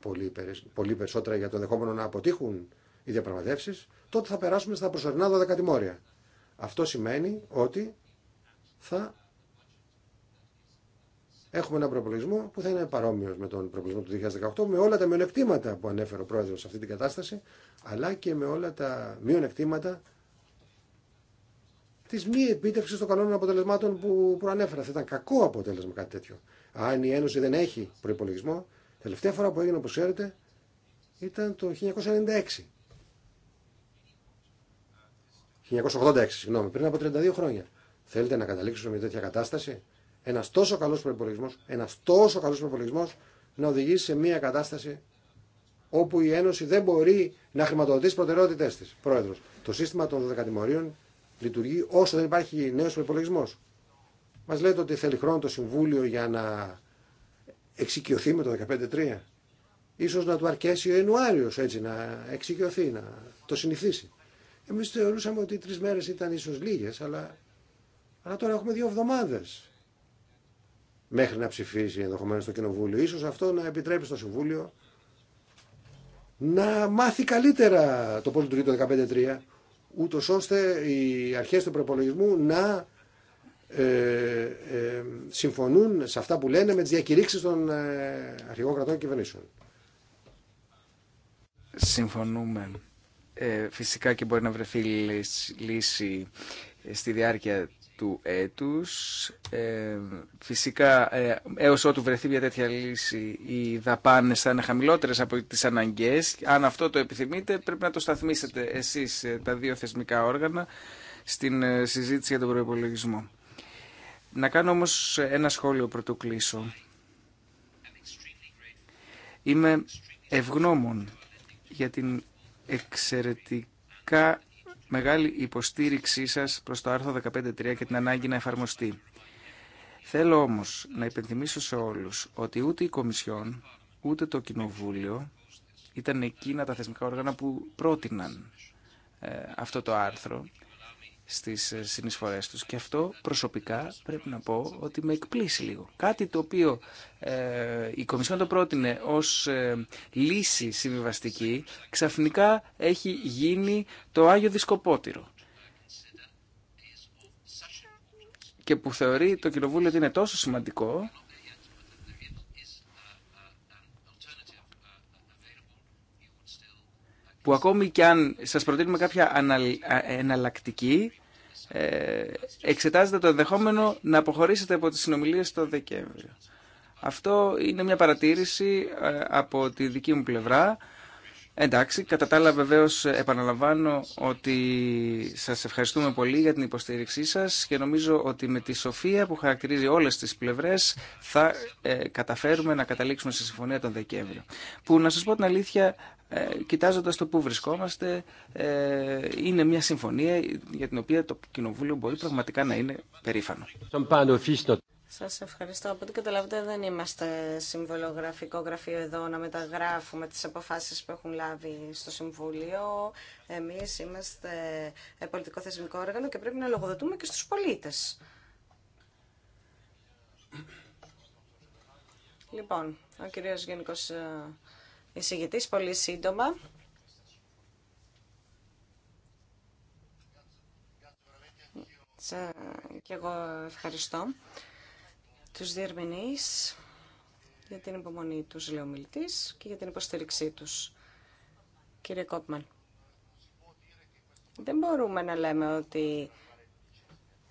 πολύ, πολύ περισσότερα για το δεχόμενο να αποτύχουν οι διαπραγματεύσει. Τότε θα περάσουμε στα προσωρινά 12 τιμόρια. Αυτό σημαίνει ότι θα έχουμε ένα προπολογισμό που θα είναι παρόμοιο με τον προπολογισμό του 2018, με όλα τα μειονεκτήματα που ανέφερε ο πρόεδρο σε αυτή την κατάσταση, αλλά και με όλα τα μειονεκτήματα τη μη επίτευξη των καλών αποτελεσμάτων που προανέφερα. Θα ήταν κακό αποτέλεσμα κάτι τέτοιο. Αν η Ένωση δεν έχει προπολογισμό, τελευταία φορά που έγινε, όπω ξέρετε, ήταν το 1996. 1986, συγγνώμη, πριν από 32 χρόνια. Θέλετε να καταλήξουμε μια τέτοια κατάσταση. Ένα τόσο καλό προπολογισμό, ένα τόσο καλό προπολογισμό να οδηγήσει σε μια κατάσταση όπου η Ένωση δεν μπορεί να χρηματοδοτήσει προτεραιότητέ τη. Πρόεδρο, το σύστημα των 12 τιμωρίων λειτουργεί όσο δεν υπάρχει νέο προπολογισμό. Μα λέτε ότι θέλει χρόνο το Συμβούλιο για να εξοικειωθεί με το 15-3. Ίσως να του αρκέσει ο Ιανουάριο έτσι να εξοικειωθεί, να το συνηθίσει. Εμεί θεωρούσαμε ότι τρει μέρε ήταν ίσω λίγε, αλλά, αλλά τώρα έχουμε δύο εβδομάδε μέχρι να ψηφίσει ενδεχομένω το Κοινοβούλιο. Ίσως αυτό να επιτρέπει στο Συμβούλιο να μάθει καλύτερα το πώ λειτουργεί το 15-3 ούτω ώστε οι αρχές του προπολογισμού να ε, ε, συμφωνούν σε αυτά που λένε με τις διακηρύξεις των ε, αρχηγών κρατών κυβερνήσεων. Συμφωνούμε. Ε, φυσικά και μπορεί να βρεθεί λύση ε, στη διάρκεια του έτους. Ε, φυσικά, ε, έως ότου βρεθεί μια τέτοια λύση, οι δαπάνες θα είναι χαμηλότερες από τις αναγκές. Αν αυτό το επιθυμείτε, πρέπει να το σταθμίσετε εσείς ε, τα δύο θεσμικά όργανα στην ε, συζήτηση για τον προϋπολογισμό. Να κάνω όμως ένα σχόλιο πρωτού κλείσω. Είμαι ευγνώμων για την εξαιρετικά μεγάλη υποστήριξή σας προς το άρθρο 15.3 και την ανάγκη να εφαρμοστεί. Θέλω όμως να υπενθυμίσω σε όλους ότι ούτε η Κομισιόν, ούτε το Κοινοβούλιο ήταν εκείνα τα θεσμικά όργανα που πρότειναν ε, αυτό το άρθρο στις ε, συνεισφορές τους. Και αυτό προσωπικά πρέπει να πω ότι με εκπλήσει λίγο. Κάτι το οποίο ε, η Κομισιόν το πρότεινε ως ε, λύση συμβιβαστική, ξαφνικά έχει γίνει το Άγιο Δισκοπότηρο. Και που θεωρεί το Κοινοβούλιο ότι είναι τόσο σημαντικό που ακόμη και αν σας προτείνουμε κάποια εναλλακτική, ε, εξετάζετε το ενδεχόμενο να αποχωρήσετε από τις συνομιλίες το Δεκέμβριο. Αυτό είναι μια παρατήρηση ε, από τη δική μου πλευρά. Εντάξει, κατά τα άλλα βεβαίως επαναλαμβάνω ότι σας ευχαριστούμε πολύ για την υποστήριξή σας και νομίζω ότι με τη σοφία που χαρακτηρίζει όλες τις πλευρές θα ε, καταφέρουμε να καταλήξουμε στη συμφωνία τον Δεκέμβριο. Που να σας πω την αλήθεια, ε, κοιτάζοντας το που βρισκόμαστε, ε, είναι μια συμφωνία για την οποία το Κοινοβούλιο μπορεί πραγματικά να είναι περήφανο. Σας ευχαριστώ. Από ό,τι καταλαβαίνετε δεν είμαστε συμβολογραφικό γραφείο εδώ να μεταγράφουμε τις αποφάσεις που έχουν λάβει στο Συμβούλιο. Εμείς είμαστε πολιτικό θεσμικό όργανο και πρέπει να λογοδοτούμε και στους πολίτες. Λοιπόν, ο κύριο Γενικό ε, Εισηγητή, πολύ σύντομα. Και εγώ ευχαριστώ τους διερμηνείς για την υπομονή τους μιλητής, και για την υποστήριξή τους. Κύριε Κόπμαν, δεν μπορούμε να λέμε ότι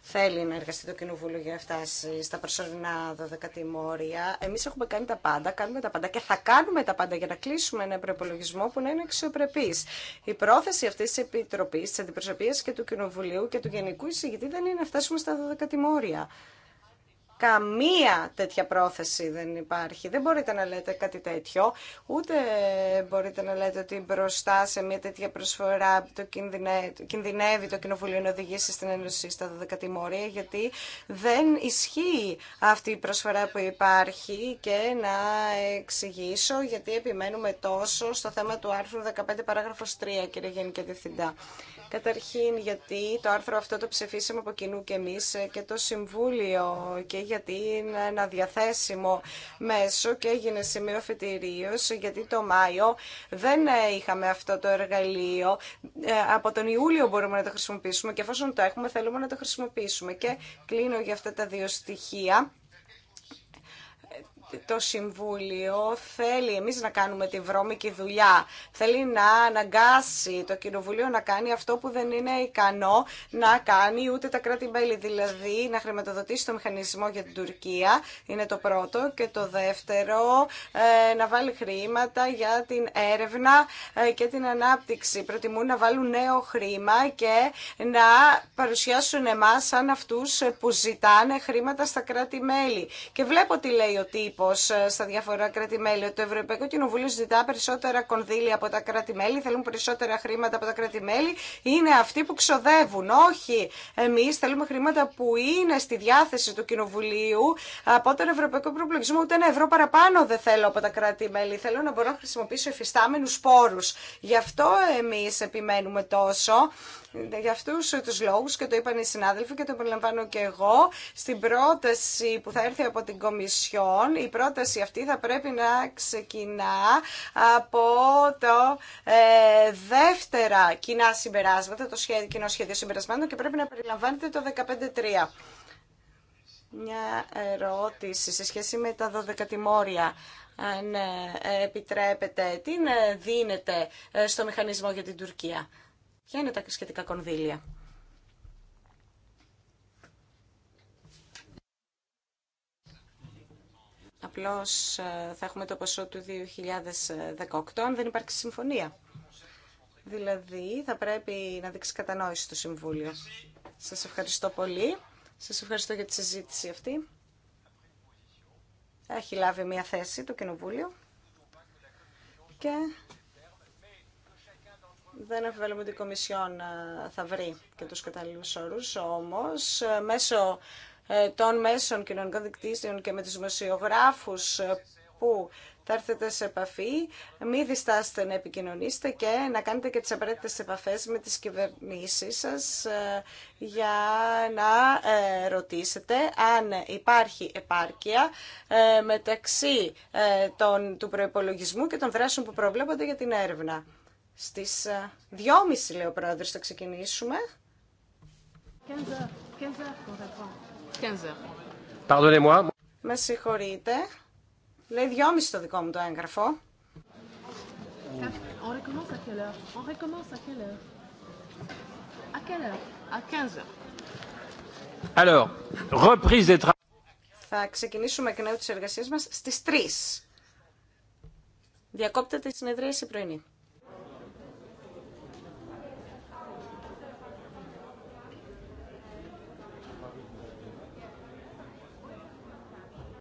θέλει να εργαστεί το Κοινοβούλιο για να φτάσει στα προσωρινά 12 τιμόρια. Εμείς έχουμε κάνει τα πάντα, κάνουμε τα πάντα και θα κάνουμε τα πάντα για να κλείσουμε ένα προπολογισμό που να είναι αξιοπρεπής. Η πρόθεση αυτής της Επιτροπής, της Αντιπροσωπείας και του Κοινοβουλίου και του Γενικού Εισηγητή δεν είναι να φτάσουμε στα 12 τιμόρια. Καμία τέτοια πρόθεση δεν υπάρχει. Δεν μπορείτε να λέτε κάτι τέτοιο, ούτε μπορείτε να λέτε ότι μπροστά σε μια τέτοια προσφορά το κινδυνεύει το Κοινοβούλιο να οδηγήσει στην Ένωση στα 12 τιμωρία, γιατί δεν ισχύει αυτή η προσφορά που υπάρχει και να εξηγήσω γιατί επιμένουμε τόσο στο θέμα του άρθρου 15 παράγραφος 3, κύριε Γενική Διευθυντά. Καταρχήν, γιατί το άρθρο αυτό το ψηφίσαμε από κοινού και εμείς και το Συμβούλιο και γιατί είναι ένα διαθέσιμο μέσο και έγινε σημείο φετηρίως γιατί το Μάιο δεν είχαμε αυτό το εργαλείο. Ε, από τον Ιούλιο μπορούμε να το χρησιμοποιήσουμε και εφόσον το έχουμε θέλουμε να το χρησιμοποιήσουμε. Και κλείνω για αυτά τα δύο στοιχεία το Συμβούλιο θέλει εμείς να κάνουμε τη βρώμικη δουλειά. Θέλει να αναγκάσει το Κοινοβουλίο να κάνει αυτό που δεν είναι ικανό να κάνει ούτε τα κράτη-μέλη. Δηλαδή να χρηματοδοτήσει το μηχανισμό για την Τουρκία είναι το πρώτο. Και το δεύτερο ε, να βάλει χρήματα για την έρευνα ε, και την ανάπτυξη. Προτιμούν να βάλουν νέο χρήμα και να παρουσιάσουν εμάς σαν αυτούς που ζητάνε χρήματα στα κράτη-μέλη. Και βλέπω τι λέει πω ε, στα διάφορα κράτη-μέλη. Το Ευρωπαϊκό Κοινοβούλιο ζητά περισσότερα κονδύλια από τα κράτη-μέλη, θέλουν περισσότερα χρήματα από τα κράτη-μέλη. Είναι αυτοί που ξοδεύουν. Όχι, εμεί θέλουμε χρήματα που είναι στη διάθεση του Κοινοβουλίου από τον Ευρωπαϊκό Προπολογισμό. Ούτε ένα ευρώ παραπάνω δεν θέλω από τα κράτη-μέλη. Θέλω να μπορώ να χρησιμοποιήσω εφιστάμενου πόρου. Γι' αυτό εμεί επιμένουμε τόσο για αυτού τους λόγου και το είπαν οι συνάδελφοι και το περιλαμβάνω και εγώ στην πρόταση που θα έρθει από την Κομισιόν η πρόταση αυτή θα πρέπει να ξεκινά από το ε, δεύτερα κοινά συμπεράσματα το σχέδιο, κοινό σχέδιο συμπερασμάτων και πρέπει να περιλαμβάνεται το 15.3 μια ερώτηση σε σχέση με τα 12 τιμόρια αν ε, επιτρέπετε, τι ε, δίνετε ε, στο μηχανισμό για την Τουρκία. Ποια είναι τα σχετικά κονδύλια. Απλώς ε, θα έχουμε το ποσό του 2018 αν δεν υπάρξει συμφωνία. Δηλαδή θα πρέπει να δείξει κατανόηση το Συμβούλιο. Σας ευχαριστώ πολύ. Σας ευχαριστώ για τη συζήτηση αυτή. Έχει λάβει μια θέση το Κοινοβούλιο και δεν αφιβάλλουμε ότι η Κομισιόν ε, θα βρει και τους κατάλληλους όρους, όμως ε, μέσω ε, των μέσων κοινωνικών δικτύσεων και με τους δημοσιογράφους που θα έρθετε σε επαφή, μη διστάσετε να επικοινωνήσετε και να κάνετε και τις απαραίτητες επαφές με τις κυβερνήσεις σας για να ρωτήσετε αν υπάρχει επάρκεια μεταξύ των, του προϋπολογισμού και των δράσεων που προβλέπονται για την έρευνα. Στις 2.30 λέω πρόεδρε, πρόεδρος θα ξεκινήσουμε. 15h. Με συγχωρείτε. Λέει 2.30 το δικό μου το έγγραφο. On recommence à quelle heure On recommence à quelle heure À quelle heure À 15h. Alors, reprise des travaux. Θα ξεκινήσουμε εκ νέου τις εργασίες μας στις 3. Διακόπτεται η συνεδρίαση πρωινή.